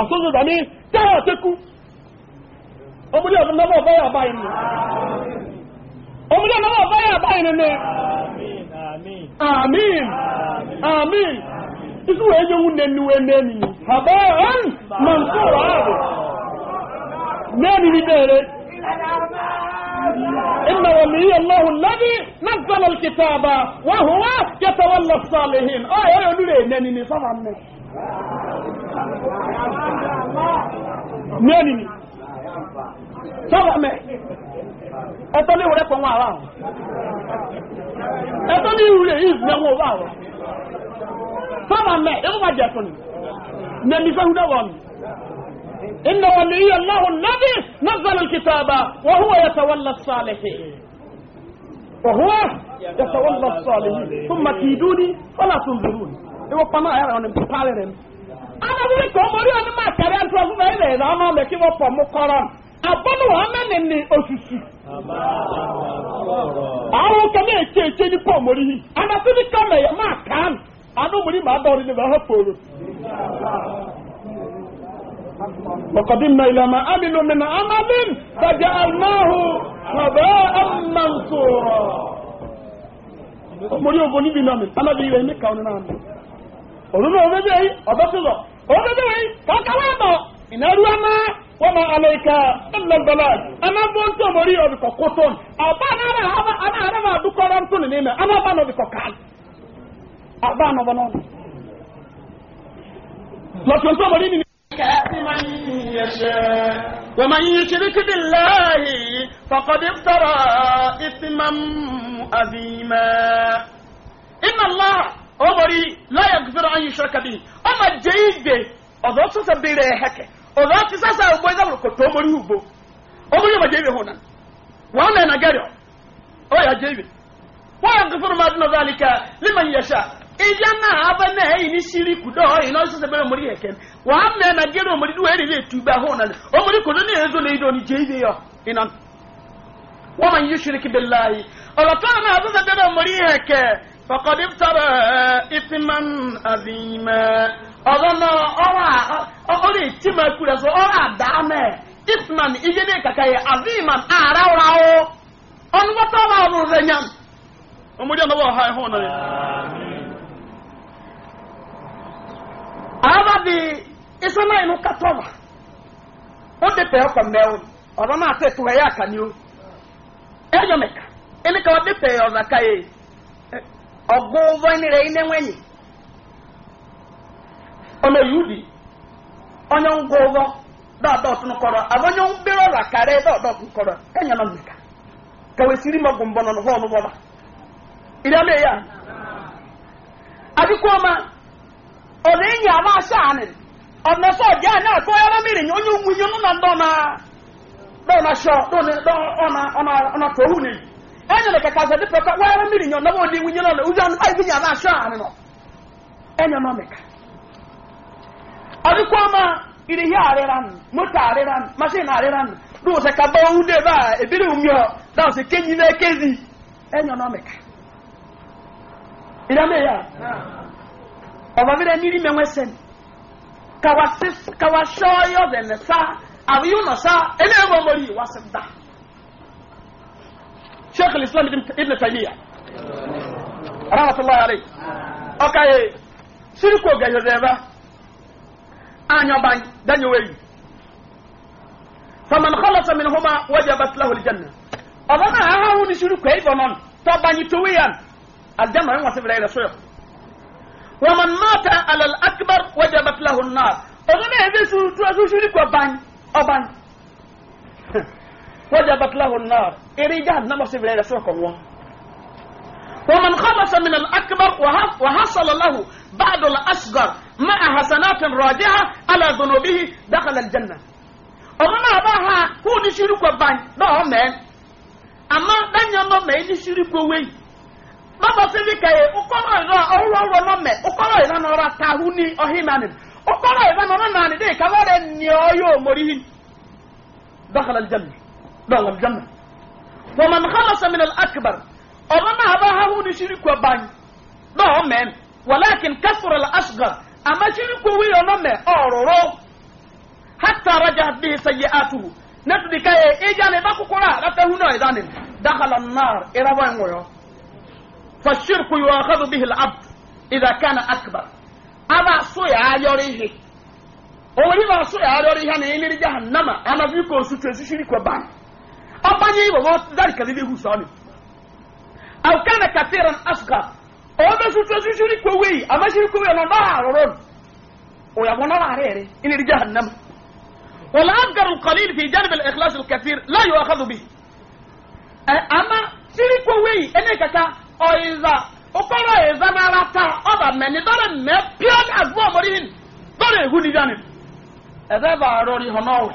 àsọ́jọ́ ìdàmí tẹ́rẹ àtẹ́kú ọmọdé ọdún náà báyà báyìí nù ọmọdé ọdún náà báyà báyìí nù àmín àmín isu wee yi wu nenu wee nenu yi haba an mansura abu nenu ni dere inna waliyyi allahu alladhi nazzala alkitaba wa huwa yatawalla salihin aya yo lure nenu ni sama ne mẹ́rin ni sọ́wọ́ mẹ́ ẹ̀tọ́ ní ìwúrẹ́ kan wà wà ọ́ ẹ̀tọ́ ní ìwúrẹ́ yìí mẹ́wọ́ wà ọ́ sọ́wọ́ mẹ́ ẹ̀wọ́n wà jẹ̀kùn ni mẹ́rin fẹ́ húdẹ́ wọ̀ mi. إن ولي الله الذي نزل الكتاب وهو يتولى الصالحين وهو يتولى الصالحين ثم كيدوني ولا تنظروني إيوه فما يرى أن يبقى anabere ka ọmọrí ọni máa kẹrẹ ẹtù ọfún bẹẹ lè rà ọmọ mẹ kí wọn pọ mú kọrọ wọn osisi. ahụ kẹlẹ́ ètí ètí ní pọ̀ mọ́rí yìí anasi ní kàmẹ́ yẹ máa kàn anumuri máa dọ̀rí ni bẹ́ẹ̀ pòrò. وقدمنا إلى òrùnà òmẹ́bẹ̀ yìí ọ̀bẹ́sùlọ̀ yìí kọ́kọ́wọ́ ẹ̀bọ̀ ìnáru ọmọ wọn ma alẹ́ ìka ẹlẹ́gbẹ̀lá anábọ̀ ń tọ́ mọ́rí ọ̀bìkọ̀ kó tó ọba náírà tó nìyí mẹ́ anábà tó ومن يشرك بالله فقد افترى اثما عظيما ان الله omori laya gufero anyi shirka bihi ama jeije ozo sasa bire heke ozo ti sasa ugbo za ko to omori ugbo omori ma jeije honan wa na na gero o ya jeije wa ya gufero ma dun zalika liman yasha ijana abana yi ni shiriku do yi no sasa bire omori heke wa na na gero omori duwe ri le tuba honan omori ko do ni ezo le ido ni jeije yo inan wa man yushrik billahi ọlọtọ náà na sẹjọ náà mọrí hẹkẹ فقد ابترى إثما عظيما أظن أرى أرى إتما كل سو أرى دعمة إثما إجدي كاي عظيما أرى راو أن وطلع الرنيان ومجد الله هاي هون هذا دي إسمع إنه كتوما أنت تهوك ميو أظن أتسوي يا كنيو أيامك إنك ودي تهوك كاي ọgụ ụvọ nire enweghị nwenyi onye ngụ ụvọ dọdọ tụnkọrọ abụnye mbere ọla karịa dọdọ tụnkọrọ enye nọ nneka ka wee siri mbọ nọ n'ụvọ ọnụbọba ire ọma ya adịkwa ọma enyi ama asa anị mmiri onye ugwu na ndọ na dọ na shọ dọ na ọ na ọ na ọ ɛnyɛ no kɛkɛ sɛ e ah. de mmiri nyɛ ɔnam ɔdi wunyɛ no ɔwura no ayi bi nyɛ abaahwɛ ano no ɛnyɛ no mɛka ɔde kɔn ma irihi arera no mota arera machine ebiri na ekezi ɛnyɛ no mɛka ìdá mẹ́yà mi mẹ́wẹ́ sẹ́ni àbí yóò sá شيخ الاسلام ابن تيميه رحمه الله عليه اوكي شركو غي زيبا انيو آه، نعم، بان دانيو وي فمن خلص منهما وجبت له الجنه اظن ها هو دي شركو اي بونون تباني تويان الجمع هو سفر الى شيخ ومن مات على الاكبر وجبت له النار اظن هذا شركو بان او بان وجبت له النار إريجان نمس في ليلة سوكم ومن خلص من الأكبر وحصل له بعد الأصغر مع حسنات راجعة على ذنوبه دخل الجنة أمنا بها هو نشيرك بان لا أمين أما دنيا نمي نشيرك وي bàbá síbi kẹyẹ ọkọrọ ìran ọrọ ọrọ nọmẹ ọkọrọ ìran ọrọ àtàhùn ní ọhínàní ọkọrọ ìran ọrọ nàní dé ìkàwé rẹ ní ọyọ mọrí dọkàlà jẹnu. دول الجنة ومن خلص من الأكبر أمنا أباها هو نشرك وبان دو من ولكن كسر الأصغر أما شرك وي أمنا أورورو حتى رجعت به سيئاته نتدي كاي إيجاني باكو كورا لتهونا إذانين دخل النار إلى وين ويو فالشرك يؤخذ به العبد إذا كان أكبر أبا سويا يوريه أولي ما سويا يوريه أنا إني جهنم أنا فيكو سوتو سوشيري كوبان أباني وموت ذلك الذي هو صالح أو كان كثيرا أصغر أو ما سوت لازم شو نكوي أما شو نكوي أنا ما أعرف أو يا من إن جهنم ولا أذكر القليل في جانب الإخلاص الكثير لا يؤخذ به أما شو نكوي إن كتا أو إذا أقول إذا ما رأت أبا من دار ما بيان أبوه مريهن دار هو نجاني إذا بعروري هنوش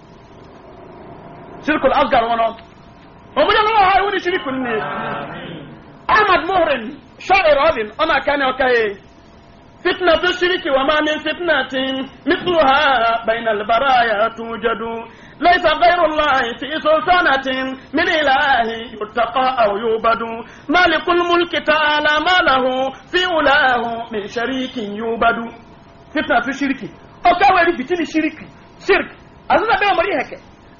شرك الأصغر هو ونوم ومن الله هاي شريك أحمد مهرن شاعر عظيم أما كان وكاي فتنة الشرك وما من فتنة مثلها بين البرايا توجد ليس غير الله في سلطانة من إله يتقى أو يوبد مالك الملك تعالى ما له في أولاه من شريك يوبد فتنة الشرك أو كاوي بتني شرك شرك أظن بيوم ريحك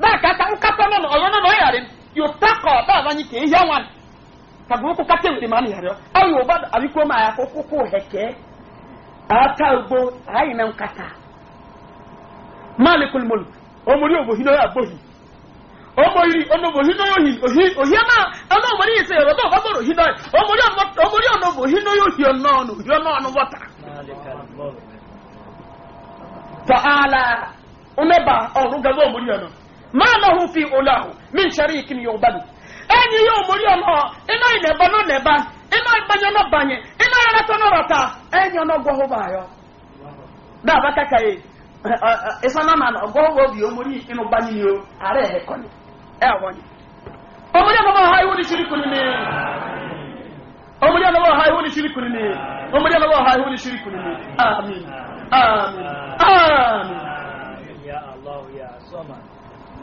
báà kàkà nkátà náà ọ̀rọ̀ náà ọ̀yà rẹ̀ yóò takọ̀ báà bá yín kèé yá wọn kàgbọ́n kó kátà èdè máa nìyàrá ayò wọ́n bá àbí kó máa kó kókó hẹ̀kẹ́ àátá ogbó àáyì náà nkátà máàlìkùn mọ̀lù ọmọdé òbòhí náà yà bóhì ọmọdé ọ̀nà òbòhí náà yóò ama òhì náà ọ̀nà òbòhí yìí sẹ́yìn ọ̀dọ́ ọ̀bá bọ̀rọ̀ òhì náà ọmọdé ọ̀nà òbòhí náà yóò hì ọ̀nà ọ̀nà òhì ọ̀nà ọ̀nà wọ́tà tọ́ ààlà ọ̀nẹ́bà ọ̀rùn gàdọ́ òmòdé máa lọ́hùn fi òláhù ahụ minchara ṣẹ́rí kí ni yóò bá lù. ẹ̀yin yóò mórí ọ̀nà iná ìnẹ̀bọ̀ náà nẹ̀bá iná ìbànyẹ̀ náà bànyẹ̀ iná ìrẹ́lẹ́ tó náà rọ̀ta ẹ̀yin ọ̀nà ọgbọ́hó bá yọ. dáàbà kàkà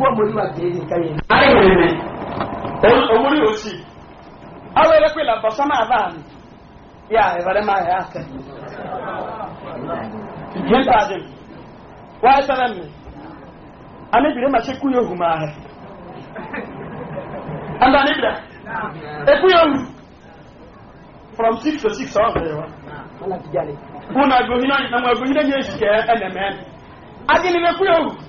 wọ́n mo ní wà pé nǹkan yẹn. ayé mi ni òun osi. o sì awo yẹrẹ pé làbọ̀sán náà bá mi yà ìbàdàn máa yà á kẹ́ yẹn tó a dé ma ṣe kú yóò hùmà rẹ̀ ẹ̀ndà anibire ekú yóò from six to six ọ̀hún ṣe wá. wọn àgbòhìn náà wọn àgbòhìn náà yẹn ṣì kẹ́ ẹ̀ ẹ̀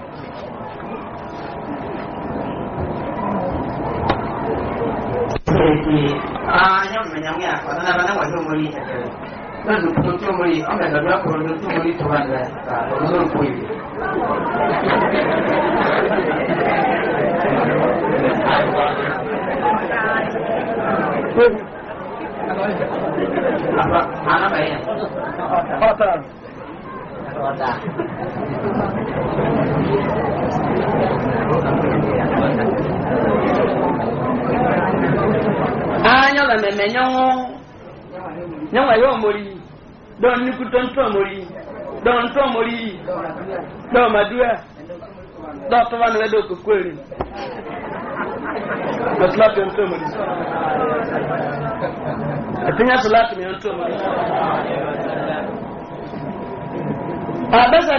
keki a nyam me nyam ya ko na na wa nyam muri ta ke na du ko to muri o me da na ko du to muri to ban da ta ko du ko yi apa ana ba ya kota kota Thank you. nyɔ mɛmɛmɛ nyɔŋɔ nyɔŋɔ yɔ mori dɔn nuku mori dɔn tɔn mori dɔn maduya dɔn tɔba nɛgɛ dɔn kokoere dɔn tɔba tɔn tɔn mori ɛtinya tɔla tɔn yɔn tɔn mori abɛsɛ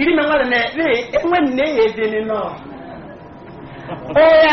iri mɛ ŋɔlɛ nɛ ne ŋmɛ ne yɛ deni nɔ ɔya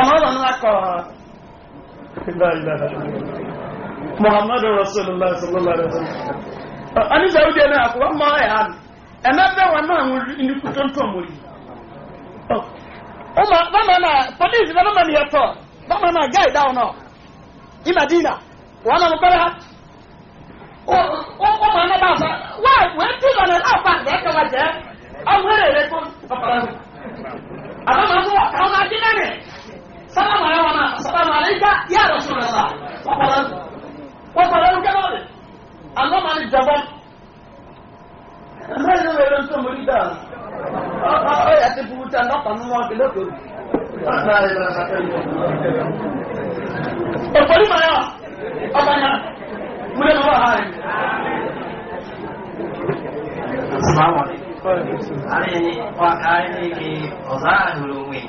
ọlọ́run lákọ̀ muhammadu rasulullah sallallahu alaihi wasallam ani saudi ẹni àkùrọ̀ mọ́ ẹ̀ hàn ẹ̀mẹ́ bẹ́ wọn náà wọn ní kú tó ń tọ̀ mọ́lì ọmọ bàmà polisi bàmà náà yẹ tọ̀ bàmà náà gáì dáwọn náà ìmàdínà ha ọmọ náà bá sọ wọ́n na tún lọ́nà náà fà jẹ́ kẹwàá jẹ́ ọmọ rẹ̀ rẹ̀ tó àbámọ̀ salamu ya wana salamu alaika ya rasulullah kwakwalon kwakwalon kalori allah ma ni jabon ẹ̀mẹ́ ìlú ẹ̀rọ tó mú rídà ọ̀yà ti fún wúta lọ́pàá mú wọn kìlọ́ kìlọ́ òpòlì mọ̀ yọ ya múlẹ̀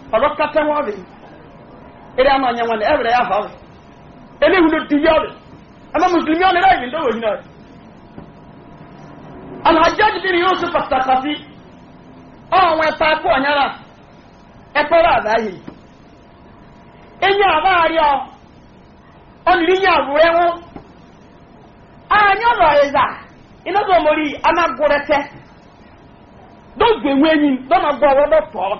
ọlọ́kàtẹ́ wọn bẹ̀ eré àmà ọ̀nyẹ̀ wọn ẹ̀rẹ̀ yà fà bẹ̀ ẹni ìwúlò ti yọ bẹ̀ ẹmọ mùsùlùmí ọ̀nà ẹ̀rẹ̀ ìdó wòyí náà alhajjáde bí ni yóò ṣe pàtàkì ọ̀wọ̀n ẹ̀ta ẹ̀kọ́ ọ̀nyára ẹ̀kọ́ rà báyìí ẹ̀yìn àbá àríọ̀ ẹ̀zà tó dọ́gbẹ̀wé dọ́nà gbọ́ ọwọ́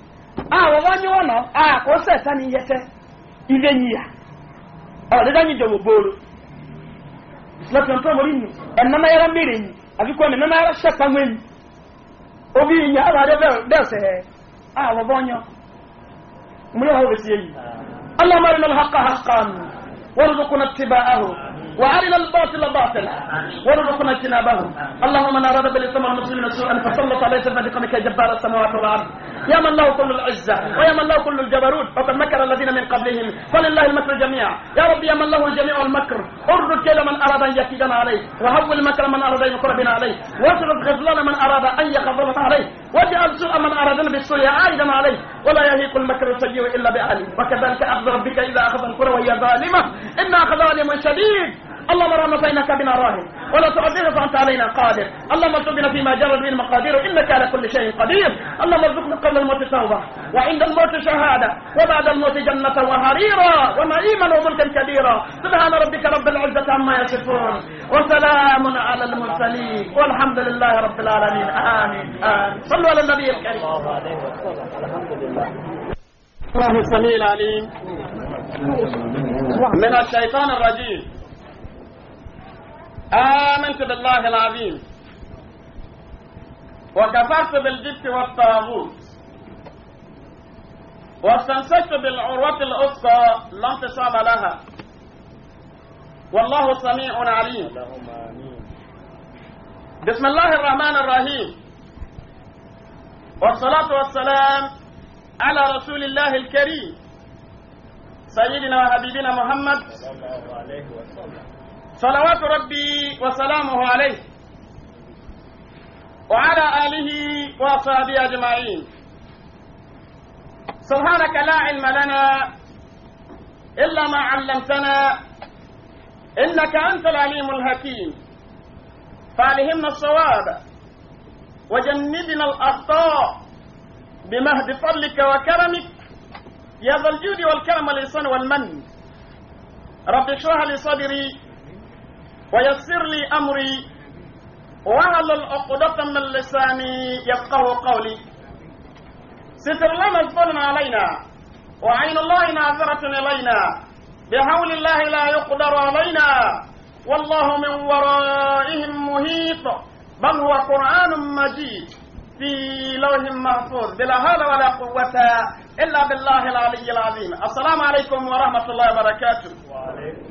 Ah, a ah, wọn ní wọn nọ àkó sẹsẹ ni yẹsẹ ilé yìí à ọ̀rọ̀ dídá yìí jọ̀wọ́ bóoru ìsìlẹ̀tì ọ̀tún ọmọdé nù yàrá yàrá obi bọ́ sí náà hàkà hàkà وارنا الباطل باطلا وارزقنا اجتنابه اللهم من اراد بالاسلام والمسلمين سوءا فسلط عليه سلفا بقمك جبار السماوات والارض يا من له كل العزه ويا من له كل الجبروت وقد مكر الذين من قبلهم فلله المكر جميعا يا رب يا من له جميع المكر ارد كيل من اراد ان يكيدنا عليه وهول مكر من اراد ان يقربنا عليه واسرد خذلان من اراد ان يخذلنا عليه واجعل سوء من ارادنا بالسوء عائدا عليه ولا يهيق المكر السيء الا باهله وكذلك اخذ ربك اذا اخذ القرى وهي ظالمه ان اخذ ظالم شديد اللهم ارحمنا بينك بنا راهب ولا تعذبنا فانت علينا قادر اللهم ارزقنا فيما جرت به مقادير انك على كل شيء قدير اللهم ارزقنا قبل الموت توبه وعند الموت شهاده وبعد الموت جنه وهريرا ونعيما وملكا كبيرا سبحان ربك رب العزه عما يصفون وسلام على المرسلين والحمد لله رب العالمين امين امين صلوا على النبي الكريم الحمد لله الله السميع العليم من الشيطان الرجيم آمنت بالله العظيم وكفرت بالجبت والطاغوت واستمسكت بالعروة الأسطى لا انتصاب لها والله سميع عليم اللهم آمين بسم الله الرحمن الرحيم والصلاة والسلام على رسول الله الكريم سيدنا وحبيبنا محمد صلى الله عليه وسلم صلوات ربي وسلامه عليه وعلى آله وأصحابه أجمعين سبحانك لا علم لنا إلا ما علمتنا إنك أنت العليم الحكيم فعلهمنا الصواب وجنبنا الأخطاء بمهد فضلك وكرمك يا ذا الجود والكرم والإحسان والمن رب اشرح لي صدري ويسر لي أمري واحلل العقدة من لساني يفقه قولي ستر لنا الظلم علينا وعين الله ناظرة إلينا بحول الله لا يقدر علينا والله من ورائهم محيط بل هو قرآن مجيد في لوح محفوظ بلا حول ولا قوة إلا بالله العلي العظيم السلام عليكم ورحمة الله وبركاته وعليكم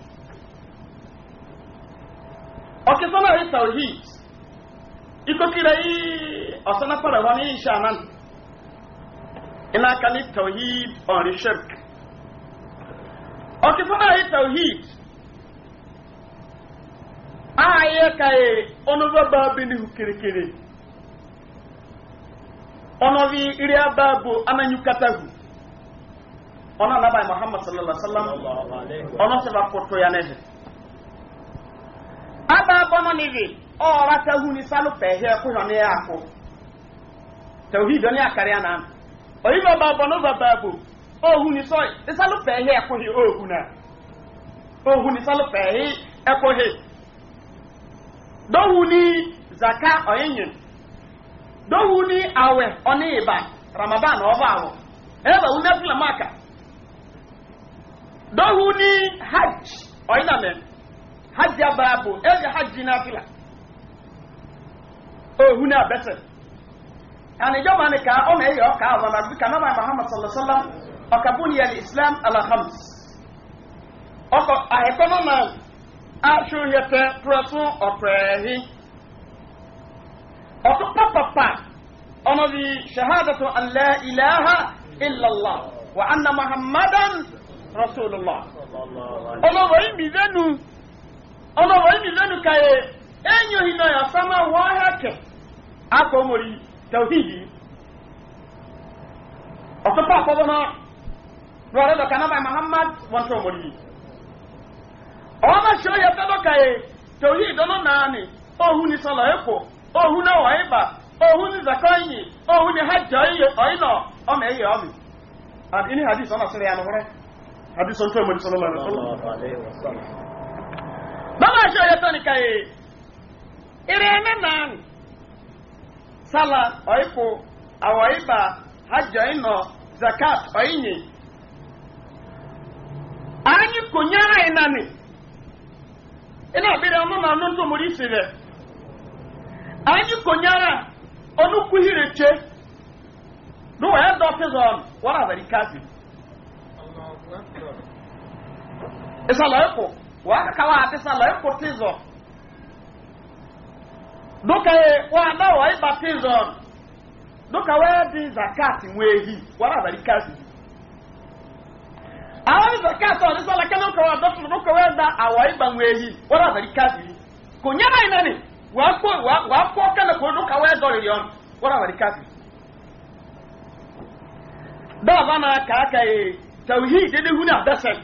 ọkẹsọ́nà rí tàwíì ikókìrẹ́ yìí ọ̀sánà padà wá on iṣẹ́ àná iná ká ní tàwíì ọ̀rí shirk ọkẹsọ́nà rí tàwíì ààyè kàyè ọ̀nàbàbà bíní kìrìkìrì ọ̀nàbí irí abáàbò muhammad sallallahu alaihi wa sallam ya baba bono nivi ora tahu ni salu pehe ku hone ya ko tawhid oni akare ana oyi baba bono baba bu ohu ni so ni salu pehe ku hi ohu na ohu ni salu pehe e ko he dohu ni zaka oyin dohu ni awe oni iba ramadan oba awo ebe una fila maka dohu ni hajj oyin amen hajj abarabo ɛyɛ e hajj n'afila ohu na abɛsɛ anijɔba ni ka ɔna ɛyɛ ɔka awɔla bi ka nama muhammad sallallahu alaihi wa sallam ɔkabuni yɛ islam alahams ɔkɔ ahekɔnɔ na aso yɛ pɛ turɔso ɔpɛɛhi ɔkɔ papapa ɔno bi shahadatu an la ilaha illallah wa anna muhammadan rasulillah ɔlɔwɔ yi mi bɛ nu. ọmọ wọ́n ní lónìí káyé ẹ̀yìn òhìn náà yà sámá wọ́n hẹ́kẹ̀ akọ̀mọ̀rí tẹ̀wíìdì ọ̀tọ́pọ̀ àkọ́bọ̀ náà lọ́rẹ́ dọ̀kà náà báyìí muhammad wọ́n tọ́ ọmọrí ọmọ ṣe yẹ tẹ́lọ̀ káyé tẹ̀wíìdì ọ̀nà náà ni ní sọlọ ẹ̀kọ́ òhun náà wọ̀ ẹ̀bà òhun ní zakọ́yìn ní hajj ọmọ ẹ̀yẹ ọmọ ní hadith bàbá ṣe ọyọ tán nìkan yìí eré ẹni náà sálà ọ̀ìpò àwọ̀ ìbà hajj zakat ọ̀ìyìn àányi anyị nyára yìí náà Ị na àbẹ̀rẹ̀ ọmọ náà ló ń tó mórí sílẹ̀ àányi kò nyára tse ló wà ẹ́ dọ́ọ̀tì zọ́ọ̀n wọ́n wakakawa atisala ekutizo dukaye wanawa ibatizo duka wedi zakati mwehi warazali kazi awayi zakati onisala kene ukawa dofuna duka wenda awaiba mwehi warazali kazi kunyama inani wako wako kana ko duka wenda lilion warazali kazi dabana kakaye tauhid dede huna dasali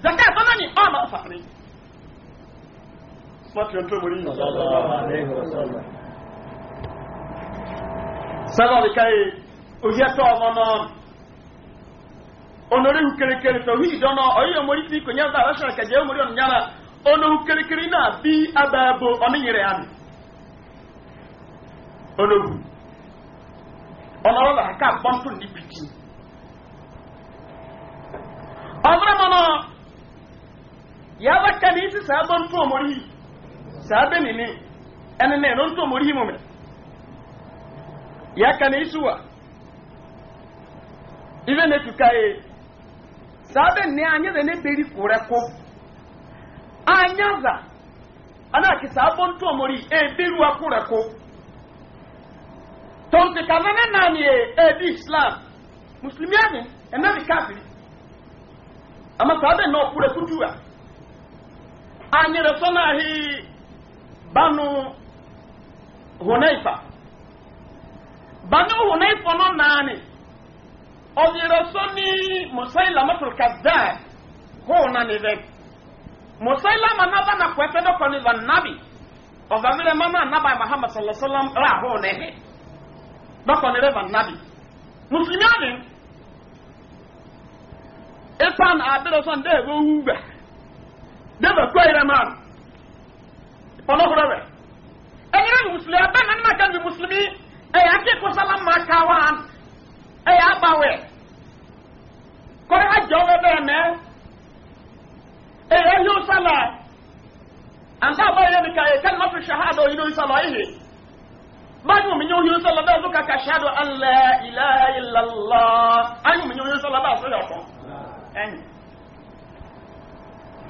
a zaka sọ́nà ni ọmọ fàárí láti ọjọ́ mọ̀rí sábàbí káyé òyí ẹ̀tọ́ ọmọ náà onori hukerekere tọ̀wí ìdọ́nà ọ̀yí ọmọrí tí kò nyẹ́ta rẹ́ṣọ̀rọ̀ kẹjẹ́ ọmọrí ọ̀nà nyára onori hukerekere náà bí abẹ́ẹ̀bọ ọ̀nìyẹrẹ àmì onori ọ̀nà ọ̀là ká bọ́ntò níbi jì ọ̀bẹ̀rẹ̀ mọ́nà ya bakka ni ti sabon to mori sabe ni ne en ne non to mori mo ya ka ni suwa ibe ne tu kai sabe ne anya de ne beri kore ko anya za ana ki sabon to mori e beru akure ko tonti kana ne nani e ebi islam Muslimiani ani ene ni kafiri ama sabe no kure kutuwa anyere sonahi banu hunaifa banu hunaifa no naani ɔyere soni musailama tol kazzab hoo na ni vɛ musailama naba na kɔ ɛfɛ dɔkɔ ni va nabi ma naba muhammad sallallahu alaihi wa sallam ra hoo na ɛhɛ dɔkɔ ni va nabi musulmi ani ipan abirɛ sɔn de ewu wuba. dẹ́fẹ̀ kúrò yìí rẹ̀ máa ọlọ́kùnrin rẹ̀ ẹ̀yin rẹ̀ mùsùlùmí abẹ́ nínú máa kẹ́mi mùsùlùmí ẹ̀yà kíkọ́ sálámù máa ká wá ẹ̀yà àbáwẹ̀ kọ́rí àjọ ọ̀rẹ́ bẹ́ẹ̀ mẹ́ ẹ̀yà yóò sálà àǹtá àbáyé mi kà ẹ̀kẹ́ nọ́ọ̀fì ṣahádọ̀ yìí lórí sálà ìhè báyìí mi yóò yóò sálà bẹ́ẹ̀ lókà kà ṣahádọ̀ alẹ́ ìlà ìlàlá ayé mi yóò yóò sálà bẹ́ẹ̀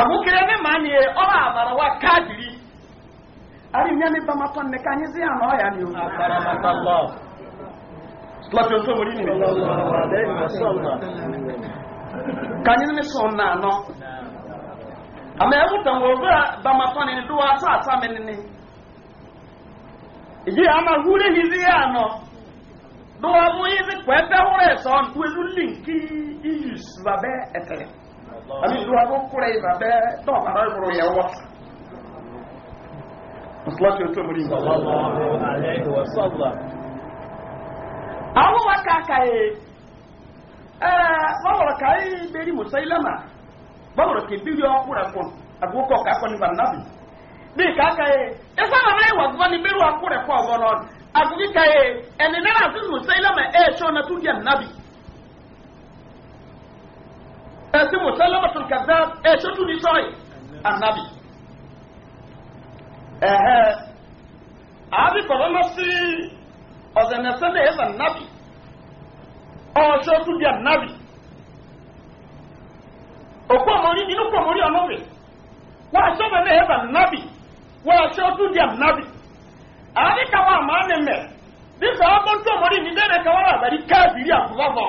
abukire ne ma ye ɔba amara wa kadiri ari nyami bamatɔ ne ka ya ni o. silafiyɔ tó wòle nìyẹn. ka nyi ni sɔn na nɔ. Ama ɛmu tɛn wo bɛ bamatɔ ni wa asa ni. yi ama wuli yi wa yi zi linki iyus àbí ìlú agbókúrẹ́ ìbà bẹ́ẹ̀ náà bàbá ìmúrò yẹ ka mùsùlùmí tó mú rí àwọn wa kàkàyè bọ́wọ̀rọ̀ kàyè bẹ́ẹ̀rì mùsáìlámà bọ́wọ̀rọ̀ kìbírí ọkùnrin kùn àgbókọ̀ kàkọ́ ní barnabi bíi kàkàyè ìfọ̀nà náà ìwà gbọ́ ní bẹ́ẹ̀rì ọkùnrin kọ́ ọ̀gọ́ náà àgbókìkàyè ẹni náà àti mùsáìlámà ẹ̀ẹ́sọ́ náà tún ẹsẹ mùsàlámà tó kàdá ẹsẹ tó ní anabi ẹhẹ àbí kọ̀ọ̀lọ́ lọ sí ọ̀sẹ̀nẹsẹ̀ náà ẹ̀sẹ̀ anabi ọ̀ṣọ́ tó di anabi òkú ọmọrí inú kú ọmọrí ọlọ́rẹ̀ wọ́n aṣọ mẹ́lẹ̀ ẹ̀bà nábì wọ́n aṣọ ọdún díẹ̀ nábì àríkàwọ́ àmọ́ ánẹ̀mẹ̀ nígbà ọmọ tó ọmọrí ní dẹ́rẹ̀ kẹwàá àbẹ̀rí káàbìrì àbúrò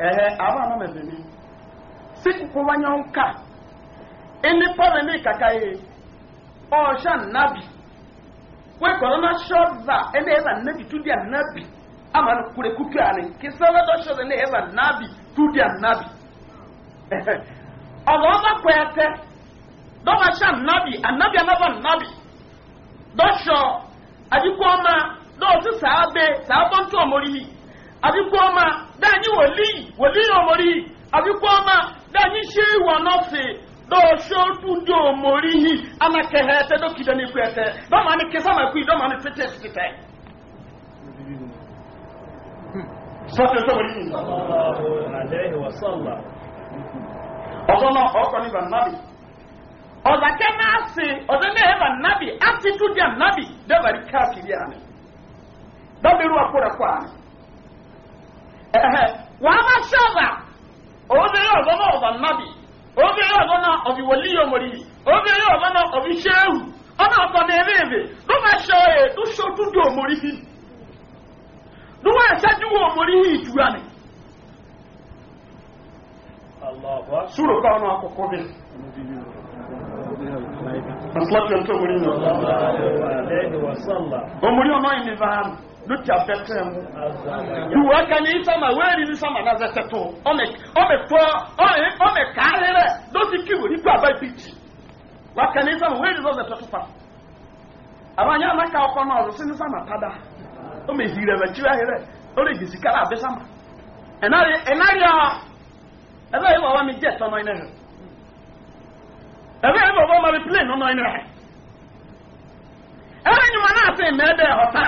ehe aba ama mebiri si kukuwanya nka ini pole ni kakaye osha nabi we korona shoza ene eza nabi tudia nabi ama kure kutu ani kisawa do shoza ene eza nabi tudia nabi ọ̀dọ̀ ọba kwẹ́ẹ́tẹ́ dọ́wọ́ nabi nàbì ànàbì nabi nàbì dọ́ṣọ àdìkú ọmọ dọ́ọ̀tún sàábẹ́ sàábọ́ntún ọmọ rí àbíkọ́ọ́mà dáàní wòlíì wòlíì ọmọrí àbíkọ́ọ́mà dáàní ṣé ìwà náà fè dọ́ọ̀ṣọ́tù dọ́ọ̀mọrí yìí anákẹ́hẹ́ ẹ̀tẹ́ dókítà ní ikú ẹ̀tẹ́ dọ́ọ̀mà ni kẹsàmà kú dọ́ọ̀mà ni tètè tètè. sọ́tẹ̀ sọ́wọ́ na ọ̀dọ́ náà ọkọ̀ náà sè ọ̀dọ́ náà ẹ̀ bànnábì átítúdì ànnábì káàkiri àná dọ́bìrú àkúrẹ́kọ̀ àná. wàá ṣọ́ọ̀bà obìnrin ọ̀bọ náà ọ̀bà obere obìnrin ọ̀bọ náà ọ̀bì wòlíì ọmọrìrì obìnrin ọ̀bọ náà ọ̀bì ṣéwù ọ̀nà ọ̀tọ̀ ní ẹ̀rẹ́ ẹ̀rẹ́ ẹ̀ tó ṣojú di ọmọrìrì ló ni. lókè abẹ́tẹ̀ mu ìwọ kan ní sàmà wéèrè ní sàmà náà zẹtẹ tó ọmọ ẹ̀kọ́ ọmọ ẹ̀ka rẹ̀ lọ́sí kíwò ní gbàgbà bíjì wà kan ní sàmà wéèrè lọ́sẹ̀ tó fà àwọn anyá náà ká ọkọ náà ọ̀rọ̀ sí ní sàmà padà ọmọ èyí rẹ̀ wẹ̀kí rẹ̀ rẹ̀ ó lè gbèsè kára abẹ́ sàmà ẹ̀nàrí ẹ̀nàrí ọ̀ ẹ̀fẹ́ yìí wà wá mi jẹ́ ẹ̀tọ́ náà ẹ̀nàrí ẹ̀fẹ́ yìí wà wá mi pílẹ̀ náà ẹ̀nàrí ẹ̀rẹ́ nyuma náà sè mẹ́ẹ̀dẹ̀ ọ̀tá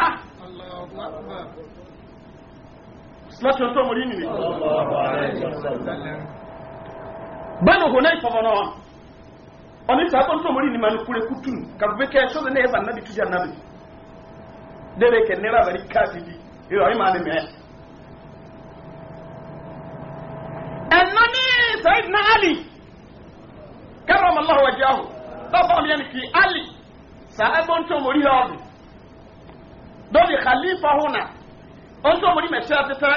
láti ọ̀tọ́ mọ̀rí nìrí bẹ́ẹ̀nù hùn náà ìfọ̀mọ̀ náà ọ̀nà ìta àtọ́ntọ́ mọ̀rí ní manu kúrẹ kútùn kàbùbẹ́kẹ́ ṣọ́dẹ̀ náà ẹ̀bà náà bí tújà náà bí dẹ́rẹ́ kẹ nẹ́rà bẹ̀rí káàkiri ìrọ̀ ìmọ̀ àni mẹ́ ẹ̀nà ní sẹ́yìn náà ali kẹ́rọ̀ ọmọ aláwọ̀ ẹ̀jẹ̀ ahù lọ́bàá mi yẹn kì í ali sàá ẹ̀bọ̀ntọ́ mọ̀rí ọ̀dùn dɔɔni khalifa hona ɔnso mo ni mɛ hyɛ tete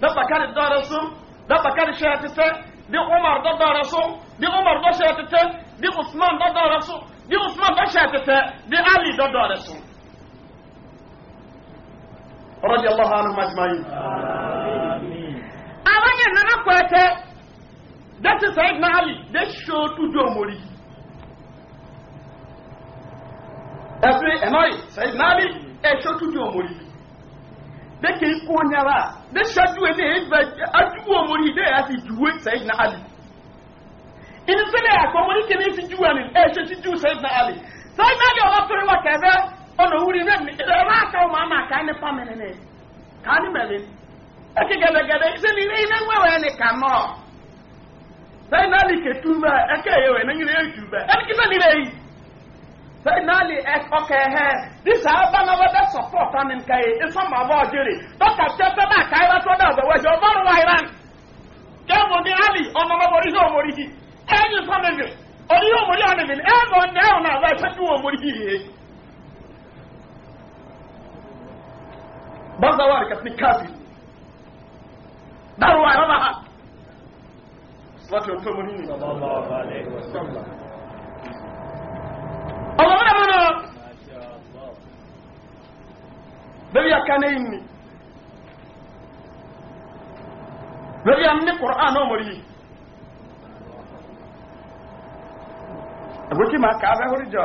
de bakari dɔɔre so de bakari hyɛ tete de umar dɔ dɔɔre so de umar dɔ hyɛ tete de usman dɔ dɔɔre so de usman dɔ hyɛ tete de ali dɔ dɔɔre so. رضي الله عنهم اجمعين. آمين. أولا أنا كويتي dati sayidina ali de sootu do mori ɛfiri ɛnɔyi sayidina ali ɛsɛtudu omori bɛtɛ ikú nyara ne saduwe ne eva aduwe omori ne yasi duwe sɛyi na ali inisɛlɛ akɔmɔri kene si duwe ali ɛsɛ si duwe sɛyi na ali sɛyi na ali ɔba pere wa kɛfɛ ɔna wuli ne mi ɛba aka wɔn ama kaa ne pa mɛnɛ ne kaa ne mɛlɛ ɛkɛ gɛdɛgɛdɛ sɛni ne yi ne ŋmɛwɛ ne ka nɔ sɛyi na ali ketu bɛ ɛkɛ yɛ wɛ ne nyere yɛ tu bɛ ɛni kisɛ ni ne yi. sẹ́yìn náà lè ọkọ̀ ẹ̀hẹ́ dísà abánáwó bẹ́ sọ̀pọ̀tà ní nǹkan yìí ìsọ̀mọ̀ àbọ̀ ọ̀jẹ̀rẹ̀ dọ́kà tẹ́ fẹ́ bá àkàyè wá sọ́dọ̀ ọ̀gbẹ̀wẹ̀ jọ ọmọ ọ̀rọ̀ àìrán jẹ́mu ní ali ọ̀nà ọmọbìnrin náà mọ̀rí yìí ẹ̀yìn sọ́mẹ̀mì orí yóò mọ̀rí ọ̀nẹ̀mì ẹ̀mọ̀ ní ẹ̀hún àwọn ẹ̀fẹ́ tí wọ́n mọ̀rí yìí. bọ́sàwọ́ àrùkà sí káàbì dárò àìrán náà. sọ́tì ọ̀tọ́ mọ̀rí yìí. bɛbi aka ne yin ni bɛbi an ne kɔrɔan n'o mɔri ma ka bɛ hori jɔ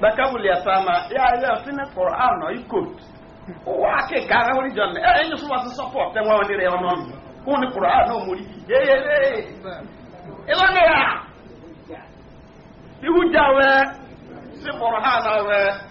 bɛka wuli asaama yaa yɛ ɔsi ne kɔrɔan nɔ i koot ke kaa bɛ hori jɔ ne ɛ so wa sisɔ pɔ tɛ wa ne rɛ ɔnɔ k'o ne kɔrɔan n'o mɔri yi yeye yeye ila ne ya ihu ja si kɔrɔan na wɛ.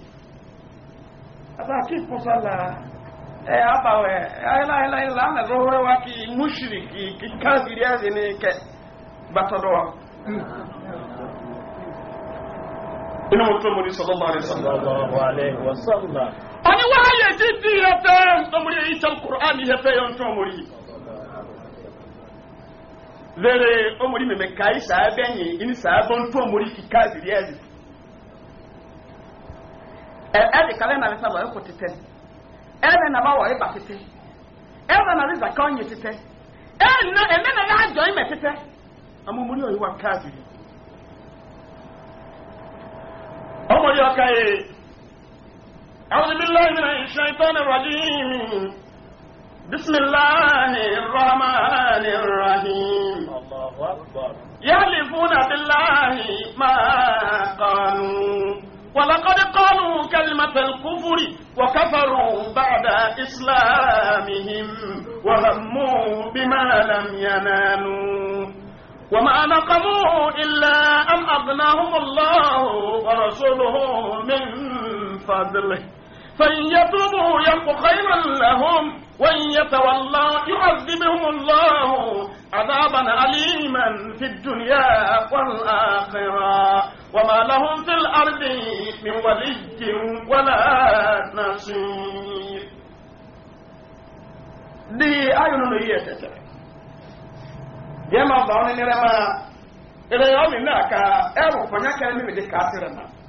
ataki kusala e abawe e, ayla e, e, ayla ayla na rohore wa ki mushriki ki kafiri azini ke batodo ina mutum muri sallallahu alaihi sallallahu alaihi wasallam ani wa ya jiddi ya tan to muri isa alquran ya fe yon to muri lere o muri me kai sa benyi ini sa bon to muri ki kafiri azini ɛdi kalẹ na lẹsẹ lọyọ kò titẹ ɛdi na ma wọyọ ba titẹ na na na yà jọ ìmẹ titẹ amumuli oyi wa káàdì ọmọdé ọkà yìí àwọn ibi na náà ìṣe bisimilahi rahmani rahim yálì fún abilahi máa ولقد قالوا كلمة الكفر وكفروا بعد إسلامهم وهموا بما لم ينالوا وما نقموا إلا أن أغناهم الله ورسوله من فضله فإن يتوبوا يلق خيرا لهم وإن يتولوا يعذبهم الله عذابا أليما في الدنيا والآخرة وما لهم في الأرض من ولي ولا نصير دي أعين ليتك يما ضعوني نرما إلى يوم ناكا أروا فنكا نمي دي كاترنا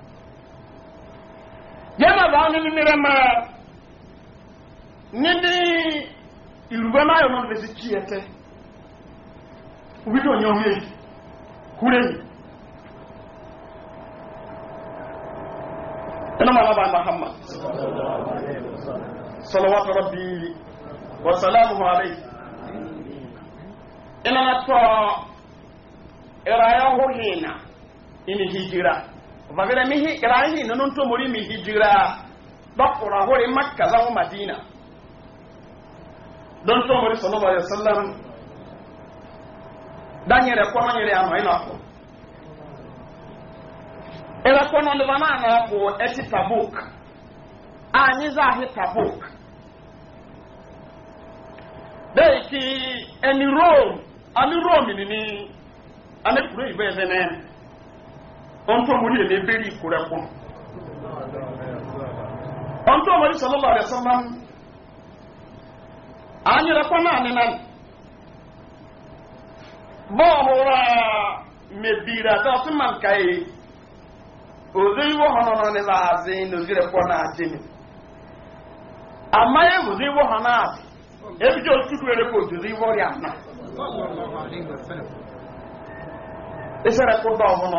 jẹ́mà bá ní nírẹ̀ mọ́ ní ní ìrùgbẹ́ máa yọ̀nà lè sí kí ẹ̀tẹ́ wídò yẹn wúyẹ̀ kúrẹ̀ yìí ẹnu mọ̀ bá mahama sọlọ́wọ́ tọrọ bí wasalamu alai ina na tọ irayen hurhina ini hijira vavira mihi rahi nonon to muri mi hijira bakura hore makka zawo madina don to muri sallallahu alaihi wasallam danyere kwa manyere ama ina ko era kwa ndo bana na ko eti tabuk anyi za he tabuk deiki eni rome ani rome ni ni ani kuro ibe venen ọ̀ntọ́ mọ̀rí èlé bẹ́rí ìkúrẹ́kún ọ mọ̀rí sọlọ́lọ́ rẹ̀ sọ́lá anyịrịkwa na bọọlụ ụra mebiri ada ọsịma nka ya ozo iwe ọhụrụ nọ n'ebe azị na-adị amaghị ozo iwe ọhụrụ na-adị ebido otu iwe ọrịa na ịsịrịkwa ọhụrụ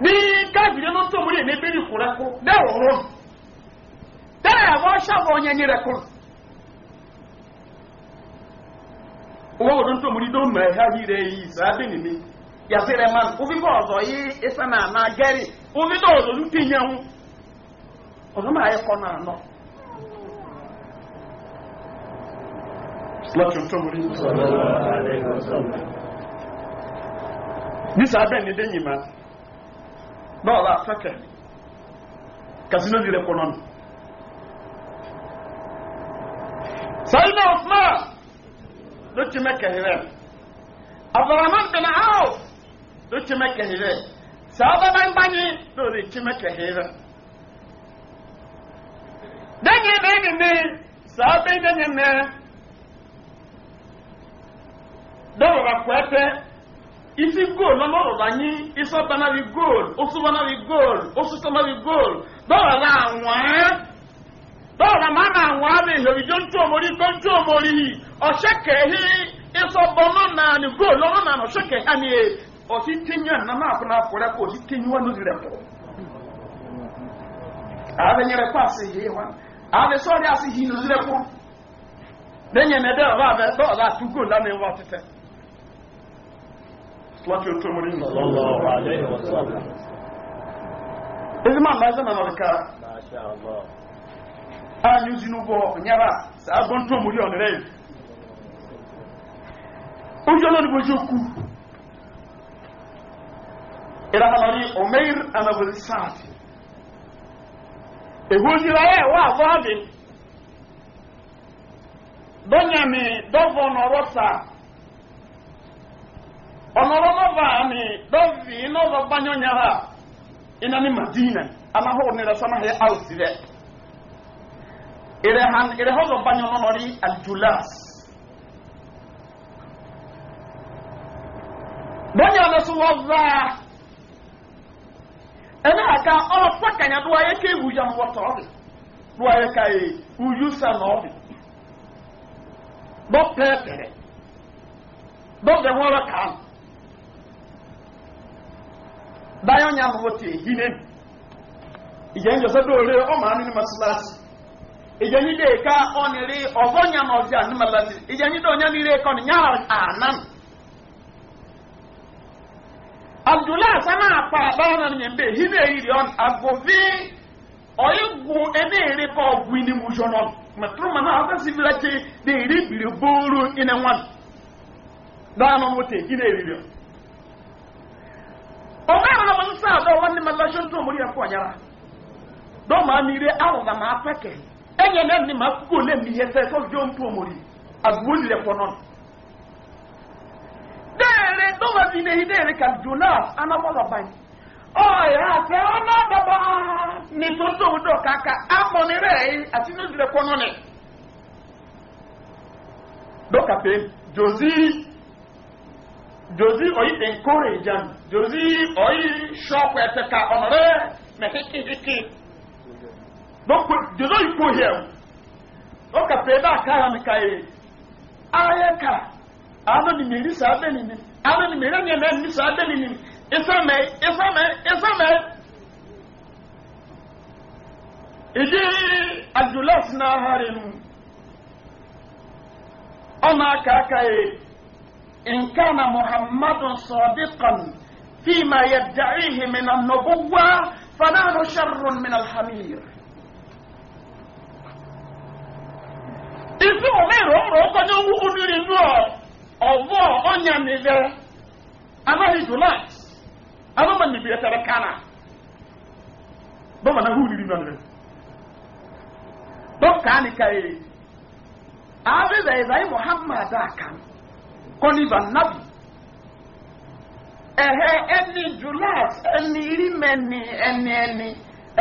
ní káàbìrì ló tó múlẹ̀ níbi ní kùrẹ́ kú bẹ́ẹ̀ ọ̀rọ̀ bẹ́ẹ̀ àwọn aṣáwọ̀ ọ̀yẹ́ ní rẹ̀ kú. owó wo ló ń tó múlẹ̀ ló mẹ̀ ẹ́ yí rẹ̀ yìí sàábì nìmi yàtí rẹ̀ máa ń òfin bọ̀ ọ̀zọ̀ yí ẹsẹ̀ náà máa gẹ́rì òfin tó ọ̀zọ̀ lùtì yẹn ń dɔw b'a fɛ kɛ kasino yɛrɛ kɔnɔ ni sayidina usman ló ti mɛ kɛhɛrɛ abdulrahman bin awf ló ti mɛ kɛhɛrɛ sábà bá ń bányi lórí ti mɛ kɛhɛrɛ dẹ́yìn dẹ́yìn ni sábà dẹ́yìn ni dɔw bá isi goolu ọlọ́rọ̀ anyị isi ọbanabi goolu osubanabi goolu osusanabi goolu dọ́ọ̀rọ̀ la àwọn ẹ́ dọ́ọ̀rọ̀ na àwọn abẹ ìhòòhì jọ ntú omori kó ntú omori yìí ọ̀ṣẹ́kẹ̀hí ìsọ̀bọ̀nà náà ni goolu ọ̀nà náà ọ̀ṣẹ́kẹ̀hí ni e ọ̀sí láti ojú ọmọdé yìí. Sallallahu alaihi wa sallam. Èyí máa lájọ́ nà lọ́rẹ̀ká. A ní ojú inú bọ̀ nyára sàgbọ́n tó ọmọdé ọ̀nà rẹ̀. Ojú ọlọ́dún bójú òkú. Ìràhàlọ́rí Omeir Anabel Sáàtì. Èhú ojú ayé wà fọ́ọ̀dì. Dọ́nyàmì ọ̀nọ̀rọ̀ nọ́bà ni dọ́ọ̀fì nọ́bà bányọ́nyá ha iná ní madina anáhó ní rẹ̀ sọ́nà hẹ́ áùsì rẹ̀ ìrẹ̀ hàn ìrẹ̀ họ́zọ̀ bányọ́ nọ́nà rí aljulas bọ́nyá ọ̀nà sọ wọ́n bá ẹni àká ọ̀nà sọ́kànyà ló wáyé ké ìwúyà ń wọ́tọ̀ ọ̀bì ló wáyé ká yé ìwúyùsà nà ọ̀bì bọ́ pẹ́ẹ́pẹ́rẹ́ bọ́ bẹ̀ wọ́n rẹ̀ kàn dayo nya ho te ije so do re o ma ni ije de ka oniri obo nya no ja ni ije do nya ni re ko ni nya anan abdullah sana pa ba na ni mbe hine iri on agovi oyigun ene ka ogun ni mu jono matru mana aka sibira che de iri biro boro ina wan da no mo te ọmọ ẹ̀rọ nsọ sísá àdó wọn ní malasio tó mú yẹ kó ọ̀yára dọ́ọ̀mù amire ni máa kúkú lé mi yẹsẹ̀ sọ́jọ́ ń tó mọ̀rí àgbo lílẹ̀ pọ̀ náà. dẹ́ẹ̀rẹ́ dọ́ọ̀mù ti ní dẹ́ẹ̀rẹ́ kà jonas anáwọ̀lọ̀ báyìí jozi oyi encourage am jozi oyi shock ẹsẹ ka ọmọdé mẹ hikihiki lọkọ jozi oyi o ka pè bá kára mi ka yẹ ayé ka àánú e. ni mèrí sá bẹ́ẹ̀ ni mi àánú ni mèrí ẹ̀yẹ mi sá bẹ́ẹ̀ ni ìdí sinahari nu ọmọ aka إن كان محمد صادقا فيما يدعيه من النبوة فنحن شر من الحمير ìsú òmìnira ọrọ ọkọjọ owó nílùú inú ọwọ ọnyàmìlẹ anáhì juliet anọmọnìbí ẹtẹrẹ kánà bọmọ náà hùwù nínú ọrẹ dọkítà nìkan yìí àbẹ̀bẹ̀ ìbáyé muhammad àkànnì kọ́nìbà nábì ẹ̀hẹ́ ẹni julas ẹni rímẹ̀ni ẹni ẹni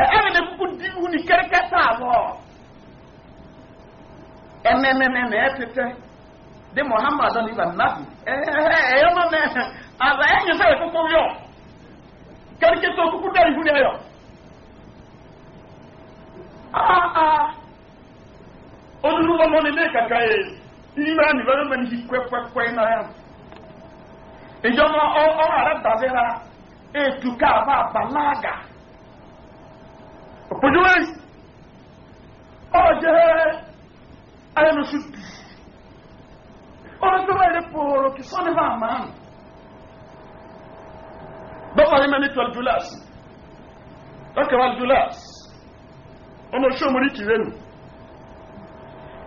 ẹ̀hẹ́ ní kúkú díhù ní kẹ́rẹ́kẹ́tà àwọ̀ ẹ̀mẹ́mẹ́mẹ́ ẹ̀ tẹ́tẹ́ de muhammad ọ̀nìbà nábì ẹ̀hẹ́ ẹ̀yọ́ mọ́mẹ́ àbá ẹ̀yìn sẹ́yìn kúkú yọ kẹ́rẹ́kẹ́tà kúkú dẹ̀ ìhù ní ẹ̀yọ́ ah, ah. olùlúwọ́n mọ́ni ní kàkà yìí. ìyíra nìbẹ́ ló mẹ́ni ti pẹ́pẹ́pẹ́ náà yà ìjọba ọ̀rọ̀ rẹ̀ dàbíra ètò káàbà àbáláàgà òpójúwé nusu ayélujú bì ọ̀rọ̀ tó wà lẹ́pọ̀ ama. kì sọ́ni bá àmàn bọ́pọ̀ yìí mẹ́ni tọ́jú láàsì ọ na ọmọ ṣọ́mọ́rí kìrẹ́nu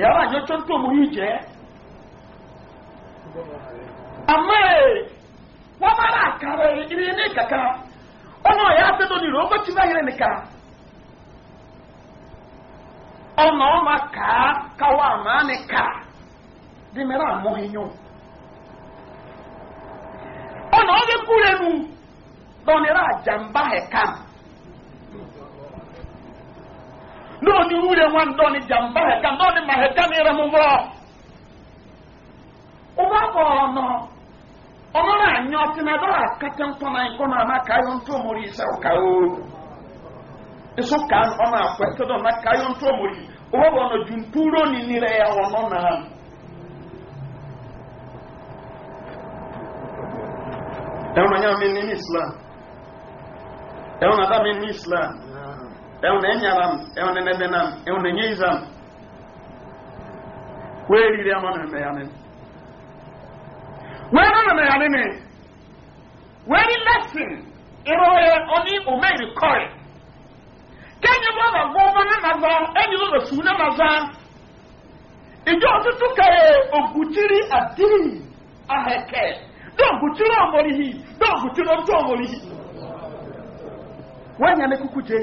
yàrá àjọjọ́ tó mú yìí jẹ́ àmọ́ ẹ̀ wọ́n bá rà kárẹ̀ ilé ní kàkà ọ̀nà ọ̀yà àtẹ́dọ̀ nìrò ó bá ti báyìí rẹ̀ ọ̀nà ọ̀ma kà á káwọ́ àmà ni kà dì mẹ́rẹ̀ àmọ́ ẹ̀yọ́ náà ni wúre wọn ni jàmbá ẹ̀ka náà ni màhẹ́ká ni rẹ̀ mú wọ́. ó bá bọ̀ ọ̀nà ọmọ náà nyọ ọtí náà bá kẹtẹ ńkọ náà ńkọ náà má káyọ o èso ká ọmọ àpò ẹsẹ náà má káyọ ntó mórí ó bá bọ̀ ọ̀nà ju ni ewu na enyaram ewu na enedenam ewu na enyeizam wee riri ama na mmemme ya nene wee na mmemme ya nene wee onye ome rikọrị ka enyi m ọba gwa ọba na naza enyi m osu na naza ije ọtụtụ ka oguchiri adịghị aheke dị oguchiri ọmọrịghị dị oguchiri ọtụ ọmọrịghị wee nye n'ekuku jee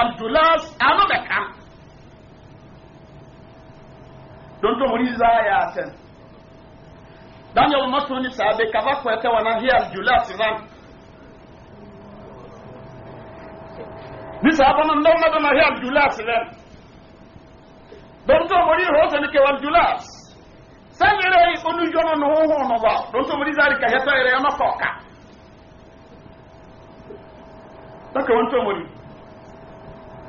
abdulas ano bɛ kam donto mori zaa yɛ asɛn daniel maso ni saa bɛ kaba kɔɛ tɛ wana hi abdulas ran ni saa bana ndɔn na bɛ na hi abdulas ran donto mori hɔsɛn kɛ abdulas sɛn yɛrɛ yi onu jɔn na hohon na ba donto mori zaa de ka hɛtɔ yɛrɛ yɛ ma kɔɔ ka. Taka wanto mori.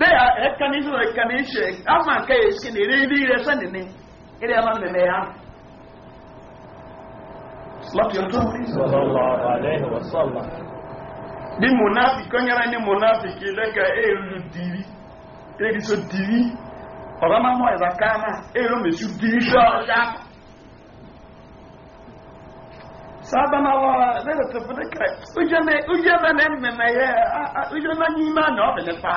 bẹ́ẹ̀ ẹ̀kaníṣẹ́ ẹ̀kaníṣẹ́ ama nǹkan yẹn ṣe ní rírí rẹ sẹ́ni ní ilé ẹ̀ma mẹ́mẹ́ ya. ní munafi kọ́nyẹ́rẹ́ ní munafi kì í lẹ́ka èrò dìrí èrò sọ dìrí ọ̀rọ̀ máa mọ èrò dìrí sọ tó fún ojú yẹ ojú ní ìmọ̀ ọ̀bẹ̀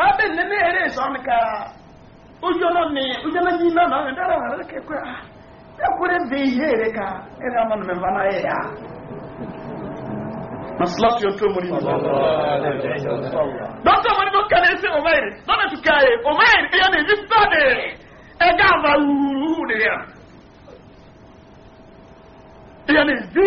sábẹ́ ní ní eré ìsọ̀rọ̀ ká ojú ọ̀nà ni ojú ọ̀nà yìí náà náà dára wà lókè pé à ẹkùnrin bí ihe èrè ká ẹ̀rẹ́ àmọ́ nù mẹ́fà náà yẹ̀ yá. masalasi yóò tó mu ní ìlú. dókítà wọn ni mo kẹ́lẹ́ sí omeir lọ́nà tó ká yẹ omeir ẹ̀yọ́ ní ìdí sọ́ọ̀dẹ̀ ẹ̀gá àbá wúrúwú nìyẹn. ẹ̀yọ́ ní ìdí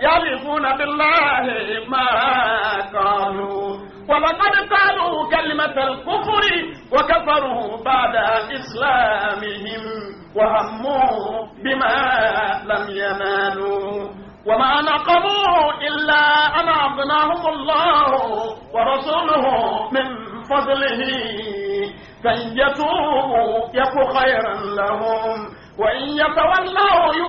يعرفون بالله ما قالوا ولقد قالوا كلمة الكفر وكفروا بعد إسلامهم وهموا بما لم ينالوا وما نقموا إلا أن أعطناهم الله ورسوله من فضله فإن يتوبوا يكو خيرا لهم وإن يتولوا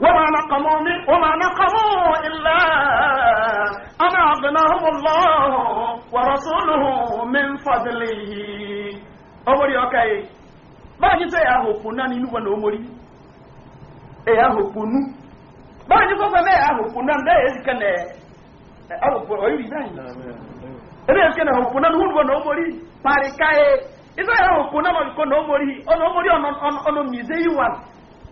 وما نقموا من وما نقموا na أن أغناهم الله ورسوله من فضله أمري أوكي báyìí sọ èyà hòpò náà nínú wọn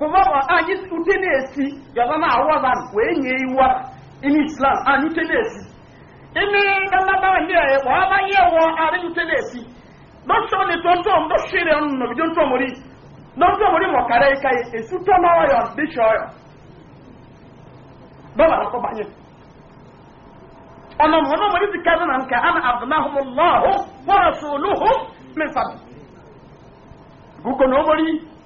kòmọ́bọ̀ anyị ute na-esi yọba na awọban wee nye iwu a ime islam anyị ute na-esi ime galabawa ndị ọyị kpọọ aba ihe wọ arị ute na-esi dọsọ na tọntọ m dọsịrị ọnụ na bido ntọ mori mori mọ kara ịka ya esu tọma ọyọ dịcha ọyọ dọba akọ banye mori na nke a na-abụnahụ m lọhụ wọrọ sọ oluhu mmefa gụkọ na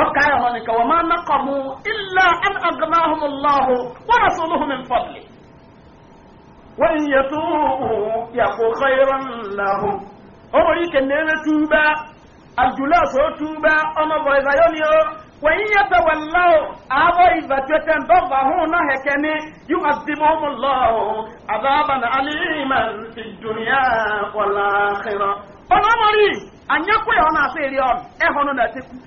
dɔkka ayɛ hɔ ne ka wɔma naqamu illa an agnahum allahu wa rasuluhu min fadli wa in yatubu yaku khayran lahum ɔmɔ yi kɛ nɛɛmɛ tuuba aljula so tuuba ɔmɔ bɔ ɛzayɔni o wa in yatawallaw abɔ ivatɛtɛn dɔba ho na hɛkɛni yu'adhibuhum allahu adhaban aliman fi dunya wal akhirah ɔnɔmɔri anyakuyɛ ɔna se eri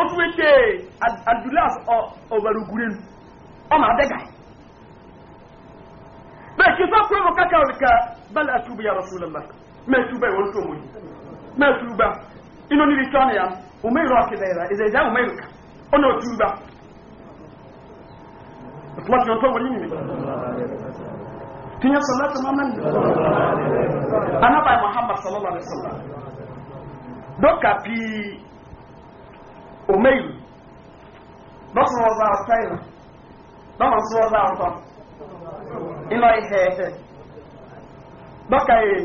otu eke adulas ọbara ọ ma adịga bẹ́ẹ̀ kí sọ pé mo kákà òrìkà bẹ́ẹ̀ ya rasulullah mẹ́túbà ìwọ́n ya òmè ìrọ̀ ọ̀kẹ̀dẹ̀ ìrà ìzẹ̀ ìzẹ̀ òmè ìrùkà ó nà òtúbà ọ̀tọ́mọ̀tì ọ̀tọ́ wọlé yìí tiɲɛ sɔlɔ tuma mɛ muhammad sallallahu pii omeiru dɔsɔ ɔza ɔtaira dɔmɔ nsɔ ɔza ɔtɔ ina ihɛɛhɛ dɔka yi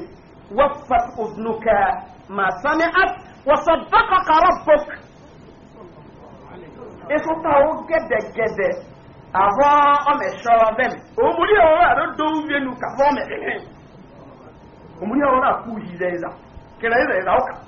wafat ma sani at wasa dɔka kara bok efuta wo gɛdɛgɛdɛ avɔ ɔmɛ sɔrɔ bɛm omuri ɔwɔ a do do wienu kafɔ ɔmɛ ɛhɛ omuri ɔwɔ a kú yi dɛ yi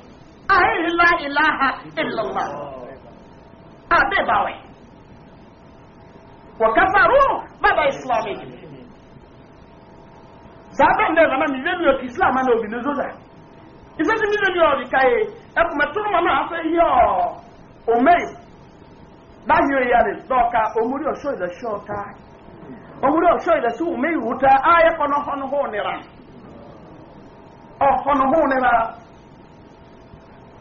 ayé ńlá ìlàhà ìlàlá àbẹ́ báwẹ̀ wọ́n káfàrú bàbá ìsìlámù yìí sábẹ́ ń dẹ́rẹ́ mi lẹ́nu ọ̀kì ìsìlámù náà òbí ní zọ́dà ìfẹ́ sí mi lẹ́nu ọ̀rì káyé ẹkùnmẹ́ tó wọn náà fẹ́ yí ọ̀ òmẹ́yì báyìí ìyá rẹ̀ dọ́ọ̀ka òmùrí ọ̀ṣọ́ ìdẹ̀ṣọ́ ọ̀ta òmùrí ọ̀ṣọ́ ìdẹ̀ṣọ́ òmẹ́yì wúta ayẹ́kọ̀ọ́ náà họ́nú hó nira ọ̀họ́nú hó nira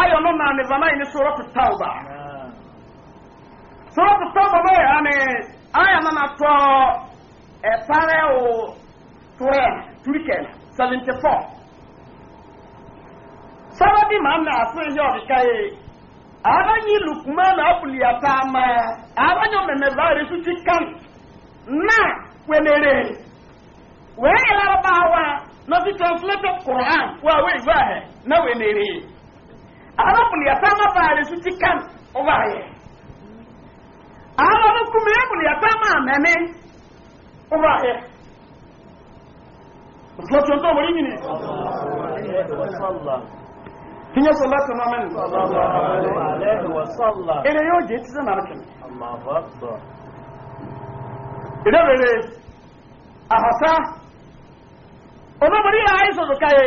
ayo no na nivana soro tauba suratu tauba ame ani aya nana tɔ ɛpare o turɛ turikɛ seventy four sábàbí màá na àfin yọ ọ̀dìkà yìí àbáyé lukumanu ama àbáyé mẹmẹba rẹsùtì kan kwenere wee wẹ́ẹ́ yẹ na lọ́sí translated quran wọ́n àwọn ìwé ahẹ́ arabu ni yatama baare so ti kan ɔbaayɛ arabu kuma ebu ni yatama amɛmɛ ɔbaayɛ ɔtɔtɔn tó wɔyi nyini tiɲɛ sɔlɔ tɛmɛ mɛni ɛrɛ y'o jɛ ti sɛ nari kɛmɛ ɛrɛ bɛrɛ ahasa ɔnabɔli yɛ ayi sɔsɔ ka ye.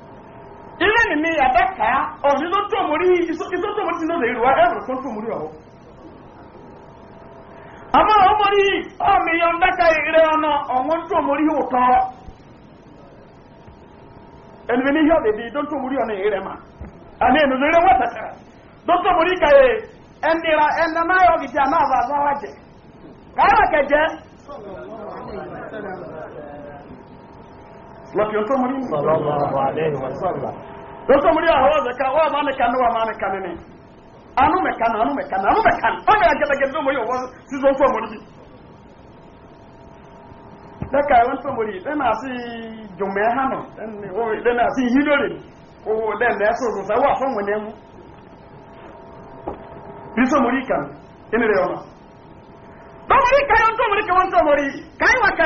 ilé mi mi àbẹ́ka ọ̀nà tó tó mọ̀ rí tó mọ̀ sí lọ́dọ̀ ìrù ẹ̀rù tó tó mọ̀ rí àmọ́ ọmọ rí ọmọ yọ mẹ́ta ìrẹ́ ọ̀nà ọ̀wọ́n tó mọ̀ rí òótọ́ ẹni mi ní tó tó mọ̀ ọ̀nà ìrẹ́ mà àní ẹnu lórí ẹwọ́ tẹ̀tẹ̀ tó tó mọ̀ rí kàyé ẹnìra ẹnà máa yọ gidi àmà àbà àbá wa jẹ káyọ̀ kẹjẹ lọ́kì ọ̀tọ́ mọ̀ rí lọ́sọ̀ mú rí àwọn ọ̀sẹ̀ kan na máa nìkan ní wọ́n máa nìkan nínú anú mẹ̀kan anú mẹ̀kan anú mẹ̀kan ó yẹ agẹ́gẹ́ tó mọ̀ yóò wọ́n sísọ fún ọmọ níbi. lẹ́ka ẹ̀rọ tó mọ̀ rí lẹ́nà àti jùmọ̀ ẹ̀hán ka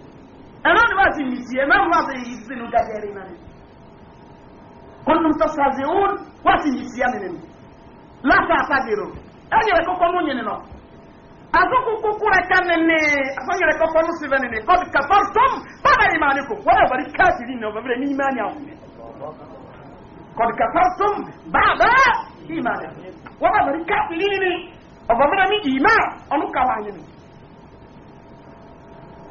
ẹ̀rọ ni wọ́n ti yìí sí ẹ̀mẹ́ wọ́n ti yìí sínú gàdẹ́ rí náà ni kọ́nùm tó sàzẹ̀ òun wọ́n ti yìí sí ẹ̀mẹ́ nínú láti àtàgèrò ẹ̀yẹ rẹ̀ kọ́kọ́ mú yẹn nínú àkókò kúkú rẹ̀ ká nínú àfọyẹ̀ rẹ̀ kọ́kọ́ mú síbẹ̀ nínú kọ́bi kàfọ́n tọ́m bàbá yìí máa ní kò wọ́n bẹ̀rẹ̀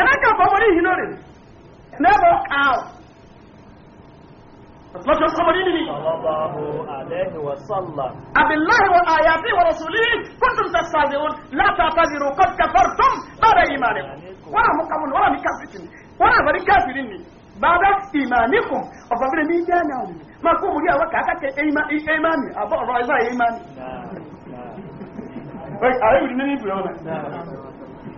ẹ̀rẹ́kà fọmọdé yìí lórí lẹ́bọ̀ káà lọ́jọ́ fọmọdé nìyí. ọlọ́bàbò àlẹ́hìn wa sọ́là. àbíláhìn wa àyàbí wa rọ̀sùlì kúntùn tẹ sàdé wọn látà fàzìrò kọ́ kẹfọ́r tó ń bẹ̀rẹ̀ ìmà rẹ̀ wọ́n àmú kàmú wọ́n àmì káfíìtì ni wọ́n àbẹ̀rẹ̀ káfíìtì ni bàbá ìmàníkùn ọ̀fọ̀fẹ́rẹ́ mi jẹ́ náà mi máa kó wòlíì àwọn kàákàkẹ́ ẹ̀yìnmáàmì àbọ̀ ọ̀rọ̀ ẹ̀yìnmáàmì. ààrẹ ìrìn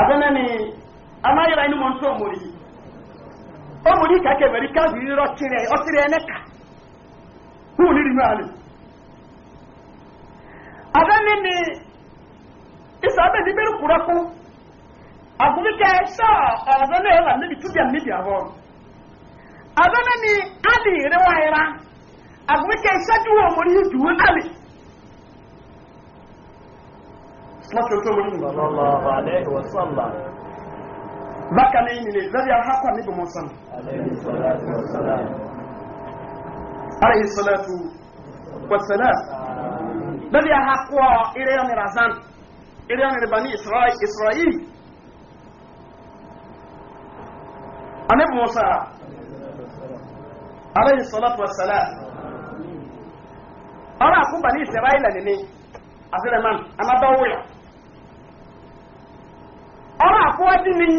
abẹ́nẹ́ ni amaghị inú mọ̀ ń tó òmòrì yìí òmòrì kàkẹ́ bẹ̀rẹ̀ káàdì eneka, ọtírẹ̀ ọtírẹ̀ ẹnẹ́ka hù ní ni àlè abẹ́nẹ́ ni ìsàbẹ̀ ní bẹ́rẹ̀ kúrọ́ kú àgùnbíkẹ́ sọ ọ̀dọ́ náà wà ni mọ́tò tó wọ́n yìí. bákan náà yìí lórí ahápá níbi mọ́sán. alayhi salatu wa salam. lórí ahápá eré ọ̀nà razan eré ọ̀nà ribani israel. anabi musa alayhi salatu wa salam. ọ̀rọ̀ àkúbà ní ìsẹ̀ráìlẹ̀ nìní àti rẹ̀ man anadọ́wọ́ yà. àkúwá jíne ní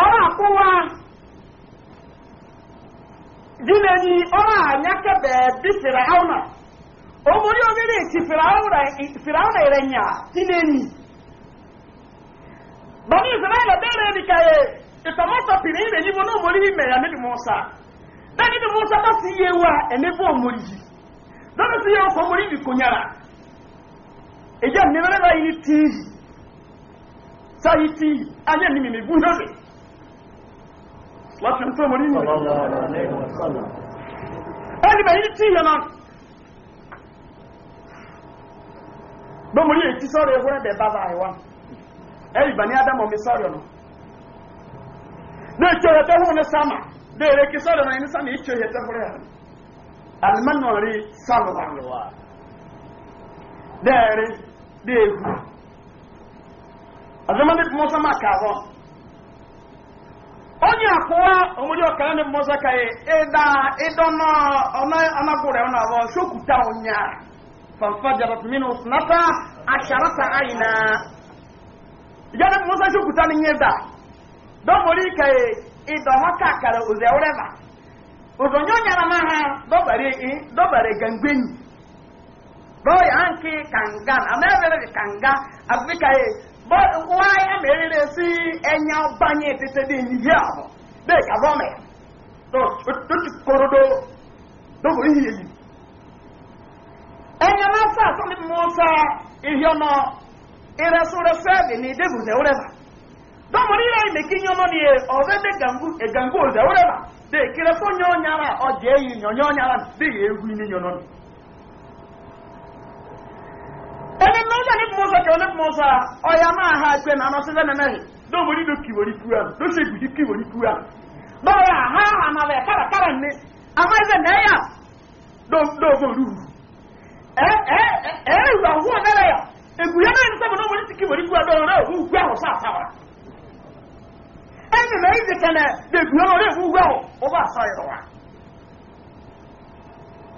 ọ̀rọ̀ àkúwá jíne ní ọ̀rọ̀ àyákẹ́bẹ̀ bí fìràhánà omori omiri ti firauna rẹ̀ yà jíne ní bàbá ìsìláìlẹ̀ bẹ́ẹ̀rẹ̀ nìkàyè ìtàmọ́sọ̀ pìrì ìrẹ̀ yìí wọn omori mẹ̀yà ya mọ́sá bẹ́ẹ̀ níbi mọ́sá bá sì yé wa omori omori èyí ẹ̀ nílẹ̀ láyé ní tíì sáyé tíì ayé ní mímí gún lọ́sẹ̀ láti tó mọ̀ nínú ẹni bẹ̀ yí na yẹn náà gbọ́mọ̀rí èyí tí sọ́rọ̀ ewúrẹ́ bẹ̀ na báyìí wá na bà ní ádámọ̀ mi sọ́rọ̀ nù ní ètò ẹ̀tẹ́ hùn ní sáàmà déèrè kí sọ́rọ̀ náà ní na-egwu ọzọmadị mmụsa maka ahụ onye akwụwa omori ọkara ndị mmụsa ka ịda ịdọ n'ọnagwụrụ ya n'abụọ shokuta ụnya fanfajarat minus nata asharata aina ya ndị mmụsa shokuta n'inye da dọbori ka ịdọ ha ka akara ụzọ ewureba ụzọ nye onye ara n'aha dọbara gangbeni lọ́ọ̀yì a ń kí kànga Kanga ẹ̀rẹ́ rẹ̀ kànga àfikà yìí bọ́ wá ẹ̀mí rere sí ẹ̀yà ọba yẹn tètè dé yìí àbọ̀ bẹ́ẹ̀ kà bọ́ mẹ́ tó ti korodo tó kò yìí yìí. ẹ̀yà máa fà tó ní mú sọ ìhì ọmọ ìrẹsùrẹsẹ̀ bì ni ọ̀rẹ́ nyara nyara ẹni mẹ́ta ní mọ́sá kẹ́ ní mọ́sá ọ̀yà máa ha ẹgbẹ́ náà ọ̀nà sílẹ̀ nẹ́nẹ́ na lóòmùrí ló kì wọ́n kú àmì ló ṣe ìbùdí kì wọ́n kú àmì báwo yà ha eh eh kárakára ní àmọ́ ẹsẹ̀ nẹ́yà lóògùn òru ẹ ẹ ẹ ìwà òwú ọ̀dẹ́rẹ̀ yà ègùyà náà ní sábà lóòmùrí ti kì wọ́n kú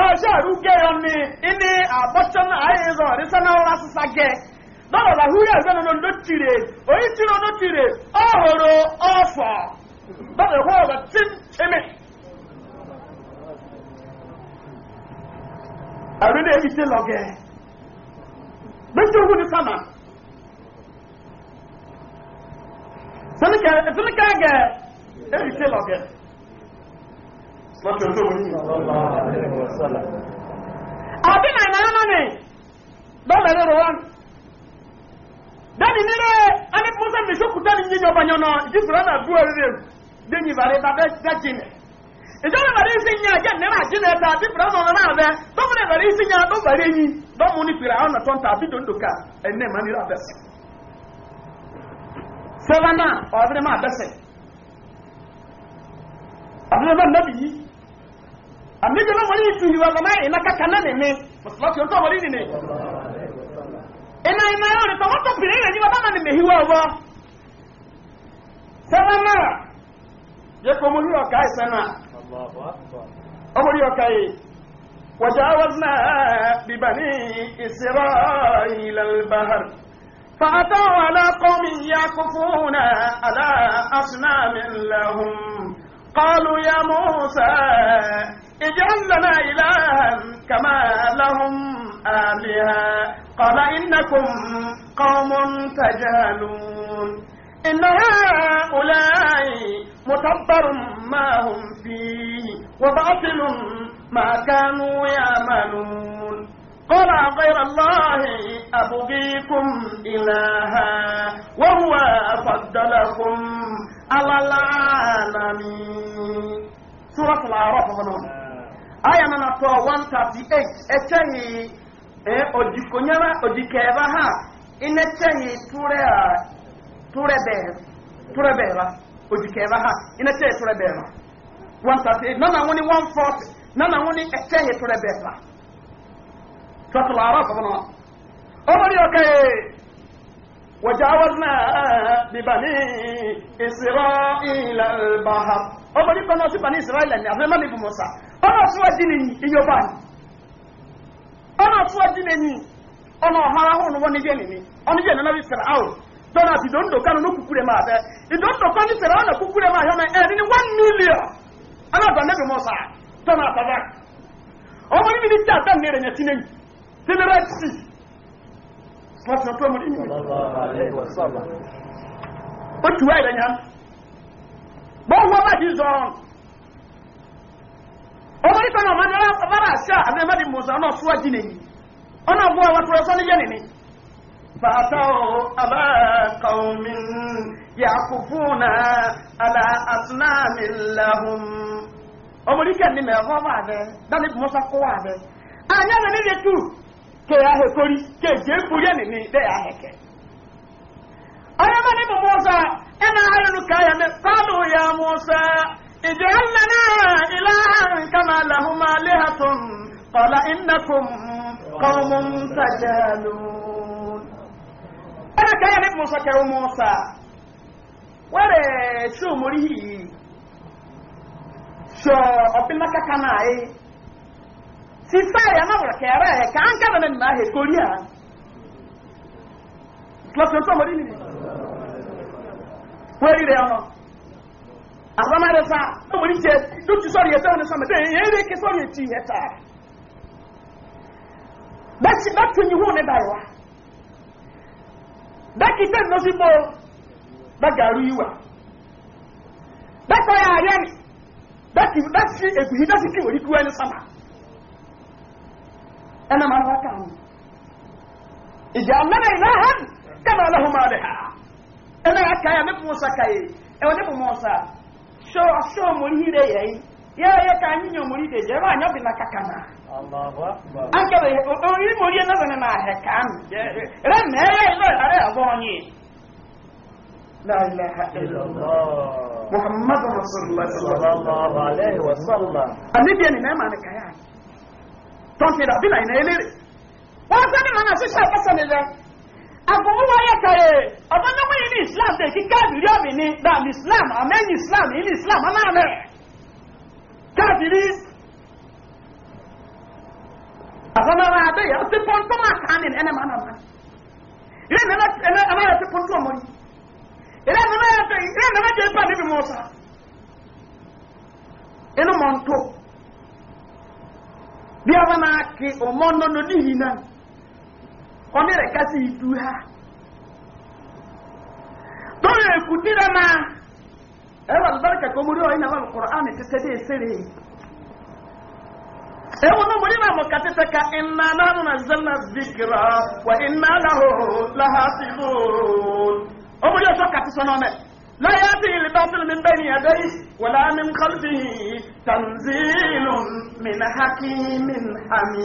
ọjọ́ àrúgẹ́ yọ ni ní àbọ́sọ́nà àyẹ̀zọ̀ àrísọ́nà ọ̀rá sísá gẹ́ lọ́rọ̀ làhúrẹ́ ìgbẹ́nà ló tìrè oyin tí ló ofo ọ̀họ̀rọ̀ ọ̀fọ̀ lọ́rọ̀ ìwọ́ ọ̀rọ̀ tí ń tẹ́mẹ̀. àrùn èyí tí lọ́gẹ́ méjì ogun ní sàmà sẹ́nìkà lọ́tọ̀ tó mú yìí àti nàìjíríà náà ni bẹ́ẹ̀ lè rọ wọn dẹ́ni nílé ẹni musa mẹ́sọ́kù dẹ́ni yíyan ọba yẹn náà ìdí fúlẹ́ náà dúró rẹ̀ dẹ́ni ìbàdí bàbá dẹ́jì ni ìjọba ìbàdí sí yẹn àjẹ́ nẹ́rà àjí náà ẹ̀dá àti fúlẹ́ náà náà bẹ́ bọ́mú ní ìbàdí sí yẹn àdóbàrí yìí bọ́mú ní fìrà ọ̀nà tó ń ta àbí dòńdò ká ẹ̀nẹ́ mà nílò àbẹ́sẹ̀ sẹ́wọ́n náà ọ̀rẹ́ máa bẹ́sẹ̀ àbúrò náà nàbì yìí àmìjọ náà wọlé ìtù ìwà ọmọ ìná kàkà náà nìní mùsùlùmí ọ̀tọ̀ wọlé nìní iná iná yóò rí tọwọ́ tó pìrì rẹ̀ níwá báwọn nìmẹ̀ híwá ọwọ́ sẹ́wọ́n náà yẹ kó mórí ọ̀ká ìsẹ́ náà ọmọrí ọ̀ká yìí wọ̀já wọ́nà bíbá ní ìsirọ́ ilẹ̀ bahar fàtọ́ alákọ́mi yá kúfúnà alá asùnà lẹ́hùn قالوا يا موسى اجعل لنا إلها كما لهم آلهة قال إنكم قوم تجهلون إن هؤلاء متبر ما هم فيه وباطل ما كانوا يعملون قال غير الله أبغيكم إلها وهو لكم على العالمين سورة الأعراف غنون aya na natɔ 138 ɛkyɛn eh, odikonyama odikɛɛba ha ina kyɛn turɛ a bɛɛ ha ina kyɛn 138 nana ho ni 140 nana ho ni ɛkyɛn turɛ bɛɛba tɔtɔ la ara kɔfɔ na ɔmɔdi yɛ kɛɛ. وجاوزنا ببني إسرائيل البحر ọ̀nà ọ̀tún ẹ̀dín nìyí iye ọba ni ọ̀nà ọ̀tún ẹ̀dín nìyí ọ̀nà ọ̀hara hùn wọn níyẹn nìyí ọ̀nà yẹn nínú ìfẹ̀rẹ̀ àwọ̀ dọ́nà àti ìdòǹdò kánú ló kúkú rẹ̀ máa bẹ́ ìdòǹdò kọ́ ní ìfẹ̀rẹ̀ ọ̀nà kúkú rẹ̀ ọ na ẹ̀dín n'i one million alábàá nẹ́bí mọ́ sáà dọ́nà àtàbà ọmọ níbi ní tí àtàn ọmọdé kan náà ọmọdé ọlọ́pàá àṣà àmẹ́mẹ́dì mọ̀sán náà súwájú nìyí ọ̀nà àbúrò àwọn tó sọ níyẹn nìyí. fàtàwọ̀ abákàwọ̀mí yàkùfúnà àlà àtúnáàmì làhùn. ọmọdé kan ní mẹ́fọ́ wà bẹ́ dání mọ́sá kó wà bẹ́. àyà nà níbi tù kè é kè é jẹ́ nìyí ní ẹ̀ اجعل لنا إلها كما لهم آلهة قال إنكم قوم تجهلون أنا كان موسى كموسى wẹ́rẹ̀ ṣé o mórí yìí ṣọ ọ̀pínlá kankan náà yìí sísá ẹ̀yà náà wọ̀rọ̀ kẹrẹ ẹ̀ ká ń kẹrẹ nínú ààyè kórí à lọ́sọ̀ọ́sọ̀ mórí nìyí wẹ́rí rẹ̀ ọ̀nà. asamaresa na wòle jẹ lótú sọrọ yẹ sẹwọn sọmọ dẹ yẹn lè ké sọrọ yẹ ti yẹ ta bẹsi bẹtu nyi wọn ne da yi wa bẹki tẹ nọsi bọ bẹ gari yi wa bẹtọ yà ayẹ ni bẹki bẹsi eguhi bẹsi ti wòle kuwa ni sama ẹnna maa wà kàn ìjà mẹrẹ ìlà hàn kẹmẹ ọlọhùn máa lè ha ẹnna yà kàyà mẹ mọ sa kàyè ẹwọ ne mọ mọ sa. so so muri hire yayi ye ye ka nyi nyo muri de je ba nyo bi na kakana Allahu akbar anke be o ri muri na bana na he kan re me re lo are abonyi لا إله إلا الله محمد رسول الله صلى الله عليه وسلم النبي أنا ما أنا كيان تونتي ربنا إنا إليه وأنا ما أنا شو شايف أصلا agbowó ayé kẹrẹ ọdọdọwọ yìí islam tẹ kí káàbìrì ọmọ ní islam àmẹyìn islam islam aláàmẹ káàbìrì àfọmọwà abẹyẹ ọtí pọntọ máa kàn ẹnẹ máa nàmà ilé nàmà ẹnẹ ẹnẹ yẹ na pọntọ ọmọ yìí ilé nàmà yẹ ilé jẹ ipa níbi mọ ọsà inú mọ ntọ bí kí ọmọ nọ ọ̀nà rẹ̀ kásì ìdú ha lórí èkúté rẹ̀ máa ẹwà lùbáríkà kò mú rí ọ̀yìn àwọn ọ̀kọ̀rọ̀ àmì tẹ́tẹ́ dé na zẹ́nà zikira wà iná láhò láhàtì lóòrùn ó múrí ọ̀sọ́ kàtí sọ́nà mẹ́ láyé mi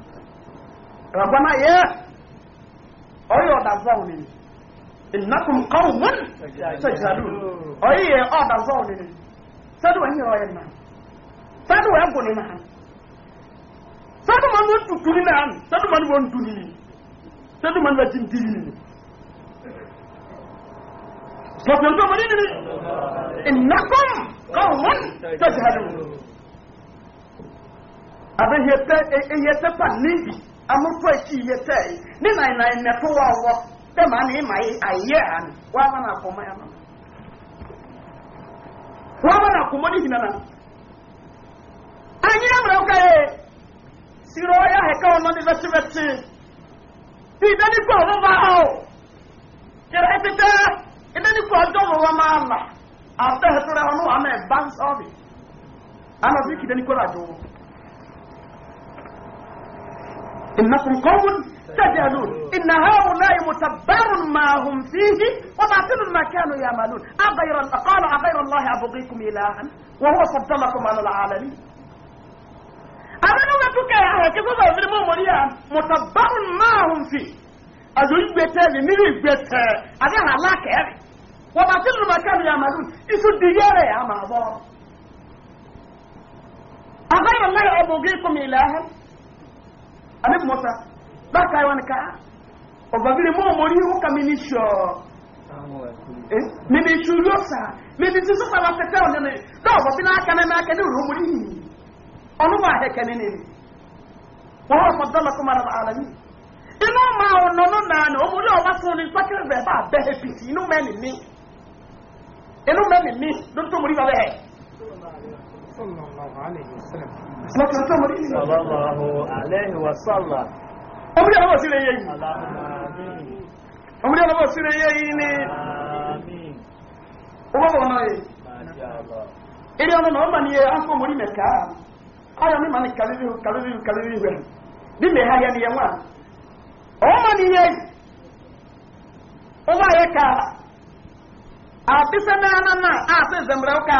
rabbana ya oyo oh, da zauni innakum qaumun tajhalun oyi oh, ya o da zauni ne sadu wani royen na sadu wani gune na sadu man won tuturi na an sadu man won tuni sadu man wajin dini sofyan to mari ne innakum qaumun tajhalun abin amurkwa esi ihe sei ne na na na ɛma ayɛ ano waba na akɔmɔ ano waba na ye siri ɔyɛ ahɛka wɔn nɔde bɛte bɛte ti dani kɔ ɔmo ba o yɛrɛ ɛtete ɛdani kɔ ɔdɔ mo wɔn ama afɛ hɛtɔrɔ ama ɛba nsɔmi ana إنكم قوم تجهلون إن هؤلاء متبر ما هم فيه وباطل ما كانوا يعملون أغير قال أغير الله أبغيكم إلها وهو صدمكم على العالمين أنا أبنوا لك يا أخي كيف تظلموا مريم متبر ما هم فيه أجل بيتالي ميري بيتا أغير الله كيري وباطل ما كانوا يعملون إسو ديارة يا مابور أغير الله أبغيكم إلها anabi musa báka ẹ wọn ká ọ̀gbàgbére mọ́ ọmọ yìí wọ́n mi ní sọ mi ní sọ yóò sá mi ní tí sọ́kà wọn tẹ́tẹ́ ọ̀nà ni náà ọ̀bọ̀ bí n'aka náà n'aka ní òrùn mọ́rí yìí ọ̀nà wọn àhẹ́kẹ́ ní nìyí wọ́n wọ́n fọ́ dọ́là kó mara bàálà yìí inú ma ọ̀nà nù nànà ọmọ yìí ọba fún ni pákẹ́rẹ́ bẹ̀ bá bẹ́ ẹ pìtì inú mẹ́ mi mi inú mẹ́ mi mi lóńtó mọ́rí bá bẹ́ẹ̀. sallallahu alaihi wasallam sallallahu ni ọgbọ́gbọ́ náà yẹ ilé ọmọ náà ọmọ ni yẹ ánkọ mọ́rí mẹ́ka ayọ̀ mímọ̀ ní kàlíríhù kàlíríhù kàlíríhù rẹ̀ bí mẹ́ ha yẹ ni yẹ wà ka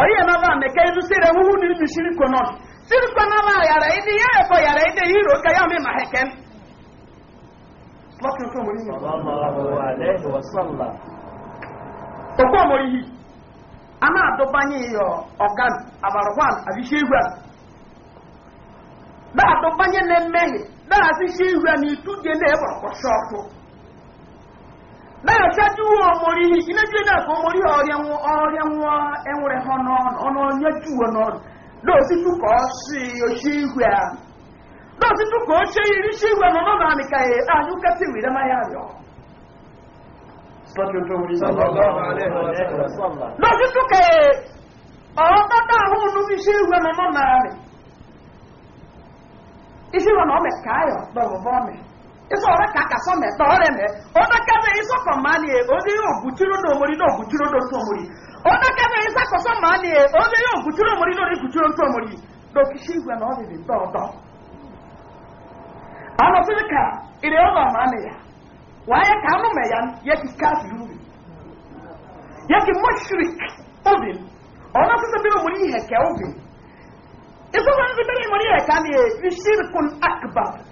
oyi n'ọba ba meka ezusire wuhu ni ibi shiriko non na ma yara idi ya efo yara idi hiro ka ya mi ma heken lọ́kì tó mọ̀ ọmọ yìí a máa dọ́bá ní iyọ̀ ọ̀gán àbàrùwán àbí ṣéhùán dáa dọ́bá ní ẹnẹ́mẹ́yìn dáa sí ṣéhùán ní na-ajadu omori ineju ede ka omori ọrịa nwụ ọrịa nwụọ enwere ha n'ọnụ ọnụ onye juo n'ọnụ n'osisi ka ọ si oche ihu iri nọ anyị were ma ya rịọ n'osisi ka ọtata ahụ isi igwe nọ anyị isi na ọ mee ka ịsọ ọrụ ka aka sọ mẹta ọrịa mẹ ọdọkẹfẹ ịsọ kọ maa ní omori otu omori ọdọkẹfẹ ịsọ kọ sọ maa ni ọdẹ yóò na omori náà gùtúrò otu omori igwe anọsịrị ka ịrị ya ka anụ ya ya ki ubi ya ki ubi ihe ke ubi ịsọ ndị bi omori ihe ka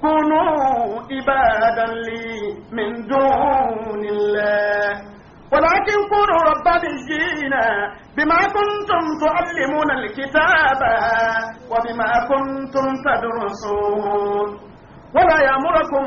كونوا عبادا لي من دون الله ولكن كونوا ربانيين بما كنتم تعلمون الكتاب وبما كنتم تدرسون ولا يأمركم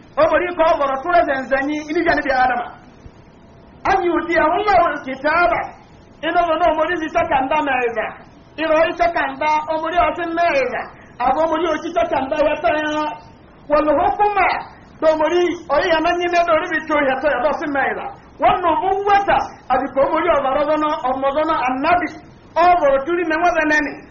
omori ko boro tura zanzanyi ini jani bi adama Anyị yudi ya wallahu kitaba ino no omori si takanda meza iro i takanda omori osin meza abo omori osi ya wal hukuma do omori oyi nyime bi ya ya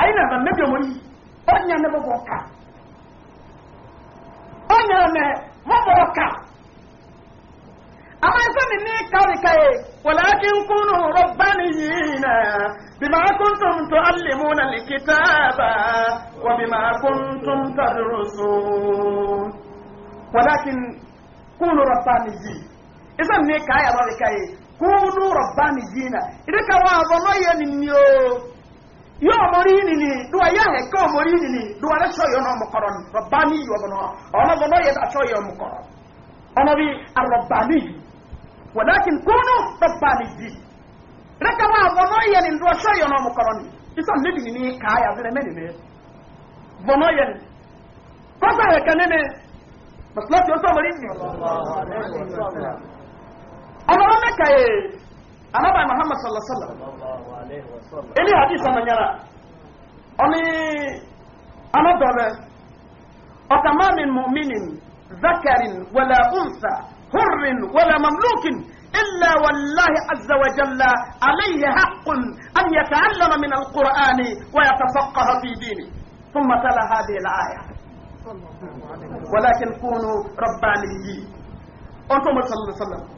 ayi na na mebi omori onya ne mo boka onya ne mo boka ama nsa mi ni kari kaye walakin kunu rabbaniyina bima kuntum tuallimuna alkitaba wa bima kuntum tadrusun walakin kunu rabbaniyi isa ni kaya e, ba kaye kunu rabbaniyina idan ka wa bono ye ni o yoo mori nini do aya he ko mori nini do ala so yo no mokoron rabbani yo bono ona bono ye da so yo mokoron ona bi arabbani walakin kunu rabbani bi raka ma bono ye nini do so yo no mokoron isa nidi nini ka ya zene meni me bono ye ko sa he kane me maslo yo so mori ka ye anaba muhammad sallallahu alaihi wasallam ele hadisa manyara oni anadole otama min mu'minin zakarin wala unsa hurrin wala mamlukin إلا والله عز وجل عليه حق أن يتعلم من القرآن ويتفقه في دينه ثم تلا هذه الآية ولكن كونوا ربانيين أنتم صلى الله عليه وسلم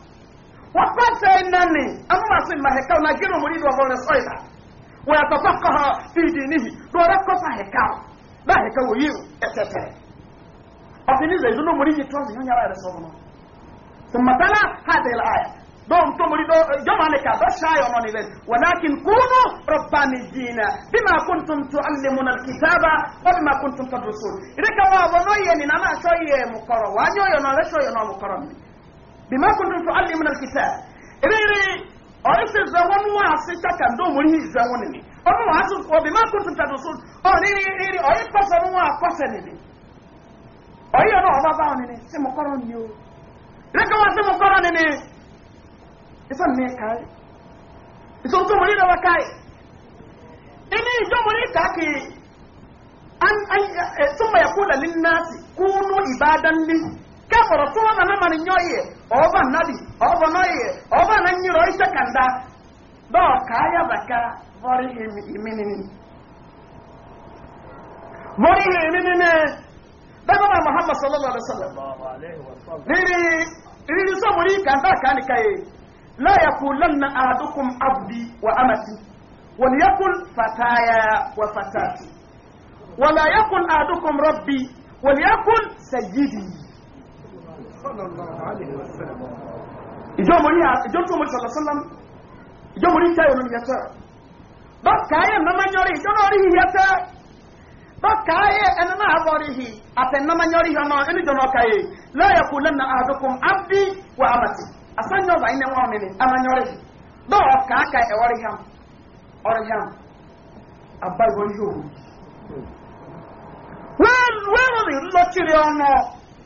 وقاسي ناني أما سمى هكاو نجيرو مريد وغور صيدا ويتفقه في دينه دوركو فهكاو لا هكاو يو اتتاه أبني زي زنو مريد يتوازي هنيا رأي رسولنا ثم تلا هذه الآية دون تمري دو جمالك بشاي ونوني ولكن كونوا ربانيين بما كنتم تعلمون الكتاب وبما كنتم تدرسون إذا كما ظنوا يني نما شوية مقرر وانيو ينالشو ينال مقرر bima kuntum tuallimuna alkitab ebere ọyẹsẹ zẹwọn mu ase kaka mo yi nini wa ase bima ọ riri riri ọyẹ kọsẹ mu wa nini ọyẹ náà ọba báwọn nini sẹ mo nini o rẹka wa sẹ mo kọrọ nini ẹsẹ mi kaayi o mo yi lọ wa kaayi ẹni ìjọ mo an an kó lalin naasi kúnú kẹfọrọ tó wọn nana mani nyɔ yɛ ɔba nadi ɔba nɔyɛ ɔba na nyiri ɔyisɛ kanda dɔw kaaya baka vɔri iminini vɔri iminini bɛɛ bɛ muhammad sallallahu alaihi wa sallam riri riri sɔmuri kanda kani ka ye la yakulanna ahadukum abdi wa amati وليكن فتايا وفتاتي ولا يكن أحدكم ربي وليكن سيدي ìjọ mo ní ìjọ tó mo sọ̀lọ̀ sọ́lọ́m ìjọ mo ní tẹ́ ìrònú yẹtẹ́ dọ́kàáyé nàmányọ́rì ìjọ náà rí yẹtẹ́ dọ́kàáyé ẹni náà bọ̀ rí hi àtẹ nàmányọ́rì yọ náà ẹni jọ náà kàyé lọ́yẹ̀ kò lẹ́nu àdókòm ábí wà àmàtì àsányọ́ wà ní wọn nìyí àmányọ́rì dọ́ọ̀ kàákà ẹ̀wọ́rì hàn ọ̀rì hàn àbáyọ̀ yóò wẹ́ẹ̀rù lọ́tìrì ọ̀nà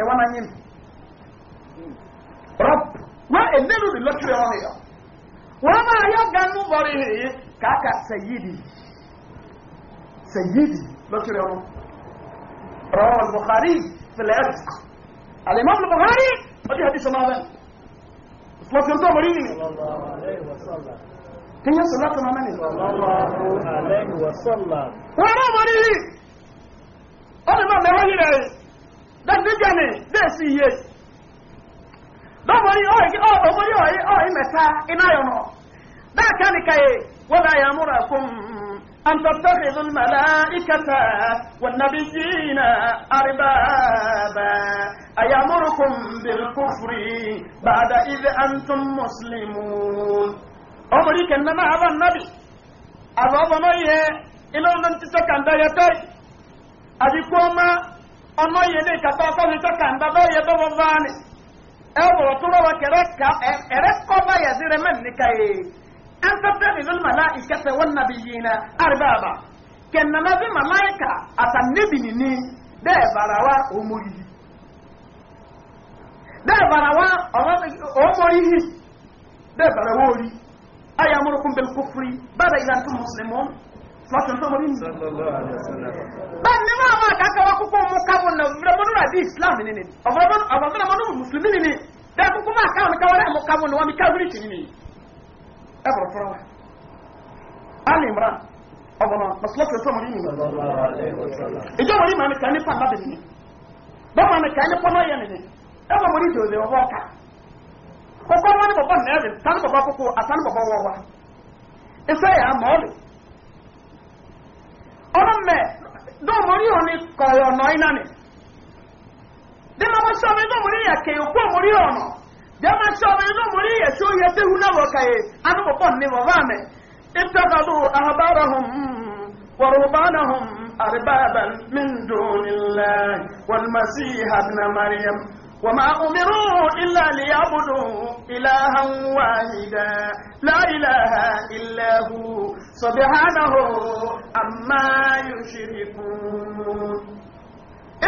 ẹwọ́n náà yín rọ́p wọ́n ẹ̀nẹ́rù ni lọ́tìrì wọn yọ wọ́n máa yọ ganu bọ̀rì yìí kàkà sẹ̀yìdì sẹ̀yìdì lọ́tìrì wọn rọ́wọ́ buhari filẹ̀ alimọ́ buhari ọdí hadith ọmọ abẹ́ lọ́tìrì tó bọ̀rì yìí kínyẹ́ sọ̀lá tó máa mẹ́rin wọ́n máa bọ̀rì yìí ọdí máa mẹ́wọ́ yìí rẹ̀ dandijani desi iye dɔbɔri ɔyi ɔbɔri ɔyi ɔyi mɛta ina yɔ nɔ daka ni ka ye wala yamura kum an tattakhidhu almalaikata wannabiyina arbaba ayamurukum bilkufri ba'da idh antum muslimun ɔbɔri kɛnɛ na aba nabi a b'a fɔ n'o ye ilé wọn ti kan da yɛ tɛ a bi kó ọmọ yẹn ní ìkàtà ọkọ̀wé tó kà ń bá bẹ́ẹ̀ yẹ bẹ́ wọ́n bá ní ẹ wọ̀rọ̀ tó rọwọ́ kẹrẹ ká ẹrẹ kọ́ bá yẹ sí rẹ mẹ́rin níka yìí an fẹ́fẹ́ ní lónìí màlá ìkẹsẹ̀ wọn nàbí yìí na àríbàbà kẹ̀nàmá bí màmá yìí kà àtà níbi nìní bẹ́ẹ̀ bàrà wa ọmọ yìí bẹ́ẹ̀ bàrà wa ọmọ yìí bẹ́ẹ̀ bàrà wa orí ayé amúrúkú bẹ́ẹ̀ kófúri bá lọ́tọ̀ tó mọ́rí mi. bẹ́ẹ̀ ni máa máa dákẹ́ wa kókó mú ká wọn náà mọ́nú rà bí islam ni ni ọ̀bọ̀n mọ́nú mùsùlùmí ni ni bẹ́ẹ̀ kókó máa ká wọn káwọn náà mú ká wọn náà wọn mi káwọn ní ni. ẹ bọ̀rọ̀ fọ́rọ̀ wa. ali imran ọ̀bọ̀n náà lọ́tọ̀ tó mọ́rí mi. ìjọ mọ́rí màmí kan ní pàmò bẹ́ẹ̀ ni bẹ́ẹ̀ màmí kan ní pọ́nọ́ yẹn ni ìfẹ́ yà á mọ́ ọ́ ọ̀rọ̀ mẹ́ dọ́mọ̀rí òní kọ̀ọ̀yọ̀ ọ̀nà iná ni dẹ́mọ̀ mọ́ sọ́mi dọ́mọ̀rí yẹ kẹ́ òkú ọ̀mọ̀rí ọ̀nà dẹ́mọ̀ sọ́mi dọ́mọ̀rí yẹ tí ó yẹ tẹ́hu náà wọ̀ kàyé anúpọ̀pọ̀ ní bàbá mi ìtọ́kadù ahabarahum wọ̀rọ̀bánahum àríbàbà min dùn nílẹ̀ wọ́n وما أمروا إلا ليعبدوا إلها واحدا لا إله إلا هو سبحانه عما يشركون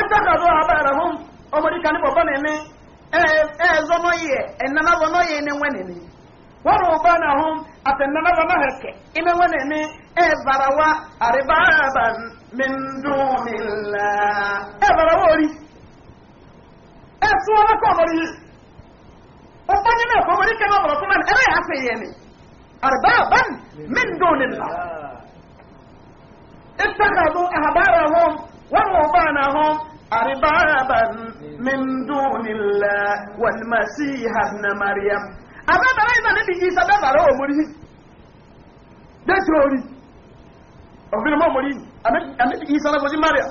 اتخذوا أبارهم أمري كان بابنني ẹ̀ẹ́zọ́nọ́yẹ ẹ̀nanàbọ̀nọ́yẹ ni wọ́n nìní wọ́n rò bá náà hún àtẹ̀nanàbọ̀nọ́ hẹ̀kẹ́ ẹ̀mẹ́ wọ́n nìní ẹ̀ẹ́bàràwá àríbáàbà mìndùmìlá ẹ̀ẹ́bàràwá ẹ̀sùn ọ̀nà kọ́ ọmọdé yìí ó bá nínú ẹ̀kọ́ ọmọdé kẹ́nà ọmọdé fún mẹ́rin ẹ̀rẹ́ àṣẹ yẹn ni àrùbá àbán mẹ́ndó ni nà ìtàkàdù àbára wọn wọn wọ bá náà hàn àrùbá àbán mẹ́ndó ni nà wàlmàsí ìhànà mariam àbábàrá yìí náà níbi ìsà bẹ́bàrá ọmọdé yìí dẹ́sẹ̀ orí ọ̀bìnrin mọ́ ọmọdé yìí àmì ìsà náà fọ́sí mariam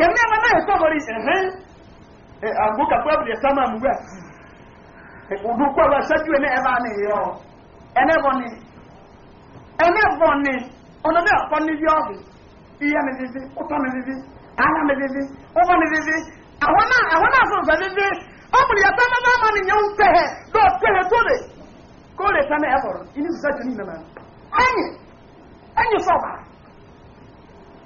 kẹmẹ́ wọn náà sọ mọ́rí ẹ̀hẹ́n àgbókàpọ̀ ẹ̀bùdẹ̀ sámà ene wẹ̀ òdúkọ̀ wẹ̀ sẹ́jú ẹ̀nẹ́ ẹ̀bá ni yọ ẹ̀nẹ́bọ̀ ni ẹ̀nẹ́bọ̀ ni ọ̀nàdẹ́ ọ̀pọ̀ ní yọ ọ̀bì ìyá mi fífi na mi fífi àyà mi fífi ọ̀bọ̀ mi fífi àwọn náà àwọn náà sọ̀rọ̀ sẹ́ fífi ọ̀pọ̀lì ẹ̀fẹ́ na anyị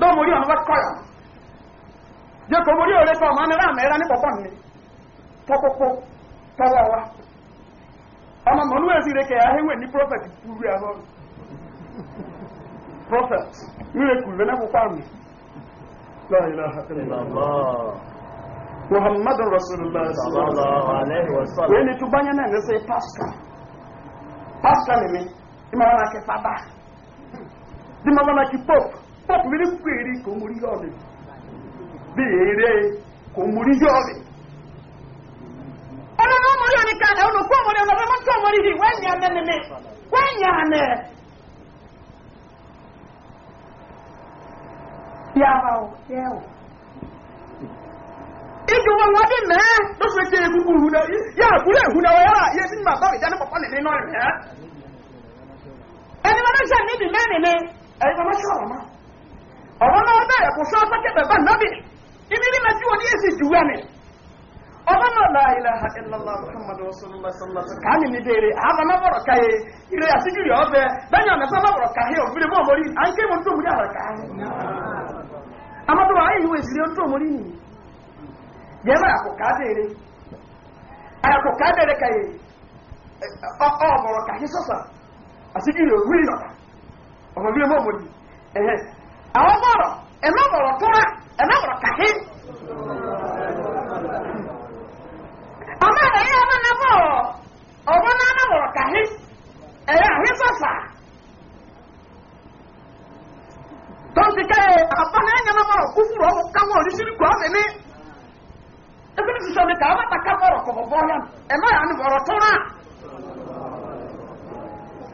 dɔw mori ɔnu wa kɔya jeko mori ore kɔ ɔmɔ anira amɛra ni pɔpɔ ni tɔkoko tɔwɔ wa ɔmɔ mɔnu esi re kɛ prophet kuru ya hɔ prophet mire kuru ne kukɔ ami la ilaha illallah muhammadu rasulillah sallallahu na se mi ima pọ́pù mi ní pèrè kò mórí yọ̀ọ̀dẹ̀ bí èrè kò mórí yọ̀ọ̀dẹ̀. ọ̀nà náà mórí òní kan ọ̀nà kó mórí ọ̀nà fẹ́ẹ́ tó mórí yìí wọ́n yàn án nẹ́nẹ́ wọ́n yàn án nẹ́. yàrá o yẹ wọn bí mẹ́ẹ́ ló fi ṣe egungun ìhun náà yà àbúrò ìhun náà yàrá yẹ sí màbá ìjà ní pọ̀pọ̀ nìyẹn náà rẹ̀. Ẹni wọn ṣe níbi mẹ́rin ni ẹ̀yin wọn ṣọ̀rọ̀ náà. ọ̀rọ̀ náà bẹ̀rẹ̀ kò sọ pé bàbá nàbì ibi ní mẹ́tí òní èsì jù mi ọ̀rọ̀ náà láìlà ilàlá muhammadu rasulillah sallallahu alaihi wa sallam béèrè àbá má ká yé ire àtijọ́ yọ̀ ọbẹ̀ bẹ́ẹ̀ni ká yé à ń ké tó ká yé amadu wa ayé tó ká yé ká yé àwọn bọ̀rọ̀ ẹ̀mọ́ bọ̀rọ̀ tóra ẹ̀mọ́ bọ̀rọ̀ kàhí. ọmọ rẹ̀ yẹ ọmọ náà bọ̀rọ̀ ọmọ náà náà bọ̀rọ̀ kàhí ẹ̀yẹ àhí sọ̀fà. tọ́sí kẹ́yẹ àpá náà ẹ̀yẹ náà bọ̀rọ̀ kú fún ọmọ káwọn oríṣiríṣi kọ́ mi ní. ebi ní sísọ mi kà ọmọ ta ká bọ̀rọ̀ kọ̀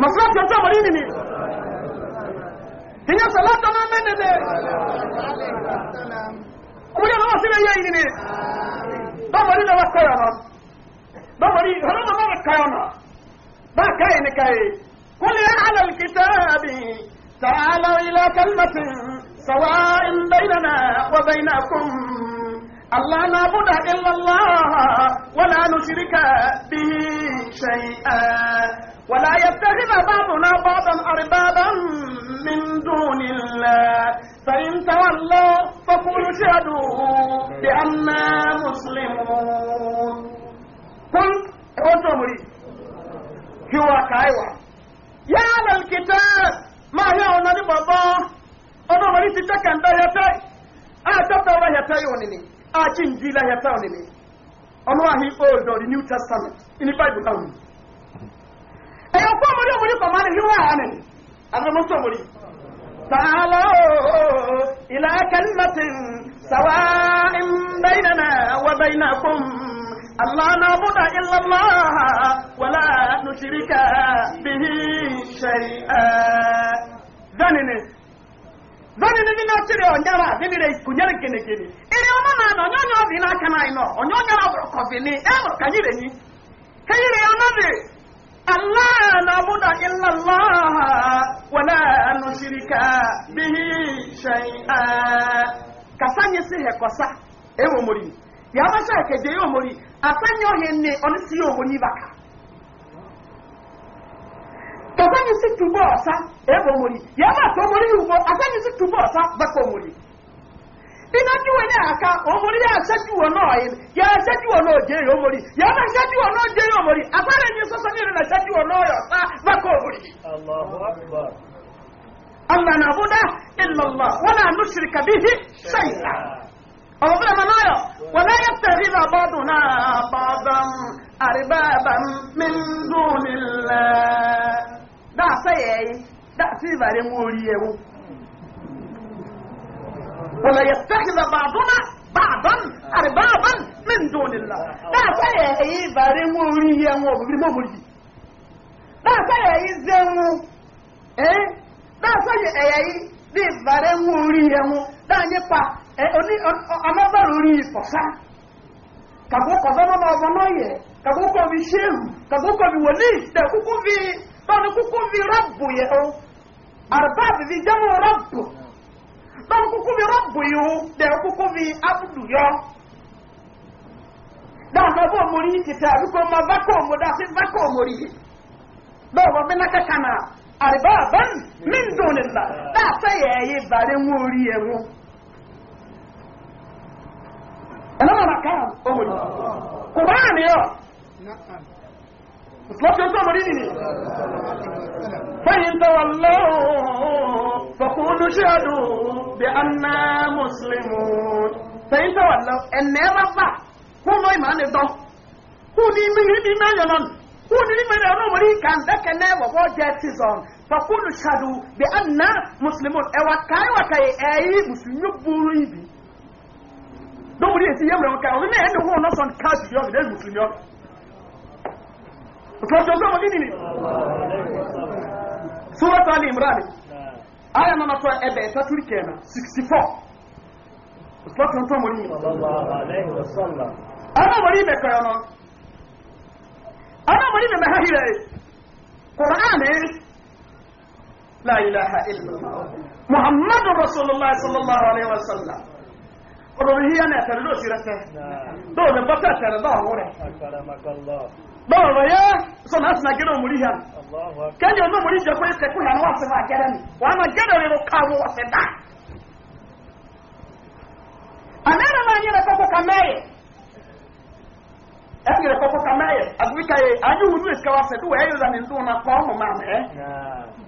maslahi ya chama lini ni hinya salata na mende de kuja na wasile yeye ni baba lina wakoya na baba lina hana mama kayona ba kai ni kai قل على الكتاب تعالوا إلى كلمة سواء بيننا وبينكم الله نعبد إلا الله ولا نشرك به شيئا ولا يتخذ بعضنا بعضا أربابا من دون الله فإن تولوا فقولوا اشهدوا بأننا مسلمون قل أتمري هو كايوا يا أهل الكتاب ما هي أولاد بابا أنا مريت تكن ده أنا تبدأ ونيني aakye njila yɛ tɛw ne ne ɔno ahe old ɔde new testament ne bible ka ho ɛyɛ kɔ ɔmɔde ɔmɔde kɔma ne hewa a ne ne abrɛmo nso ɔmɔde تعالوا إلى كلمة سواء بيننا وبينكم ألا نعبد إلا الله ولا نشرك به شيئا ذنني zani ni nyina chiri onyara adimire ikunyere kenekene ere ọma na anọ nyonyo ọdị n'aka na anyị nọ onye onye ọbụrụ kọfini ebụrụ ka nyire nyi ka nyire ya ọnọdụ allah na ọbụda illallah wala nushirika bihi shay'a kasanye si hekosa ewo mori ya basha keje yo mori asanye ohe ne onisi yo mori baka tọ́sẹ́ni sí túbọ̀ ọ̀sá ẹ̀bọ̀ mọ̀rí yẹ́n máa tó mọ̀rí ìwọ̀ àtẹ́ni sí túbọ̀ ọ̀sá bẹ́pọ̀ mọ̀rí. iná júwe ní àká òmòrí yà ṣẹ́júwọ̀ náà yẹn yà ṣẹ́júwọ̀ náà jẹ́ yóò mọ̀rí yà máa ṣẹ́júwọ̀ náà jẹ́ yóò mọ̀rí àtẹ́rẹ́ ní sọ́sọ́ ní ìrìnà ṣẹ́júwọ̀ náà yọ̀ ọ̀sá bẹ́pọ̀ mọ̀rí. Allah na abuda illallah wala nushrika bihi shay'a. Awo bula ma nayo wala yattakhidha ba'duna ba'dan arbaban min dunillah. daa sɛ yɛɛye daa silivare mu ori yɛ wo wala yɛstakila baadona baadan arbaaban min dunila daa sɛ yɛɛye vare mu ori yɛ wo bibiri mo mo yi daa sɛ yɛɛye zɛnwo ɛɛ daa sɛ yɛɛye de vare mu ori yɛ wo daa nye pa ɛ oni ɔnabara ori yi fɔsa kago kɔdɔnɔ na ɔbɔ n'oyɛ kago kɔ bi sehu kago kɔ bi wɔli dɛ kuku bi. bana kukumbi rabbu yeho arbabu vi jamu rabbu bana kukumbi rabbu yu de kukumbi abdu yo da ba bo mori kita bi ko ma ba ko mo da se ba ko mori ba ba bena ka kana arbaban min dunillah da sai yayi bare mori yewo ana ma ka o mori qur'an yo na'am musulmi ọjọ́ mọ̀rí nìyí fẹ́yìn tọwọ́lọ́ fọkúnlú ṣẹ́dù bí anna muslimu fẹ́yìn tọwọ́lọ́ ẹ̀nẹ́ bá fà kó lọ ìmọ̀ ní dọ́ kó ní mímí mẹ́yọ̀ náà kó ní mímí ọ̀nà mọ̀rí kàndẹ́kẹ̀ náà wọ̀wọ́ jẹ́ tizọ̀n fọkúnlú ṣẹ́dù bí anna muslimu ẹ̀wà káyíwà káyí ẹ̀yí musulmi búrú ibi dọ́wọ́rí èsì yẹ́wùrẹ̀ wọn káyí اسلام جوزا مجيني سورة علي امران آية نانا توا ابا ساتوري كينا 64 اسلام جوزا مجيني انا مريم كينا انا مريم ما هي رأي قرآن لا إله إلا الله محمد رسول الله صلى الله عليه وسلم قرآن هي أنا ترلو سيرته دو من بطا ترلو هوري أكرمك الله báwo lọ yẹ sọnà àsìnà gẹ́rẹ́ òmùrí yẹn kẹ́nyẹ̀ ọ̀nà òmùrí jẹ́ pé sẹ́kù yẹn wà sẹ́fà gẹ́rẹ́ mi wàá ma gẹ́rẹ́ rẹ̀ ká wọ́ ọ̀sẹ̀ dá. àmẹ́rẹ̀ máa ń yẹrẹ anyị ka mẹ́yẹ̀ ẹ̀ a yẹrẹ kọ́kọ́ ka mẹ́yẹ̀ àgbékayé na wùdú èsìkáwá